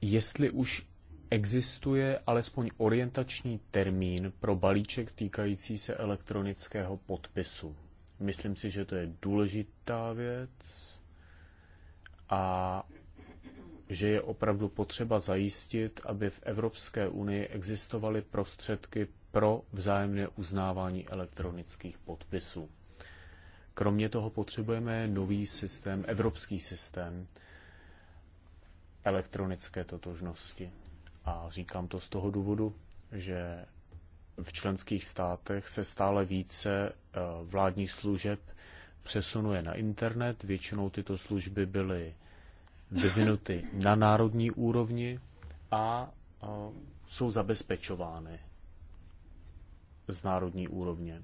jestli už existuje alespoň orientační termín pro balíček týkající se elektronického podpisu. Myslím si, že to je důležitá věc a že je opravdu potřeba zajistit, aby v Evropské unii existovaly prostředky pro vzájemné uznávání elektronických podpisů. Kromě toho potřebujeme nový systém, evropský systém elektronické totožnosti. A říkám to z toho důvodu, že v členských státech se stále více eh, vládních služeb přesunuje na internet. Většinou tyto služby byly vyvinuty na národní úrovni a eh, jsou zabezpečovány z národní úrovně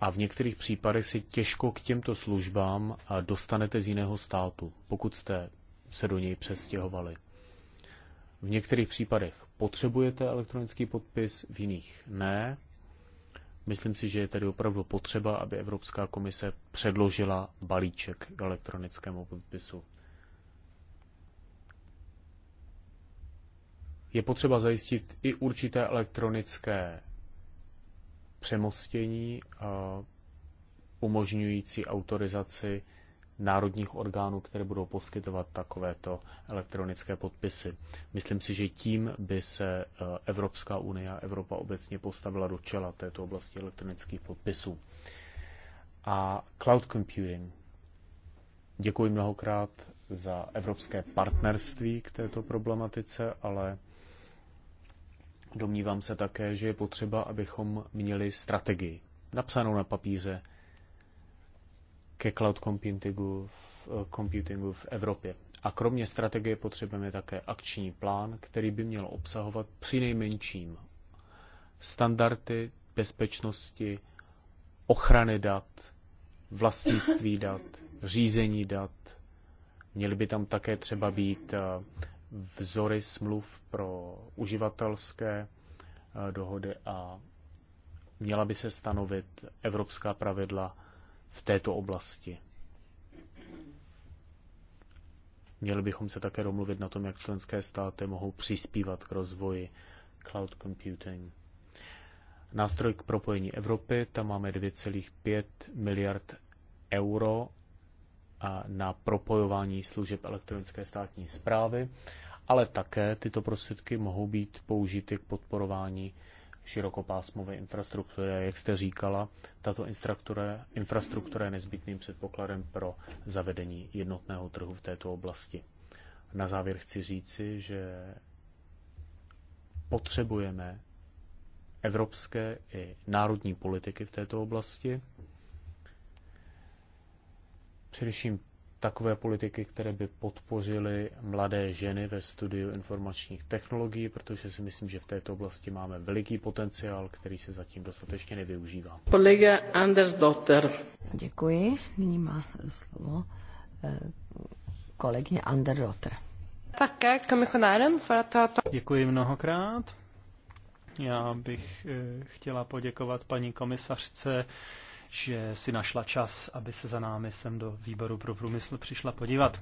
a v některých případech se těžko k těmto službám dostanete z jiného státu, pokud jste se do něj přestěhovali. V některých případech potřebujete elektronický podpis, v jiných ne. Myslím si, že je tady opravdu potřeba, aby Evropská komise předložila balíček k elektronickému podpisu. Je potřeba zajistit i určité elektronické přemostění umožňující autorizaci národních orgánů, které budou poskytovat takovéto elektronické podpisy. Myslím si, že tím by se e, Evropská unie a Evropa obecně postavila do čela této oblasti elektronických podpisů. A cloud computing. Děkuji mnohokrát za evropské partnerství k této problematice, ale Domnívám se také, že je potřeba, abychom měli strategii napsanou na papíře ke cloud computingu v, computingu v Evropě. A kromě strategie potřebujeme také akční plán, který by měl obsahovat při nejmenším standardy bezpečnosti, ochrany dat, vlastnictví dat, řízení dat. Měly by tam také třeba být eh, vzory smluv pro uživatelské eh, dohody a měla by se stanovit evropská pravidla v této oblasti. Měli bychom se také domluvit na tom, jak členské státy mohou přispívat k rozvoji cloud computing. Nástroj k propojení Evropy, tam máme 2,5 miliard euro na propojování služeb elektronické státní zprávy, ale také tyto prostředky mohou být použity k podporování širokopásmové infrastruktury. Jak jste říkala, tato infrastruktura je nezbytným předpokladem pro zavedení jednotného trhu v této oblasti. Na závěr chci říci, že potřebujeme evropské i národní politiky v této oblasti. Především takové politiky, které by podpořily mladé ženy ve studiu informačních technologií, protože si myslím, že v této oblasti máme veliký potenciál, který se zatím dostatečně nevyužívá. Kolega Anders Dotter. Děkuji. Nyní má slovo eh, kolegyně Anders Dotter. Také komisionáren. Děkuji mnohokrát. Já bych eh, chtěla poděkovat paní komisařce že si našla čas, aby se za námi sem do výboru pro průmysl přišla podívat.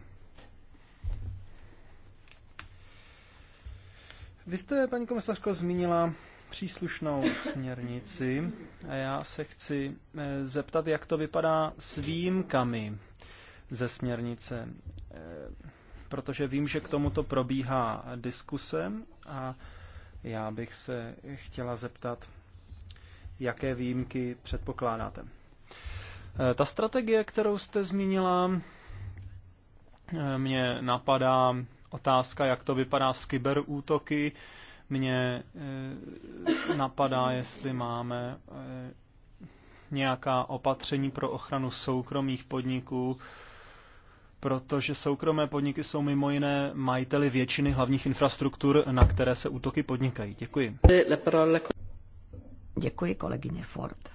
Vy jste, paní komisařko, zmínila příslušnou směrnici a já se chci eh, zeptat, jak to vypadá s výjimkami ze směrnice, eh, protože vím, že k tomuto probíhá diskuse a já bych se chtěla zeptat, jaké výjimky předpokládáte. Eh, ta strategie, kterou jste zmínila, eh, mě napadá otázka, jak to vypadá s kyberútoky. Mně eh, napadá, jestli máme nějaká opatření pro ochranu soukromých podniků, protože soukromé podniky jsou mimo jiné majiteli většiny hlavních infrastruktur, na které se útoky podnikají. Děkuji. Děkuji kolegyně Ford.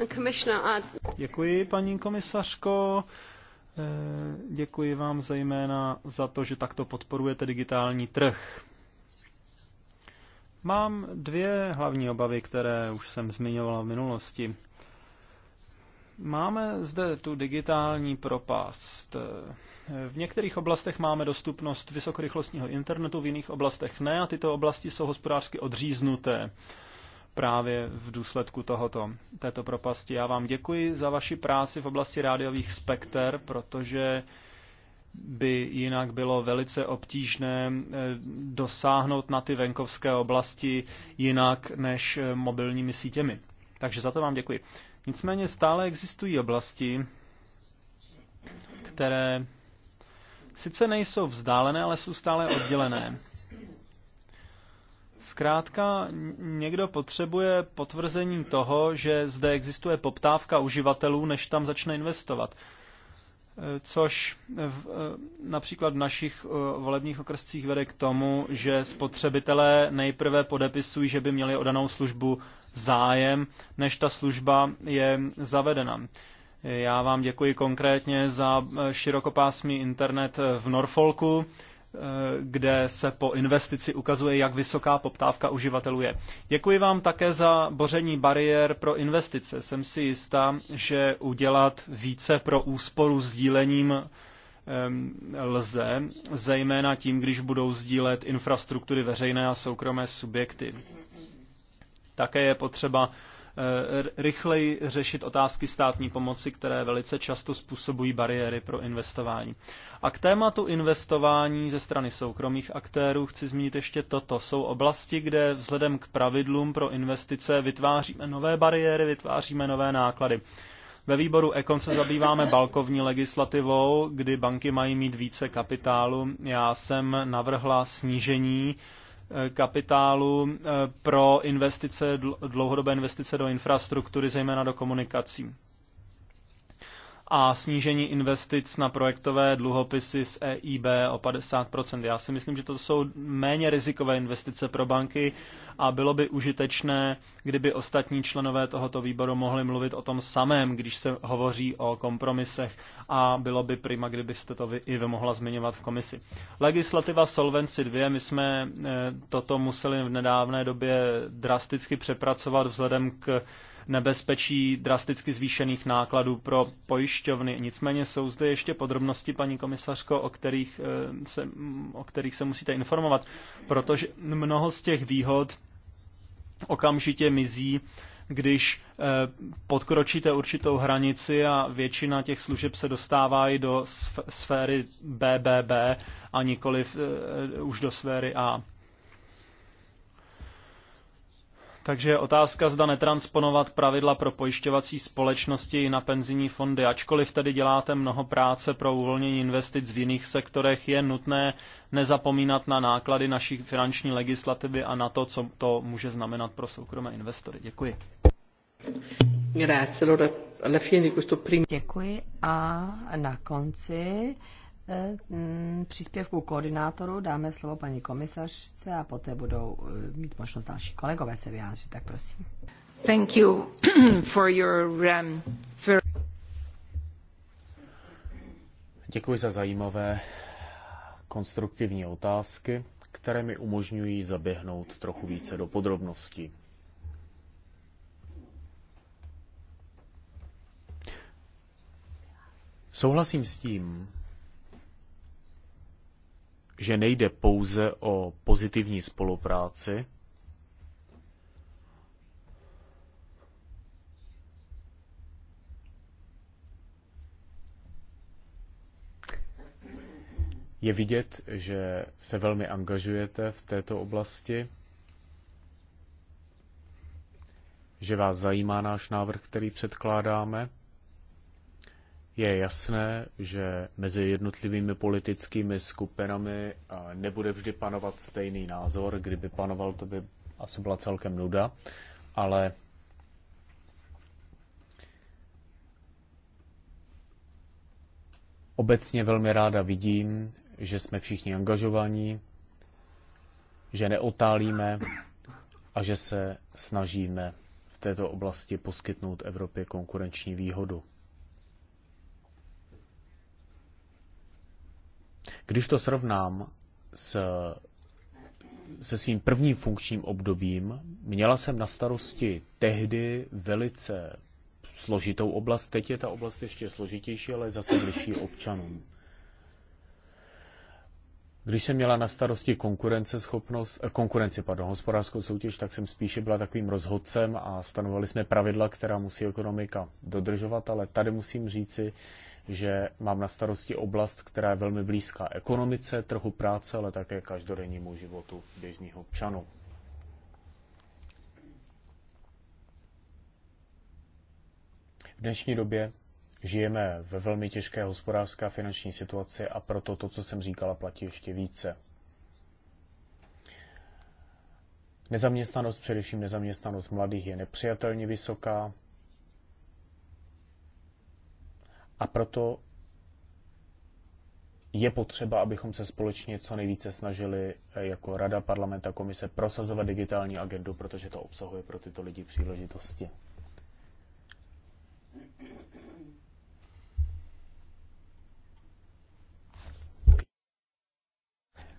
Uh, děkuji, paní komisařko. Eh, děkuji vám zejména za to, že takto podporujete digitální trh. Mám dvě hlavní obavy, které už jsem zmiňovala v minulosti. Máme zde tu digitální propast. Eh, v některých oblastech máme dostupnost vysokorychlostního internetu, v jiných oblastech ne a tyto oblasti jsou hospodářsky odříznuté právě v důsledku tohoto, této propasti. Já vám děkuji za vaši práci v oblasti rádiových spekter, protože by jinak bylo velice obtížné eh, dosáhnout na ty venkovské oblasti jinak než eh, mobilními sítěmi. Takže za to vám děkuji. Nicméně stále existují oblasti, které sice nejsou vzdálené, ale jsou stále oddělené. Zkrátka, někdo potřebuje potvrzení toho, že zde existuje poptávka uživatelů, než tam začne investovat. E, což v, e, například v našich e, volebních okrscích vede k tomu, že spotřebitelé nejprve podepisují, že by měli o danou službu zájem, než ta služba je zavedena. Já vám děkuji konkrétně za širokopásmý internet v Norfolku Eh, kde se po investici ukazuje, jak vysoká poptávka uživatelů je. Děkuji vám také za boření bariér pro investice. Jsem si jistá, že udělat více pro úsporu sdílením lze, zejména tím, když budou sdílet infrastruktury veřejné a soukromé subjekty. Také je potřeba Eh, rychleji řešit otázky státní pomoci, které velice často způsobují bariéry pro investování. A k tématu investování ze strany soukromých aktérů chci zmínit ještě toto. Jsou oblasti, kde vzhledem k pravidlům pro investice vytváříme nové bariéry, vytváříme nové náklady. Ve výboru Econ se zabýváme balkovní legislativou, kdy banky mají mít více kapitálu. Já jsem navrhla snížení Eh, kapitálu eh, pro investice, dlouhodobé investice do infrastruktury, zejména do komunikací a snížení investic na projektové dluhopisy z EIB o 50%. Já si myslím, že to jsou méně rizikové investice pro banky a bylo by užitečné, kdyby ostatní členové tohoto výboru mohli mluvit o tom samém, když se hovoří o kompromisech a bylo by prima, kdybyste to vy, i vy mohla zmiňovat v komisi. Legislativa Solvency 2, my jsme eh, toto museli v nedávné době drasticky přepracovat vzhledem k nebezpečí drasticky zvýšených nákladů pro pojišťovny. Nicméně jsou zde ještě podrobnosti, paní komisařko, o kterých eh, se, o kterých se musíte informovat, protože mnoho z těch výhod okamžitě mizí když eh, podkročíte určitou hranici a většina těch služeb se dostává i do sféry BBB a nikoli eh, už do sféry A. Takže otázka, zda netransponovat pravidla pro pojišťovací společnosti i na penzijní fondy. Ačkoliv tedy děláte mnoho práce pro uvolnění investic v jiných sektorech, je nutné nezapomínat na náklady naší finanční legislativy a na to, co to může znamenat pro soukromé investory. Děkuji. Děkuji a na konci Eh, mm, příspěvku koordinátoru dáme slovo paní komisařce a poté budou eh, mít možnost další kolegové se vyjádřit, tak prosím. Thank you for your, um, for... Děkuji za zajímavé konstruktivní otázky, které mi umožňují zaběhnout trochu více do podrobností. Souhlasím s tím, že nejde pouze o pozitivní spolupráci, Je vidět, že se velmi angažujete v této oblasti, že vás zajímá náš návrh, který předkládáme. Je jasné, že mezi jednotlivými politickými skupinami nebude vždy panovat stejný názor. Kdyby panoval, to by asi byla celkem nuda, ale obecně velmi ráda vidím, že jsme všichni angažovaní, že neotálíme a že se snažíme v této oblasti poskytnout Evropě konkurenční výhodu. Když to srovnám s, se svým prvním funkčním obdobím, měla jsem na starosti tehdy velice složitou oblast, teď je ta oblast ještě složitější, ale zase bližší občanům. Když jsem měla na starosti konkurenceschopnost, eh, konkurenci, pardon, hospodářskou soutěž, tak jsem spíše byla takovým rozhodcem a stanovali jsme pravidla, která musí ekonomika dodržovat, ale tady musím říci, že mám na starosti oblast, která je velmi blízká ekonomice, trhu práce, ale také každodennímu životu běžných občanů. V dnešní době žijeme ve velmi těžké hospodářské a finanční situaci a proto to, co jsem říkala, platí ještě více. Nezaměstnanost, především nezaměstnanost mladých, je nepřijatelně vysoká a proto je potřeba, abychom se společně co nejvíce snažili eh, jako Rada, Parlament a Komise prosazovat digitální agendu, protože to obsahuje pro tyto lidi příležitosti.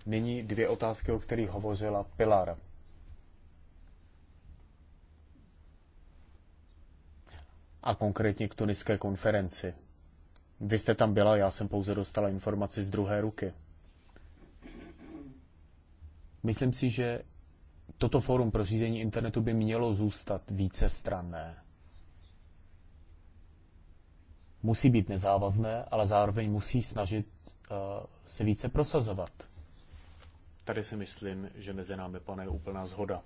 Nyní dvě otázky, o kterých hovořila Pilar. A konkrétně k tuniské konferenci. Vy jste tam byla, já jsem pouze dostala informaci z druhé ruky. Myslím si, že toto fórum pro řízení internetu by mělo zůstat více stranné. Musí být nezávazné, ale zároveň musí snažit uh, se více prosazovat. Tady si myslím, že mezi námi panuje úplná zhoda.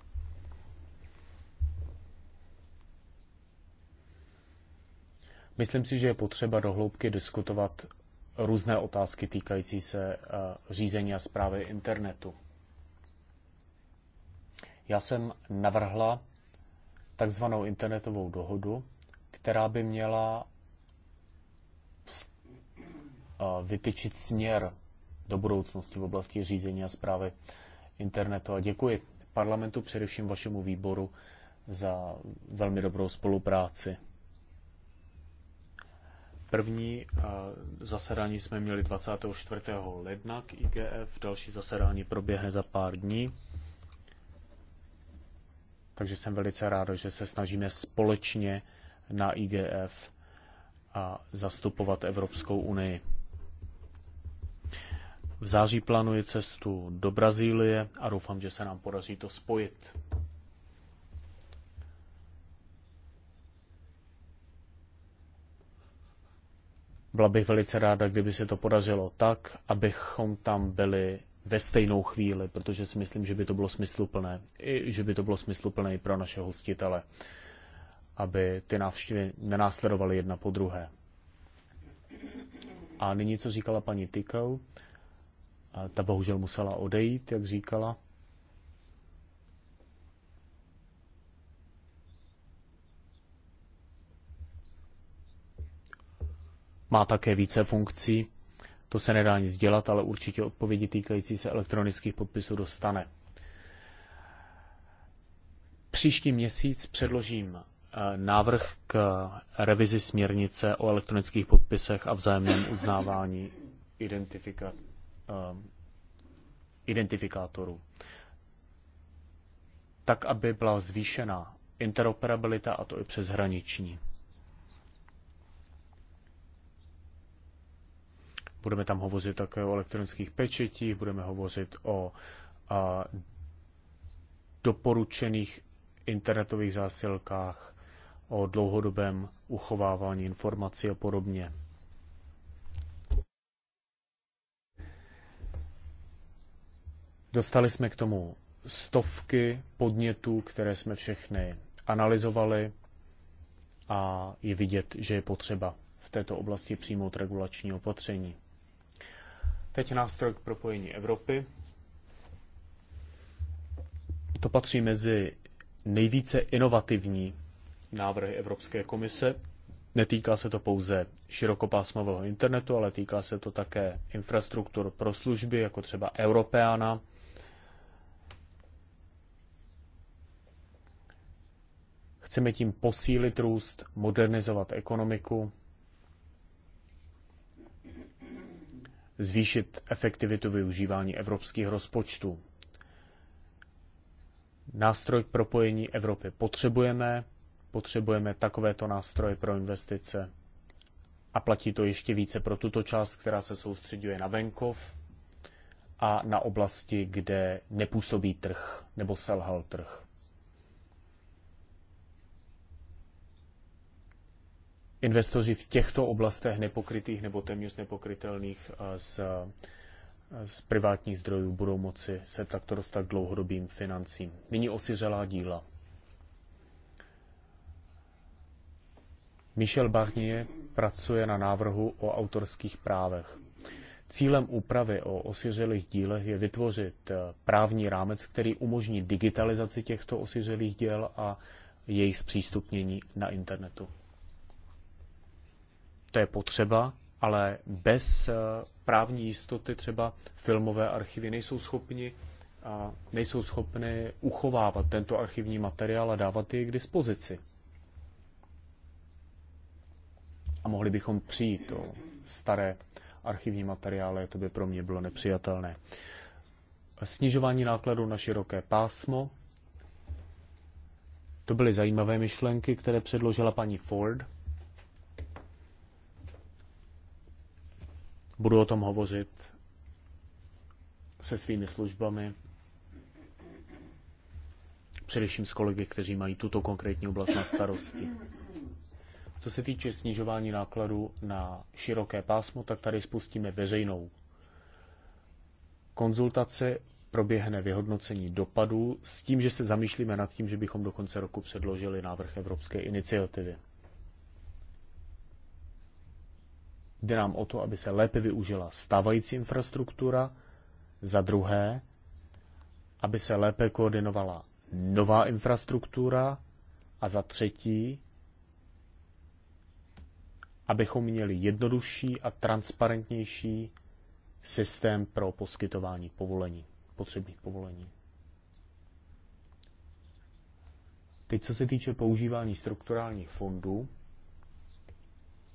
Myslím si, že je potřeba dohloubky diskutovat různé otázky týkající se eh, řízení a zprávy internetu. Já jsem navrhla takzvanou internetovou dohodu, která by měla eh, vytyčit směr do budoucnosti v oblasti řízení a zprávy internetu. A děkuji parlamentu, především vašemu výboru, za velmi dobrou spolupráci. První eh, zasedání jsme měli 24. ledna k IGF, další zasedání proběhne za pár dní. Takže jsem velice rád, že se snažíme společně na IGF a zastupovat Evropskou unii. V září plánuji cestu do Brazílie a doufám, že se nám podaří to spojit. Byla bych velice ráda, kdyby se to podařilo tak, abychom tam byli ve stejnou chvíli, protože si myslím, že by to bylo smysluplné, i, že by to bylo smysluplné i pro naše hostitele, aby ty návštěvy nenásledovaly jedna po druhé. A nyní, co říkala paní Tykou, ta bohužel musela odejít, jak říkala. Má také více funkcí. To se nedá nic dělat, ale určitě odpovědi týkající se elektronických podpisů dostane. Příští měsíc předložím eh, návrh k revizi směrnice o elektronických podpisech a vzájemném uznávání identifikace Eh, identifikátorů. Tak, aby byla zvýšena interoperabilita, a to i přeshraniční. Budeme tam hovořit také o elektronických pečetích, budeme hovořit o a, eh, doporučených internetových zásilkách, o dlouhodobém uchovávání informací a podobně. Dostali jsme k tomu stovky podnětů, které jsme všechny analyzovali a je vidět, že je potřeba v této oblasti přijmout regulační opatření. Teď nástroj k propojení Evropy. To patří mezi nejvíce inovativní návrhy Evropské komise. Netýká se to pouze širokopásmového internetu, ale týká se to také infrastruktur pro služby, jako třeba Europeana, Chceme tím posílit růst, modernizovat ekonomiku, zvýšit efektivitu využívání evropských rozpočtů. Nástroj k propojení Evropy potřebujeme, potřebujeme takovéto nástroje pro investice a platí to ještě více pro tuto část, která se soustředuje na venkov a na oblasti, kde nepůsobí trh nebo selhal trh. investoři v těchto oblastech nepokrytých nebo téměř nepokrytelných z, z privátních zdrojů budou moci se takto dostat k dlouhodobým financím. Nyní osiřelá díla. Michel Barnier pracuje na návrhu o autorských právech. Cílem úpravy o osiřelých dílech je vytvořit e, právní rámec, který umožní digitalizaci těchto osiřelých děl a jejich zpřístupnění na internetu to je potřeba, ale bez eh, právní jistoty třeba filmové archivy nejsou schopni a nejsou schopny uchovávat tento archivní materiál a dávat jej k dispozici. A mohli bychom přijít o staré archivní materiály, to by pro mě bylo nepřijatelné. Snižování nákladů na široké pásmo. To byly zajímavé myšlenky, které předložila paní Ford. Budu o tom hovořit se svými službami, především s kolegy, kteří mají tuto konkrétní oblast na starosti. Co se týče snižování nákladů na široké pásmo, tak tady spustíme veřejnou konzultaci, proběhne vyhodnocení dopadů s tím, že se zamýšlíme nad tím, že bychom do konce roku předložili návrh Evropské iniciativy. Jde nám o to, aby se lépe využila stávající infrastruktura, za druhé, aby se lépe koordinovala nová infrastruktura a za třetí, abychom měli jednodušší a transparentnější systém pro poskytování povolení, potřebných povolení. Teď, co se týče používání strukturálních fondů,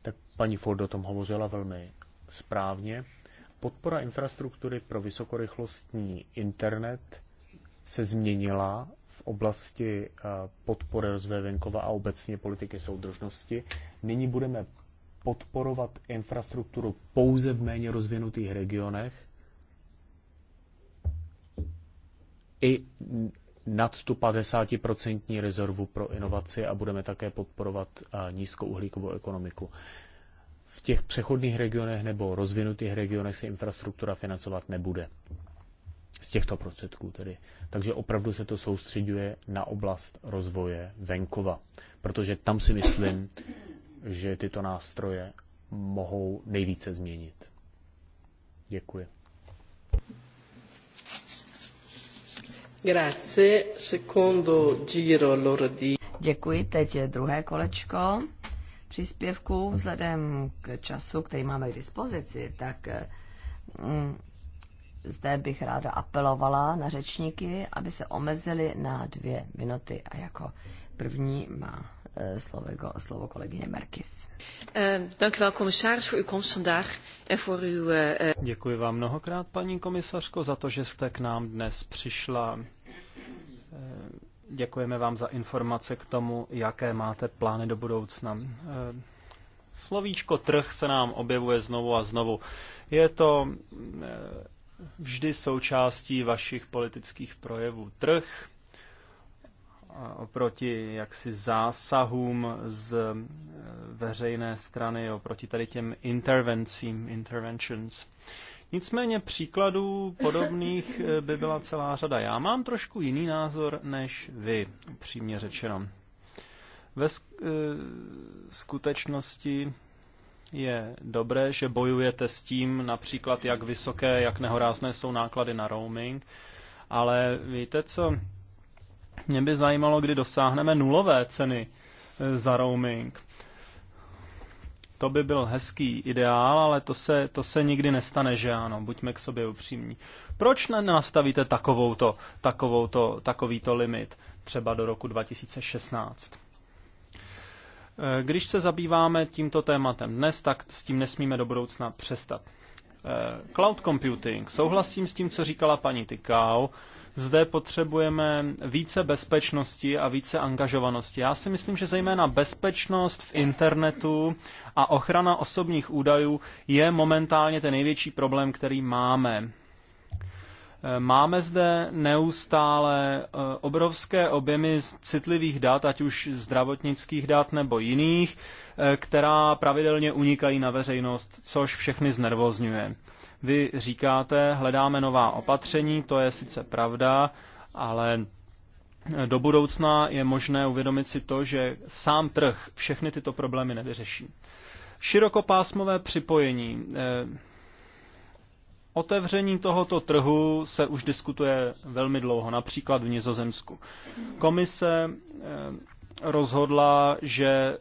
tak paní Ford o tom hovořila velmi správně. Podpora infrastruktury pro vysokorychlostní internet se změnila v oblasti eh, podpory rozvoje venkova a obecně politiky soudržnosti. Nyní budeme podporovat infrastrukturu pouze v méně rozvinutých regionech i nad tu 50% rezervu pro inovaci a budeme také podporovat nízkouhlíkovou ekonomiku. V těch přechodných regionech nebo rozvinutých regionech se infrastruktura financovat nebude. Z těchto prostředků tedy. Takže opravdu se to soustředuje na oblast rozvoje venkova, protože tam si myslím, že tyto nástroje mohou nejvíce změnit. Děkuji. Děkuji, teď je druhé kolečko příspěvku. Vzhledem k času, který máme k dispozici, tak mm, zde bych ráda apelovala na řečníky, aby se omezili na dvě minuty a jako první má e, slovo, slovo kolegyně Merkis. E, e, Děkuji vám mnohokrát, paní komisařko, za to, že jste k nám dnes přišla. Eh, děkujeme vám za informace k tomu, jaké máte plány do budoucna. Eh, slovíčko trh se nám objevuje znovu a znovu. Je to eh, vždy součástí vašich politických projevů. Trh oproti jaksi zásahům z veřejné strany, oproti tady těm intervencím, interventions. Nicméně příkladů podobných eh, by byla celá řada. Já mám trošku jiný názor než vy, upřímně řečeno. Ve eh, skutečnosti je dobré, že bojujete s tím například, jak vysoké, jak nehorázné jsou náklady na roaming, ale víte co, mě by zajímalo, kdy dosáhneme nulové ceny eh, za roaming. To by byl hezký ideál, ale to se, to se nikdy nestane, že ano, buďme k sobě upřímní. Proč nenastavíte takovouto, takovouto, takovýto limit třeba do roku 2016? Eh, když se zabýváme tímto tématem dnes, tak s tím nesmíme do budoucna přestat. Eh, cloud computing. Souhlasím s tím, co říkala paní Tykau. Zde potřebujeme více bezpečnosti a více angažovanosti. Já si myslím, že zejména bezpečnost v internetu a ochrana osobních údajů je momentálně ten největší problém, který máme. Máme zde neustále eh, obrovské objemy citlivých dat, ať už zdravotnických dat nebo jiných, eh, která pravidelně unikají na veřejnost, což všechny znervozňuje. Vy říkáte, hledáme nová opatření, to je sice pravda, ale do budoucna je možné uvědomit si to, že sám trh všechny tyto problémy nevyřeší. Širokopásmové připojení. Eh, otevření tohoto trhu se už diskutuje velmi dlouho, například v Nizozemsku. Komise eh, rozhodla, že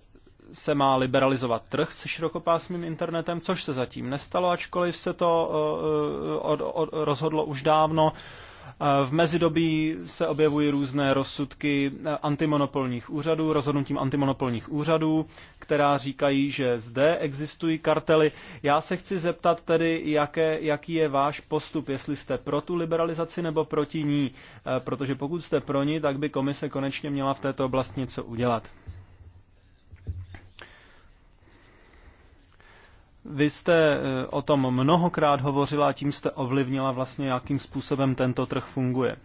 se má liberalizovat trh se širokopásmým internetem, což se zatím nestalo, ačkoliv se to eh, eh, od, od, rozhodlo už dávno. Eh, v mezidobí se objevují různé rozsudky antimonopolních úřadů, rozhodnutím antimonopolních úřadů, která říkají, že zde existují kartely. Já se chci zeptat tedy, jaké, jaký je váš postup, jestli jste pro tu liberalizaci nebo proti ní, protože pokud jste pro ní, tak by komise konečně měla v této oblasti něco udělat. Vy jste e, o tom mnohokrát hovořila a tím jste ovlivnila vlastně, jakým způsobem tento trh funguje.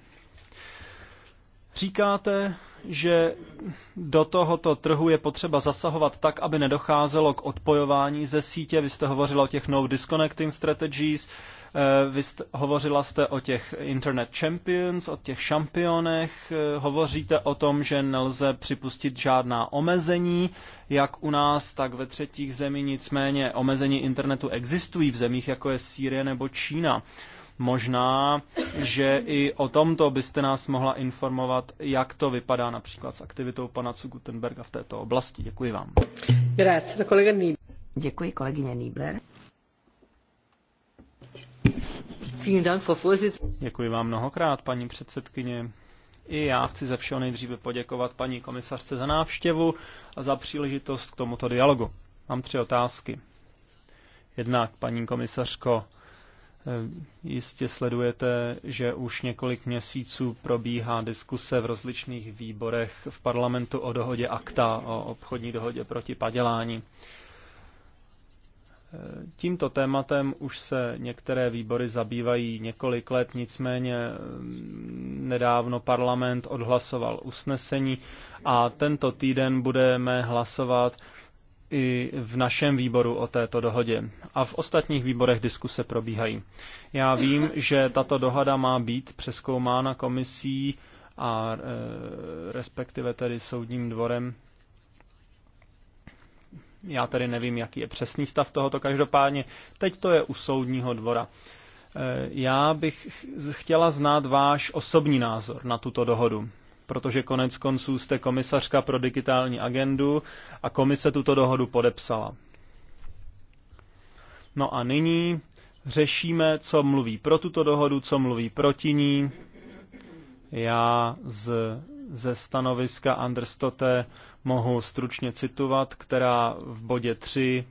Říkáte, že do tohoto trhu je potřeba zasahovat tak, aby nedocházelo k odpojování ze sítě. Vy jste hovořila o těch no disconnecting strategies, eh, vy jste, hovořila jste o těch internet champions, o těch šampionech, eh, hovoříte o tom, že nelze připustit žádná omezení, jak u nás, tak ve třetích zemích, nicméně omezení internetu existují v zemích, jako je Sýrie nebo Čína. Možná, že i o tomto byste nás mohla informovat, jak to vypadá například s aktivitou pana Gutenberga v této oblasti. Děkuji vám. Děkuji, kolegyně Niebler. Děkuji vám mnohokrát, paní předsedkyně. I já chci ze všeho nejdříve poděkovat paní komisařce za návštěvu a za příležitost k tomuto dialogu. Mám tři otázky. Jednak, paní komisařko, Eh, jistě sledujete, že už několik měsíců probíhá diskuse v rozličných výborech v parlamentu o dohodě akta, o obchodní dohodě proti padělání. Eh, tímto tématem už se některé výbory zabývají několik let, nicméně mm, nedávno parlament odhlasoval usnesení a tento týden budeme hlasovat i v našem výboru o této dohodě. A v ostatních výborech diskuse probíhají. Já vím, že tato dohoda má být přeskoumána komisí a e, respektive tedy soudním dvorem. Já tedy nevím, jaký je přesný stav tohoto, každopádně teď to je u soudního dvora. E, já bych chtěla znát váš osobní názor na tuto dohodu protože konec konců jste komisařka pro digitální agendu a komise tuto dohodu podepsala. No a nyní řešíme, co mluví pro tuto dohodu, co mluví proti ní. Já z, ze stanoviska Anderstote mohu stručně citovat, která v bodě 3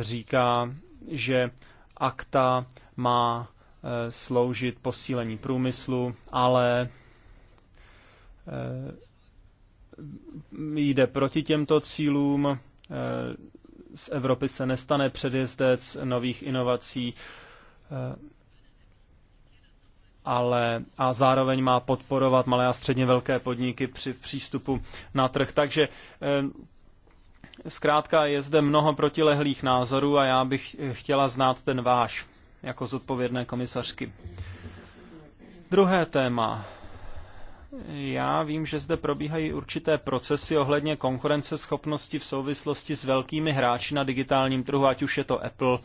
říká, že akta má e, sloužit posílení průmyslu, ale Eh, jde proti těmto cílům. Eh, z Evropy se nestane předjezdec nových inovací eh, ale a zároveň má podporovat malé a středně velké podniky při přístupu na trh. Takže zkrátka je zde mnoho protilehlých názorů a já bych chtěla znát ten váš jako zodpovědné komisařky. Druhé téma. Já vím, že zde probíhají určité procesy ohledně konkurenceschopnosti v souvislosti s velkými hráči na digitálním trhu, ať už je to Apple,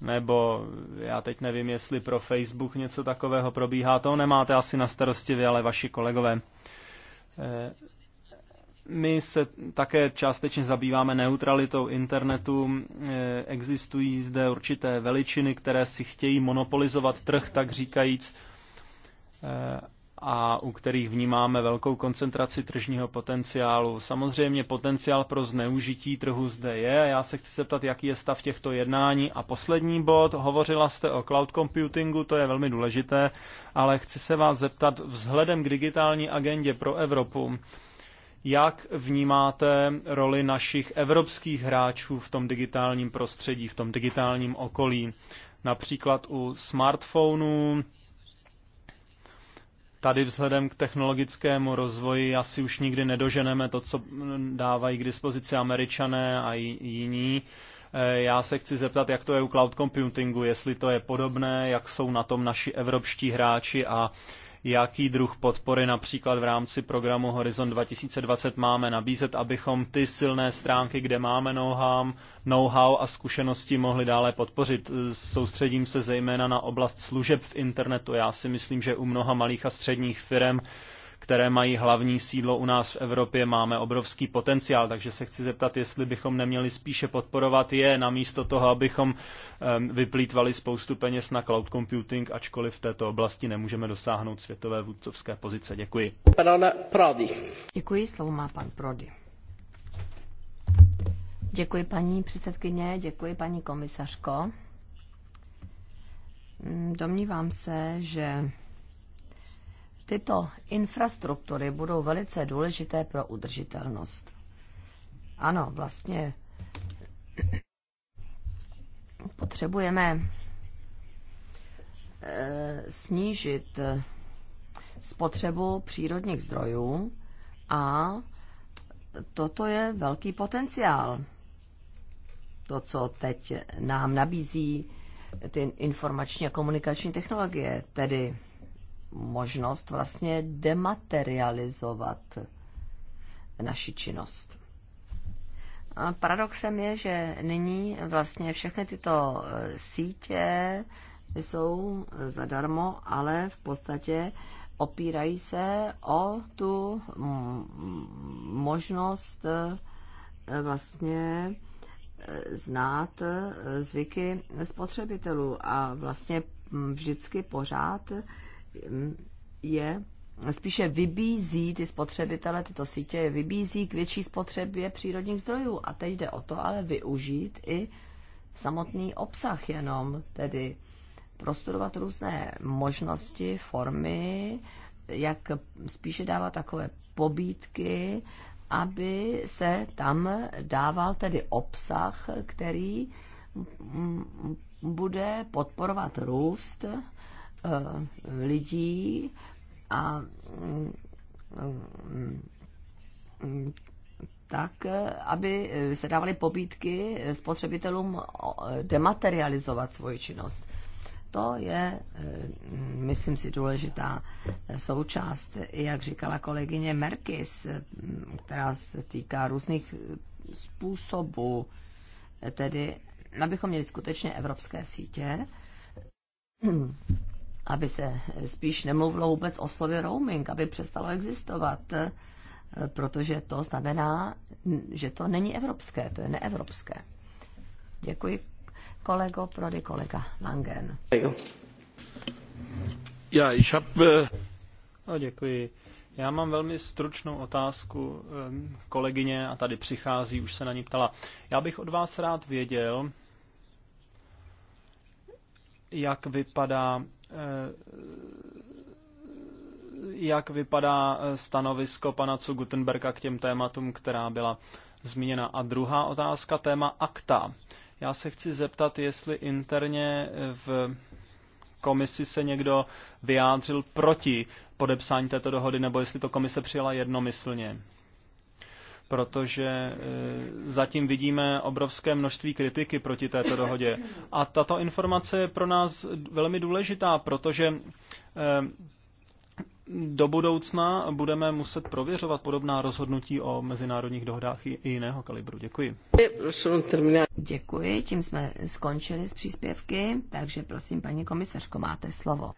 nebo já teď nevím, jestli pro Facebook něco takového probíhá. To nemáte asi na starosti vy, ale vaši kolegové. Eh, my se také částečně zabýváme neutralitou internetu. Eh, existují zde určité veličiny, které si chtějí monopolizovat trh, tak říkajíc. Eh, a u kterých vnímáme velkou koncentraci tržního potenciálu. Samozřejmě potenciál pro zneužití trhu zde je. Já se chci zeptat, jaký je stav těchto jednání. A poslední bod, hovořila jste o cloud computingu, to je velmi důležité, ale chci se vás zeptat vzhledem k digitální agendě pro Evropu, jak vnímáte roli našich evropských hráčů v tom digitálním prostředí, v tom digitálním okolí? Například u smartphonů, tady vzhledem k technologickému rozvoji asi už nikdy nedoženeme to, co dávají k dispozici američané a jiní. E, já se chci zeptat, jak to je u cloud computingu, jestli to je podobné, jak jsou na tom naši evropští hráči a jaký druh podpory například v rámci programu Horizon 2020 máme nabízet, abychom ty silné stránky, kde máme know-how, a zkušenosti mohli dále podpořit. Soustředím se zejména na oblast služeb v internetu. Já si myslím, že u mnoha malých a středních firm které mají hlavní sídlo u nás v Evropě, máme obrovský potenciál, takže se chci zeptat, jestli bychom neměli spíše podporovat je, namísto toho, abychom vyplýtvali spoustu peněz na cloud computing, ačkoliv v této oblasti nemůžeme dosáhnout světové vůdcovské pozice. Děkuji. Prody. Děkuji, slovo má pan Prody. Děkuji paní předsedkyně, děkuji paní komisařko. Hm, domnívám se, že Tyto infrastruktury budou velice důležité pro udržitelnost. Ano, vlastně potřebujeme eh, snížit eh, spotřebu přírodních zdrojů a toto je velký potenciál. To, co teď nám nabízí ty informační a komunikační technologie, tedy možnost vlastně dematerializovat naši činnost. A paradoxem je, že nyní vlastně všechny tyto e, sítě jsou zadarmo, ale v podstatě opírají se o tu možnost e, vlastně e, znát zvyky spotřebitelů a vlastně vždycky pořád je spíše vybízí ty spotřebitele, tyto sítě vybízí k větší spotřebě přírodních zdrojů. A teď jde o to ale využít i samotný obsah jenom, tedy prostudovat různé možnosti, formy, jak spíše dávat takové pobídky, aby se tam dával tedy obsah, který bude podporovat růst Eh, lidí a mm, tak, aby se dávaly pobídky spotřebitelům dematerializovat svoji činnost. To je, eh, myslím si, důležitá součást, jak říkala kolegyně Merkis, mm, která se týká různých způsobů, tedy abychom měli skutečně evropské sítě, aby se spíš nemluvilo vůbec o slově roaming, aby přestalo existovat, protože to znamená, že to není evropské, to je neevropské. Děkuji kolego Prody, kolega Langen. Já, ich hab, eh, no, děkuji. Já mám velmi stručnou otázku eh, kolegyně a tady přichází, už se na ní ptala. Já bych od vás rád věděl, jak vypadá Eh, jak vypadá eh, stanovisko pana Cu Gutenberga k těm tématům, která byla zmíněna. A druhá otázka, téma akta. Já se chci zeptat, jestli interně eh, v komisi se někdo vyjádřil proti podepsání této dohody, nebo jestli to komise přijala jednomyslně protože eh, zatím vidíme obrovské množství kritiky proti této dohodě. A tato informace je pro nás velmi důležitá, protože eh, do budoucna budeme muset prověřovat podobná rozhodnutí o mezinárodních dohodách i jiného kalibru. Děkuji. Děkuji, tím jsme skončili s příspěvky, takže prosím, paní komisařko, máte slovo.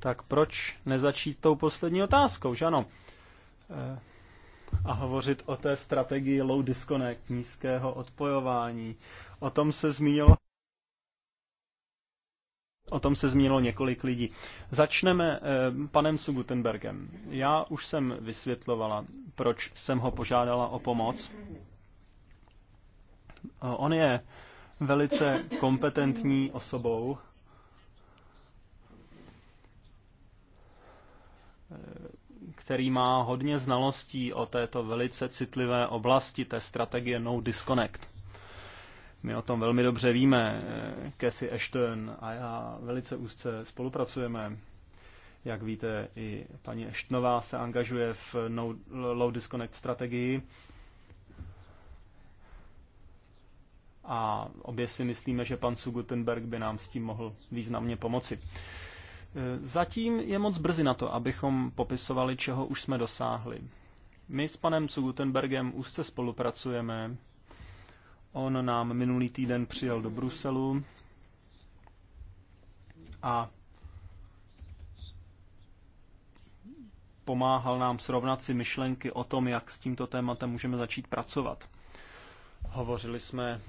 Tak proč nezačít tou poslední otázkou, že ano? Eh, a hovořit o té strategii low disconnect, nízkého odpojování. O tom se zmínilo O tom se zmínilo několik lidí. Začneme eh, panem Gutenbergem. Já už jsem vysvětlovala, proč jsem ho požádala o pomoc. Eh, on je eh, velice kompetentní osobou. který má hodně znalostí o této velice citlivé oblasti té strategie No Disconnect. My o tom velmi dobře víme, Cathy Ashton a já velice úzce spolupracujeme. Jak víte, i paní Ashtonová se angažuje v no, Low Disconnect strategii a obě si myslíme, že pan Sugutenberg by nám s tím mohl významně pomoci. E, zatím je moc brzy na to, abychom popisovali, čeho už jsme dosáhli. My s panem Sugutenbergem úzce spolupracujeme. On nám minulý týden přijel do Bruselu a pomáhal nám srovnat si myšlenky o tom, jak s tímto tématem můžeme začít pracovat. Hovořili jsme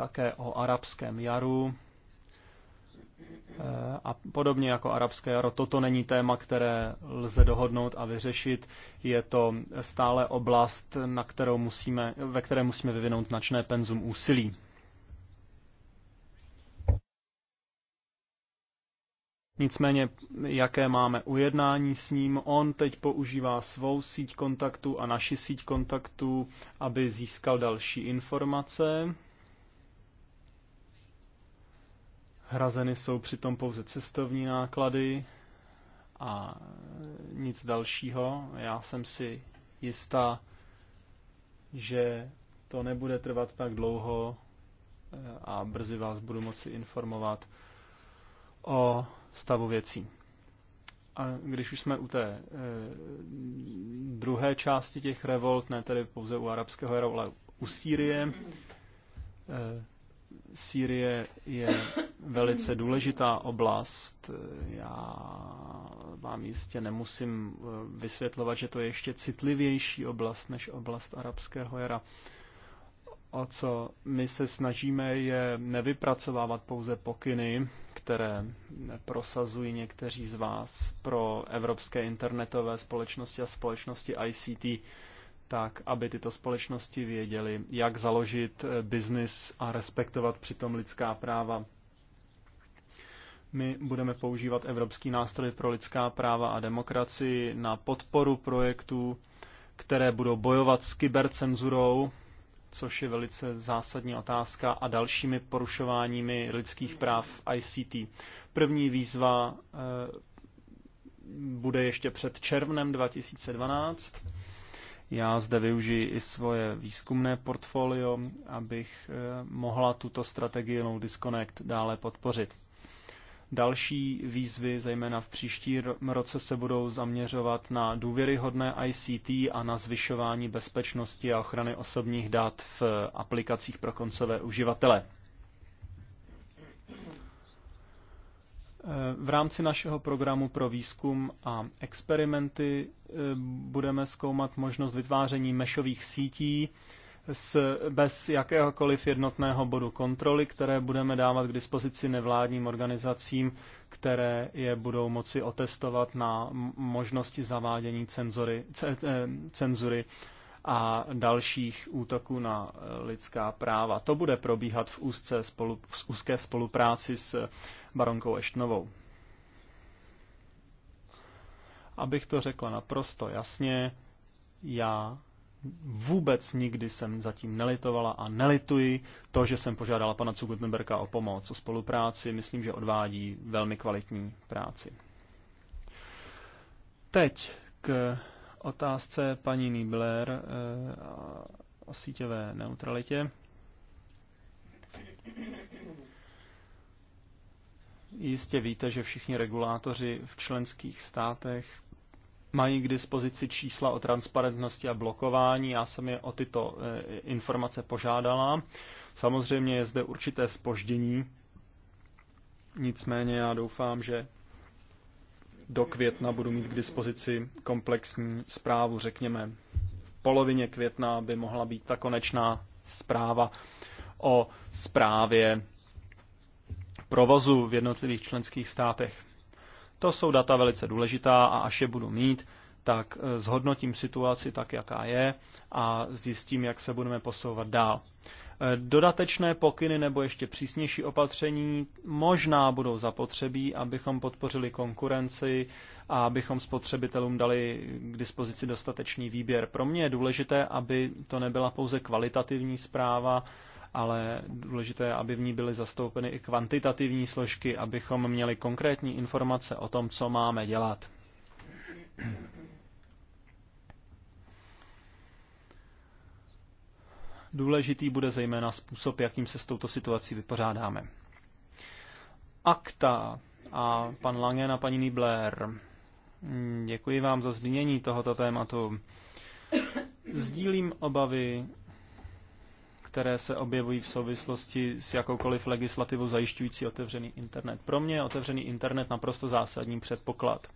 také o arabském jaru. Eh, a podobně jako arabské jaro, toto není téma, které lze dohodnout a vyřešit. Je to stále oblast, na kterou musíme, ve které musíme vyvinout značné penzum úsilí. Nicméně, jaké máme ujednání s ním, on teď používá svou síť kontaktu a naši síť kontaktu, aby získal další informace Hrazeny jsou přitom pouze cestovní náklady a nic dalšího. Já jsem si jistá, že to nebude trvat tak dlouho eh, a brzy vás budu moci informovat o stavu věcí. A když už jsme u té e, druhé části těch revolt, ne tedy pouze u arabského jaru, ale u Sýrie, e, Sýrie je velice důležitá oblast. Já vám jistě nemusím eh, vysvětlovat, že to je ještě citlivější oblast než oblast arabského jara. O co my se snažíme je nevypracovávat pouze pokyny, které prosazují někteří z vás pro evropské internetové společnosti a společnosti ICT, tak aby tyto společnosti věděly, jak založit eh, biznis a respektovat přitom lidská práva. My budeme používat Evropský nástroj pro lidská práva a demokracii na podporu projektů, které budou bojovat s kybercenzurou, což je velice zásadní otázka, a dalšími porušováními lidských práv v ICT. První výzva eh, bude ještě před červnem 2012 já zde využiji i svoje výzkumné portfolio, abych eh, mohla tuto strategii Low Disconnect dále podpořit. Další výzvy, zejména v příští roce, se budou zaměřovat na důvěryhodné ICT a na zvyšování bezpečnosti a ochrany osobních dat v aplikacích pro koncové uživatele. V rámci našeho programu pro výzkum a experimenty eh, budeme zkoumat možnost vytváření mešových sítí s, bez jakéhokoliv jednotného bodu kontroly, které budeme dávat k dispozici nevládním organizacím, které je budou moci otestovat na možnosti zavádění cenzory, eh, cenzury a dalších útoků na eh, lidská práva. To bude probíhat v, úzce spolu, v úzké spolupráci s baronkou Eštnovou. Abych to řekla naprosto jasně, já vůbec nikdy jsem zatím nelitovala a nelituji to, že jsem požádala pana Cugutnberka o pomoc, o spolupráci. Myslím, že odvádí velmi kvalitní práci. Teď k otázce paní Nibler eh, o síťové neutralitě. Jistě víte, že všichni regulátoři v členských státech mají k dispozici čísla o transparentnosti a blokování. Já jsem je o tyto eh, informace požádala. Samozřejmě je zde určité spoždění, nicméně já doufám, že do května budu mít k dispozici komplexní zprávu, řekněme v polovině května by mohla být ta konečná zpráva o zprávě provozu v jednotlivých členských státech. To jsou data velice důležitá a až je budu mít, tak eh, zhodnotím situaci tak, jaká je a zjistím, jak se budeme posouvat dál. Eh, dodatečné pokyny nebo ještě přísnější opatření možná budou zapotřebí, abychom podpořili konkurenci a abychom spotřebitelům dali k dispozici dostatečný výběr. Pro mě je důležité, aby to nebyla pouze kvalitativní zpráva, ale důležité je, aby v ní byly zastoupeny i kvantitativní složky, abychom měli konkrétní informace o tom, co máme dělat. Důležitý bude zejména způsob, jakým se s touto situací vypořádáme. Akta a pan Langen a paní Nibler. Děkuji vám za zmínění tohoto tématu. Sdílím obavy které se objevují v souvislosti s jakoukoliv legislativou zajišťující otevřený internet. Pro mě je otevřený internet naprosto zásadní předpoklad.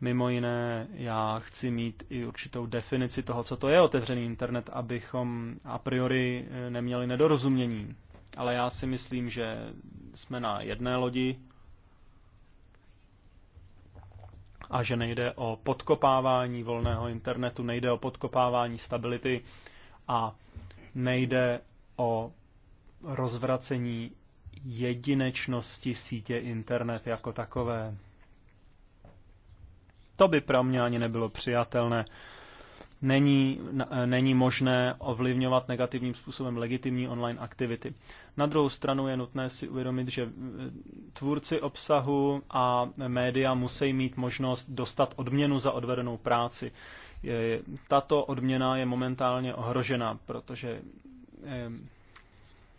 Mimo jiné, já chci mít i určitou definici toho, co to je otevřený internet, abychom a priori eh, neměli nedorozumění. Ale já si myslím, že jsme na jedné lodi a že nejde o podkopávání volného internetu, nejde o podkopávání stability a Nejde o rozvracení jedinečnosti sítě internet jako takové. To by pro mě ani nebylo přijatelné. Není, není možné ovlivňovat negativním způsobem legitimní online aktivity. Na druhou stranu je nutné si uvědomit, že eh, tvůrci obsahu a média musí mít možnost dostat odměnu za odvedenou práci je, tato odměna je momentálně ohrožena, protože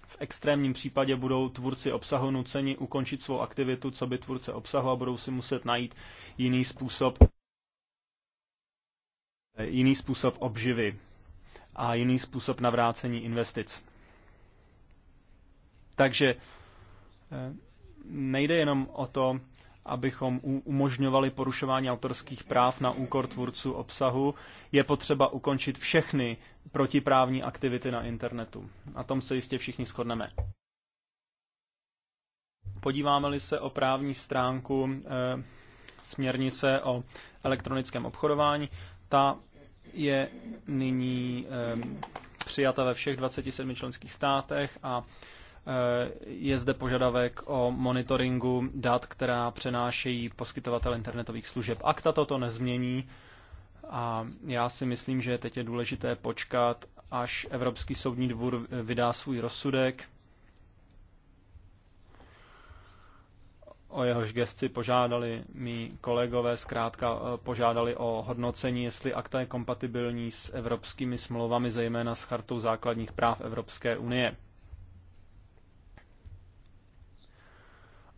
v extrémním případě budou tvůrci obsahu nuceni ukončit svou aktivitu, co by tvůrce obsahu a budou si muset najít jiný způsob jiný způsob obživy a jiný způsob navrácení investic. Takže nejde jenom o to abychom umožňovali porušování autorských práv na úkor tvůrců obsahu, je potřeba ukončit všechny protiprávní aktivity na internetu. Na tom se jistě všichni shodneme. Podíváme-li se o právní stránku e, směrnice o elektronickém obchodování, ta je nyní e, přijata ve všech 27 členských státech a Eh, je zde požadavek o monitoringu dat, která přenášejí poskytovatel internetových služeb. Akta toto nezmění a já si myslím, že teď je důležité počkat, až Evropský soudní dvůr vydá svůj rozsudek. o jehož gesci požádali mi kolegové, zkrátka eh, požádali o hodnocení, jestli akta je kompatibilní s evropskými smlouvami, zejména s chartou základních práv Evropské unie.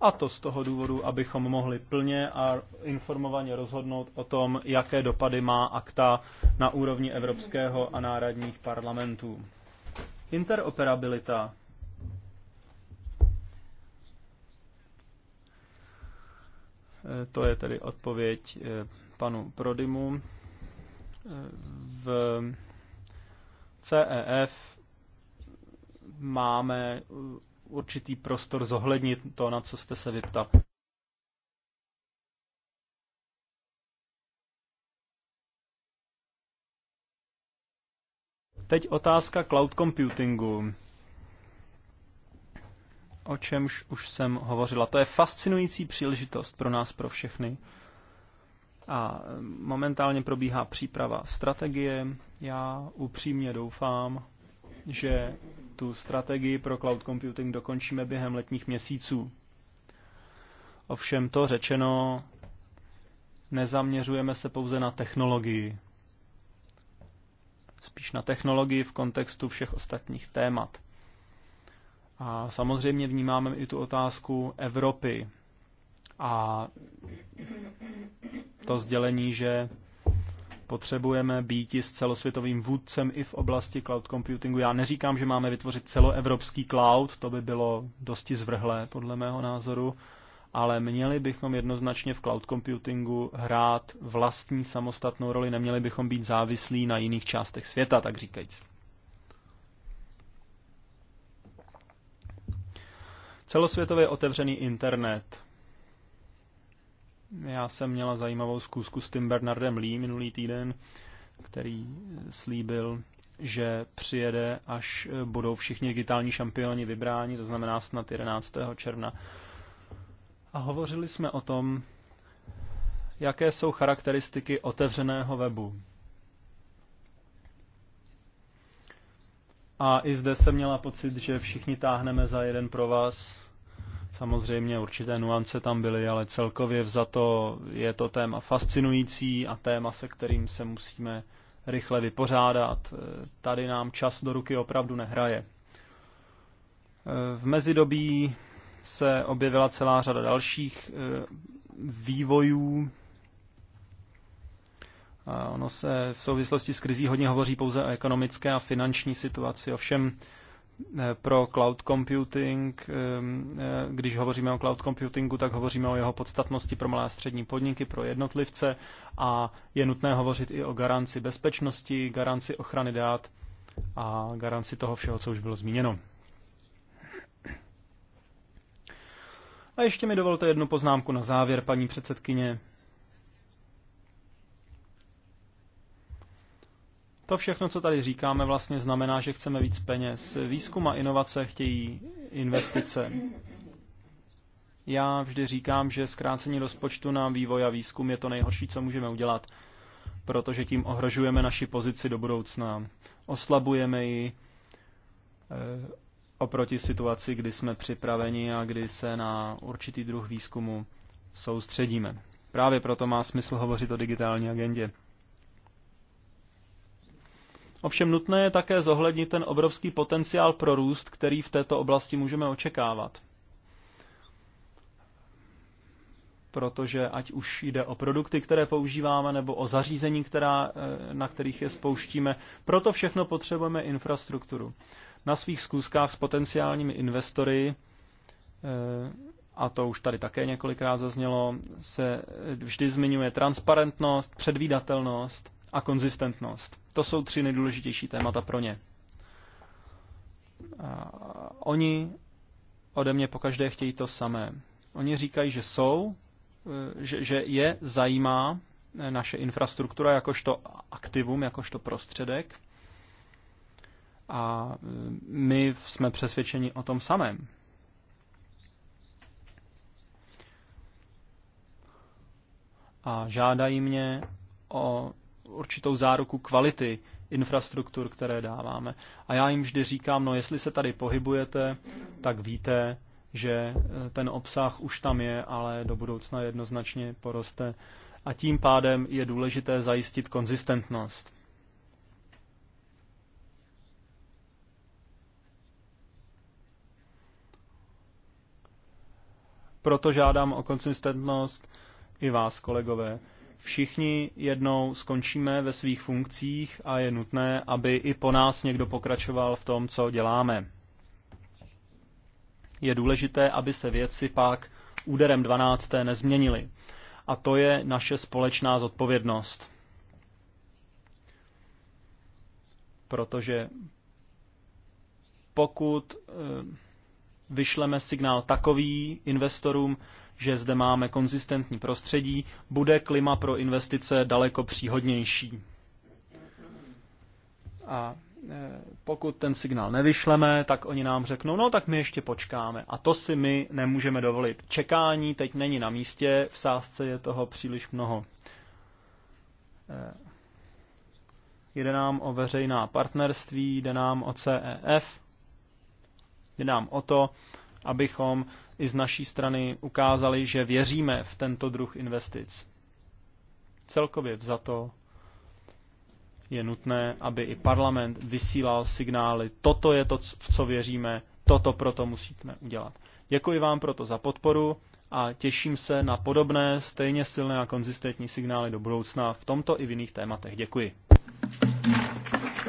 A to z toho důvodu, abychom mohli plně a informovaně rozhodnout o tom, jaké dopady má akta na úrovni evropského a národních parlamentů. Interoperabilita eh, To je tedy odpověď eh, panu Prodimu. Eh, v CEF máme určitý prostor zohlednit to, na co jste se vyptal. Teď otázka cloud computingu, o čemž už jsem hovořila. To je fascinující příležitost pro nás, pro všechny. A momentálně probíhá příprava strategie. Já upřímně doufám, že tu strategii pro cloud computing dokončíme během letních měsíců. Ovšem to řečeno, nezaměřujeme se pouze na technologii. Spíš na technologii v kontextu všech ostatních témat. A samozřejmě vnímáme i tu otázku Evropy a to sdělení, že Potřebujeme být s celosvětovým vůdcem i v oblasti cloud computingu. Já neříkám, že máme vytvořit celoevropský cloud, to by bylo dosti zvrhlé podle mého názoru, ale měli bychom jednoznačně v cloud computingu hrát vlastní samostatnou roli, neměli bychom být závislí na jiných částech světa, tak říkajíc. Celosvětově otevřený internet já jsem měla zajímavou zkusku s Tim Bernardem Lee minulý týden, který slíbil, že přijede, až budou všichni digitální šampioni vybráni, to znamená snad 11. června. A hovořili jsme o tom, jaké jsou charakteristiky otevřeného webu. A i zde jsem měla pocit, že všichni táhneme za jeden pro vás Samozřejmě určité nuance tam byly, ale celkově vzato je to téma fascinující a téma, se kterým se musíme rychle vypořádat. Eh, tady nám čas do ruky opravdu nehraje. Eh, v mezidobí se objevila celá řada dalších eh, vývojů. Ono se v souvislosti s krizí hodně hovoří pouze o ekonomické a finanční situaci, ovšem Eh, pro cloud computing. Eh, eh, když hovoříme o cloud computingu, tak hovoříme o jeho podstatnosti pro malé a střední podniky, pro jednotlivce a je nutné hovořit i o garanci bezpečnosti, garanci ochrany dát a garanci toho všeho, co už bylo zmíněno. A ještě mi dovolte jednu poznámku na závěr, paní předsedkyně. To všechno, co tady říkáme, vlastně znamená, že chceme víc peněz. Výzkum a inovace chtějí investice. Já vždy říkám, že zkrácení rozpočtu na vývoj a výzkum je to nejhorší, co můžeme udělat, protože tím ohrožujeme naši pozici do budoucna. Oslabujeme ji eh, oproti situaci, kdy jsme připraveni a kdy se na určitý druh výzkumu soustředíme. Právě proto má smysl hovořit o digitální agendě. Ovšem nutné je také zohlednit ten obrovský potenciál pro růst, který v této oblasti můžeme očekávat. Protože ať už jde o produkty, které používáme, nebo o zařízení, která, eh, na kterých je spouštíme, proto všechno potřebujeme infrastrukturu. Na svých zkuskách s potenciálními investory eh, a to už tady také několikrát zaznělo, se eh, vždy zmiňuje transparentnost, předvídatelnost a konzistentnost. To jsou tři nejdůležitější témata pro ně. A oni ode mě každé chtějí to samé. Oni říkají, že jsou, e, že, že je zajímá e, naše infrastruktura jakožto aktivum, jakožto prostředek. A e, my jsme přesvědčeni o tom samém. A žádají mě o určitou záruku kvality infrastruktur, které dáváme. A já jim vždy říkám, no jestli se tady pohybujete, tak víte, že eh, ten obsah už tam je, ale do budoucna jednoznačně poroste. A tím pádem je důležité zajistit konzistentnost. Proto žádám o konzistentnost i vás, kolegové. Všichni jednou skončíme ve svých funkcích a je nutné, aby i po nás někdo pokračoval v tom, co děláme. Je důležité, aby se věci pak úderem 12. nezměnily. A to je naše společná zodpovědnost. Protože pokud eh, vyšleme signál takový investorům, že zde máme konzistentní prostředí, bude klima pro investice daleko příhodnější. A e, pokud ten signál nevyšleme, tak oni nám řeknou, no tak my ještě počkáme. A to si my nemůžeme dovolit. Čekání teď není na místě, v sázce je toho příliš mnoho. E, jde nám o veřejná partnerství, jde nám o CEF, jde nám o to, abychom i z naší strany ukázali, že věříme v tento druh investic. Celkově to je nutné, aby i parlament vysílal signály, toto je to, v co věříme, toto proto musíme udělat. Děkuji vám proto za podporu a těším se na podobné, stejně silné a konzistentní signály do budoucna v tomto i v jiných tématech. Děkuji.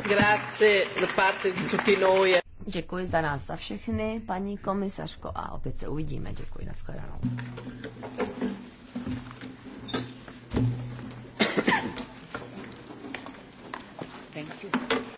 Grazie da parte di tutti noi. Děkuji za nás, za všechny, paní komisařko, a opět se uvidíme. Děkuji, nashledanou. Thank you.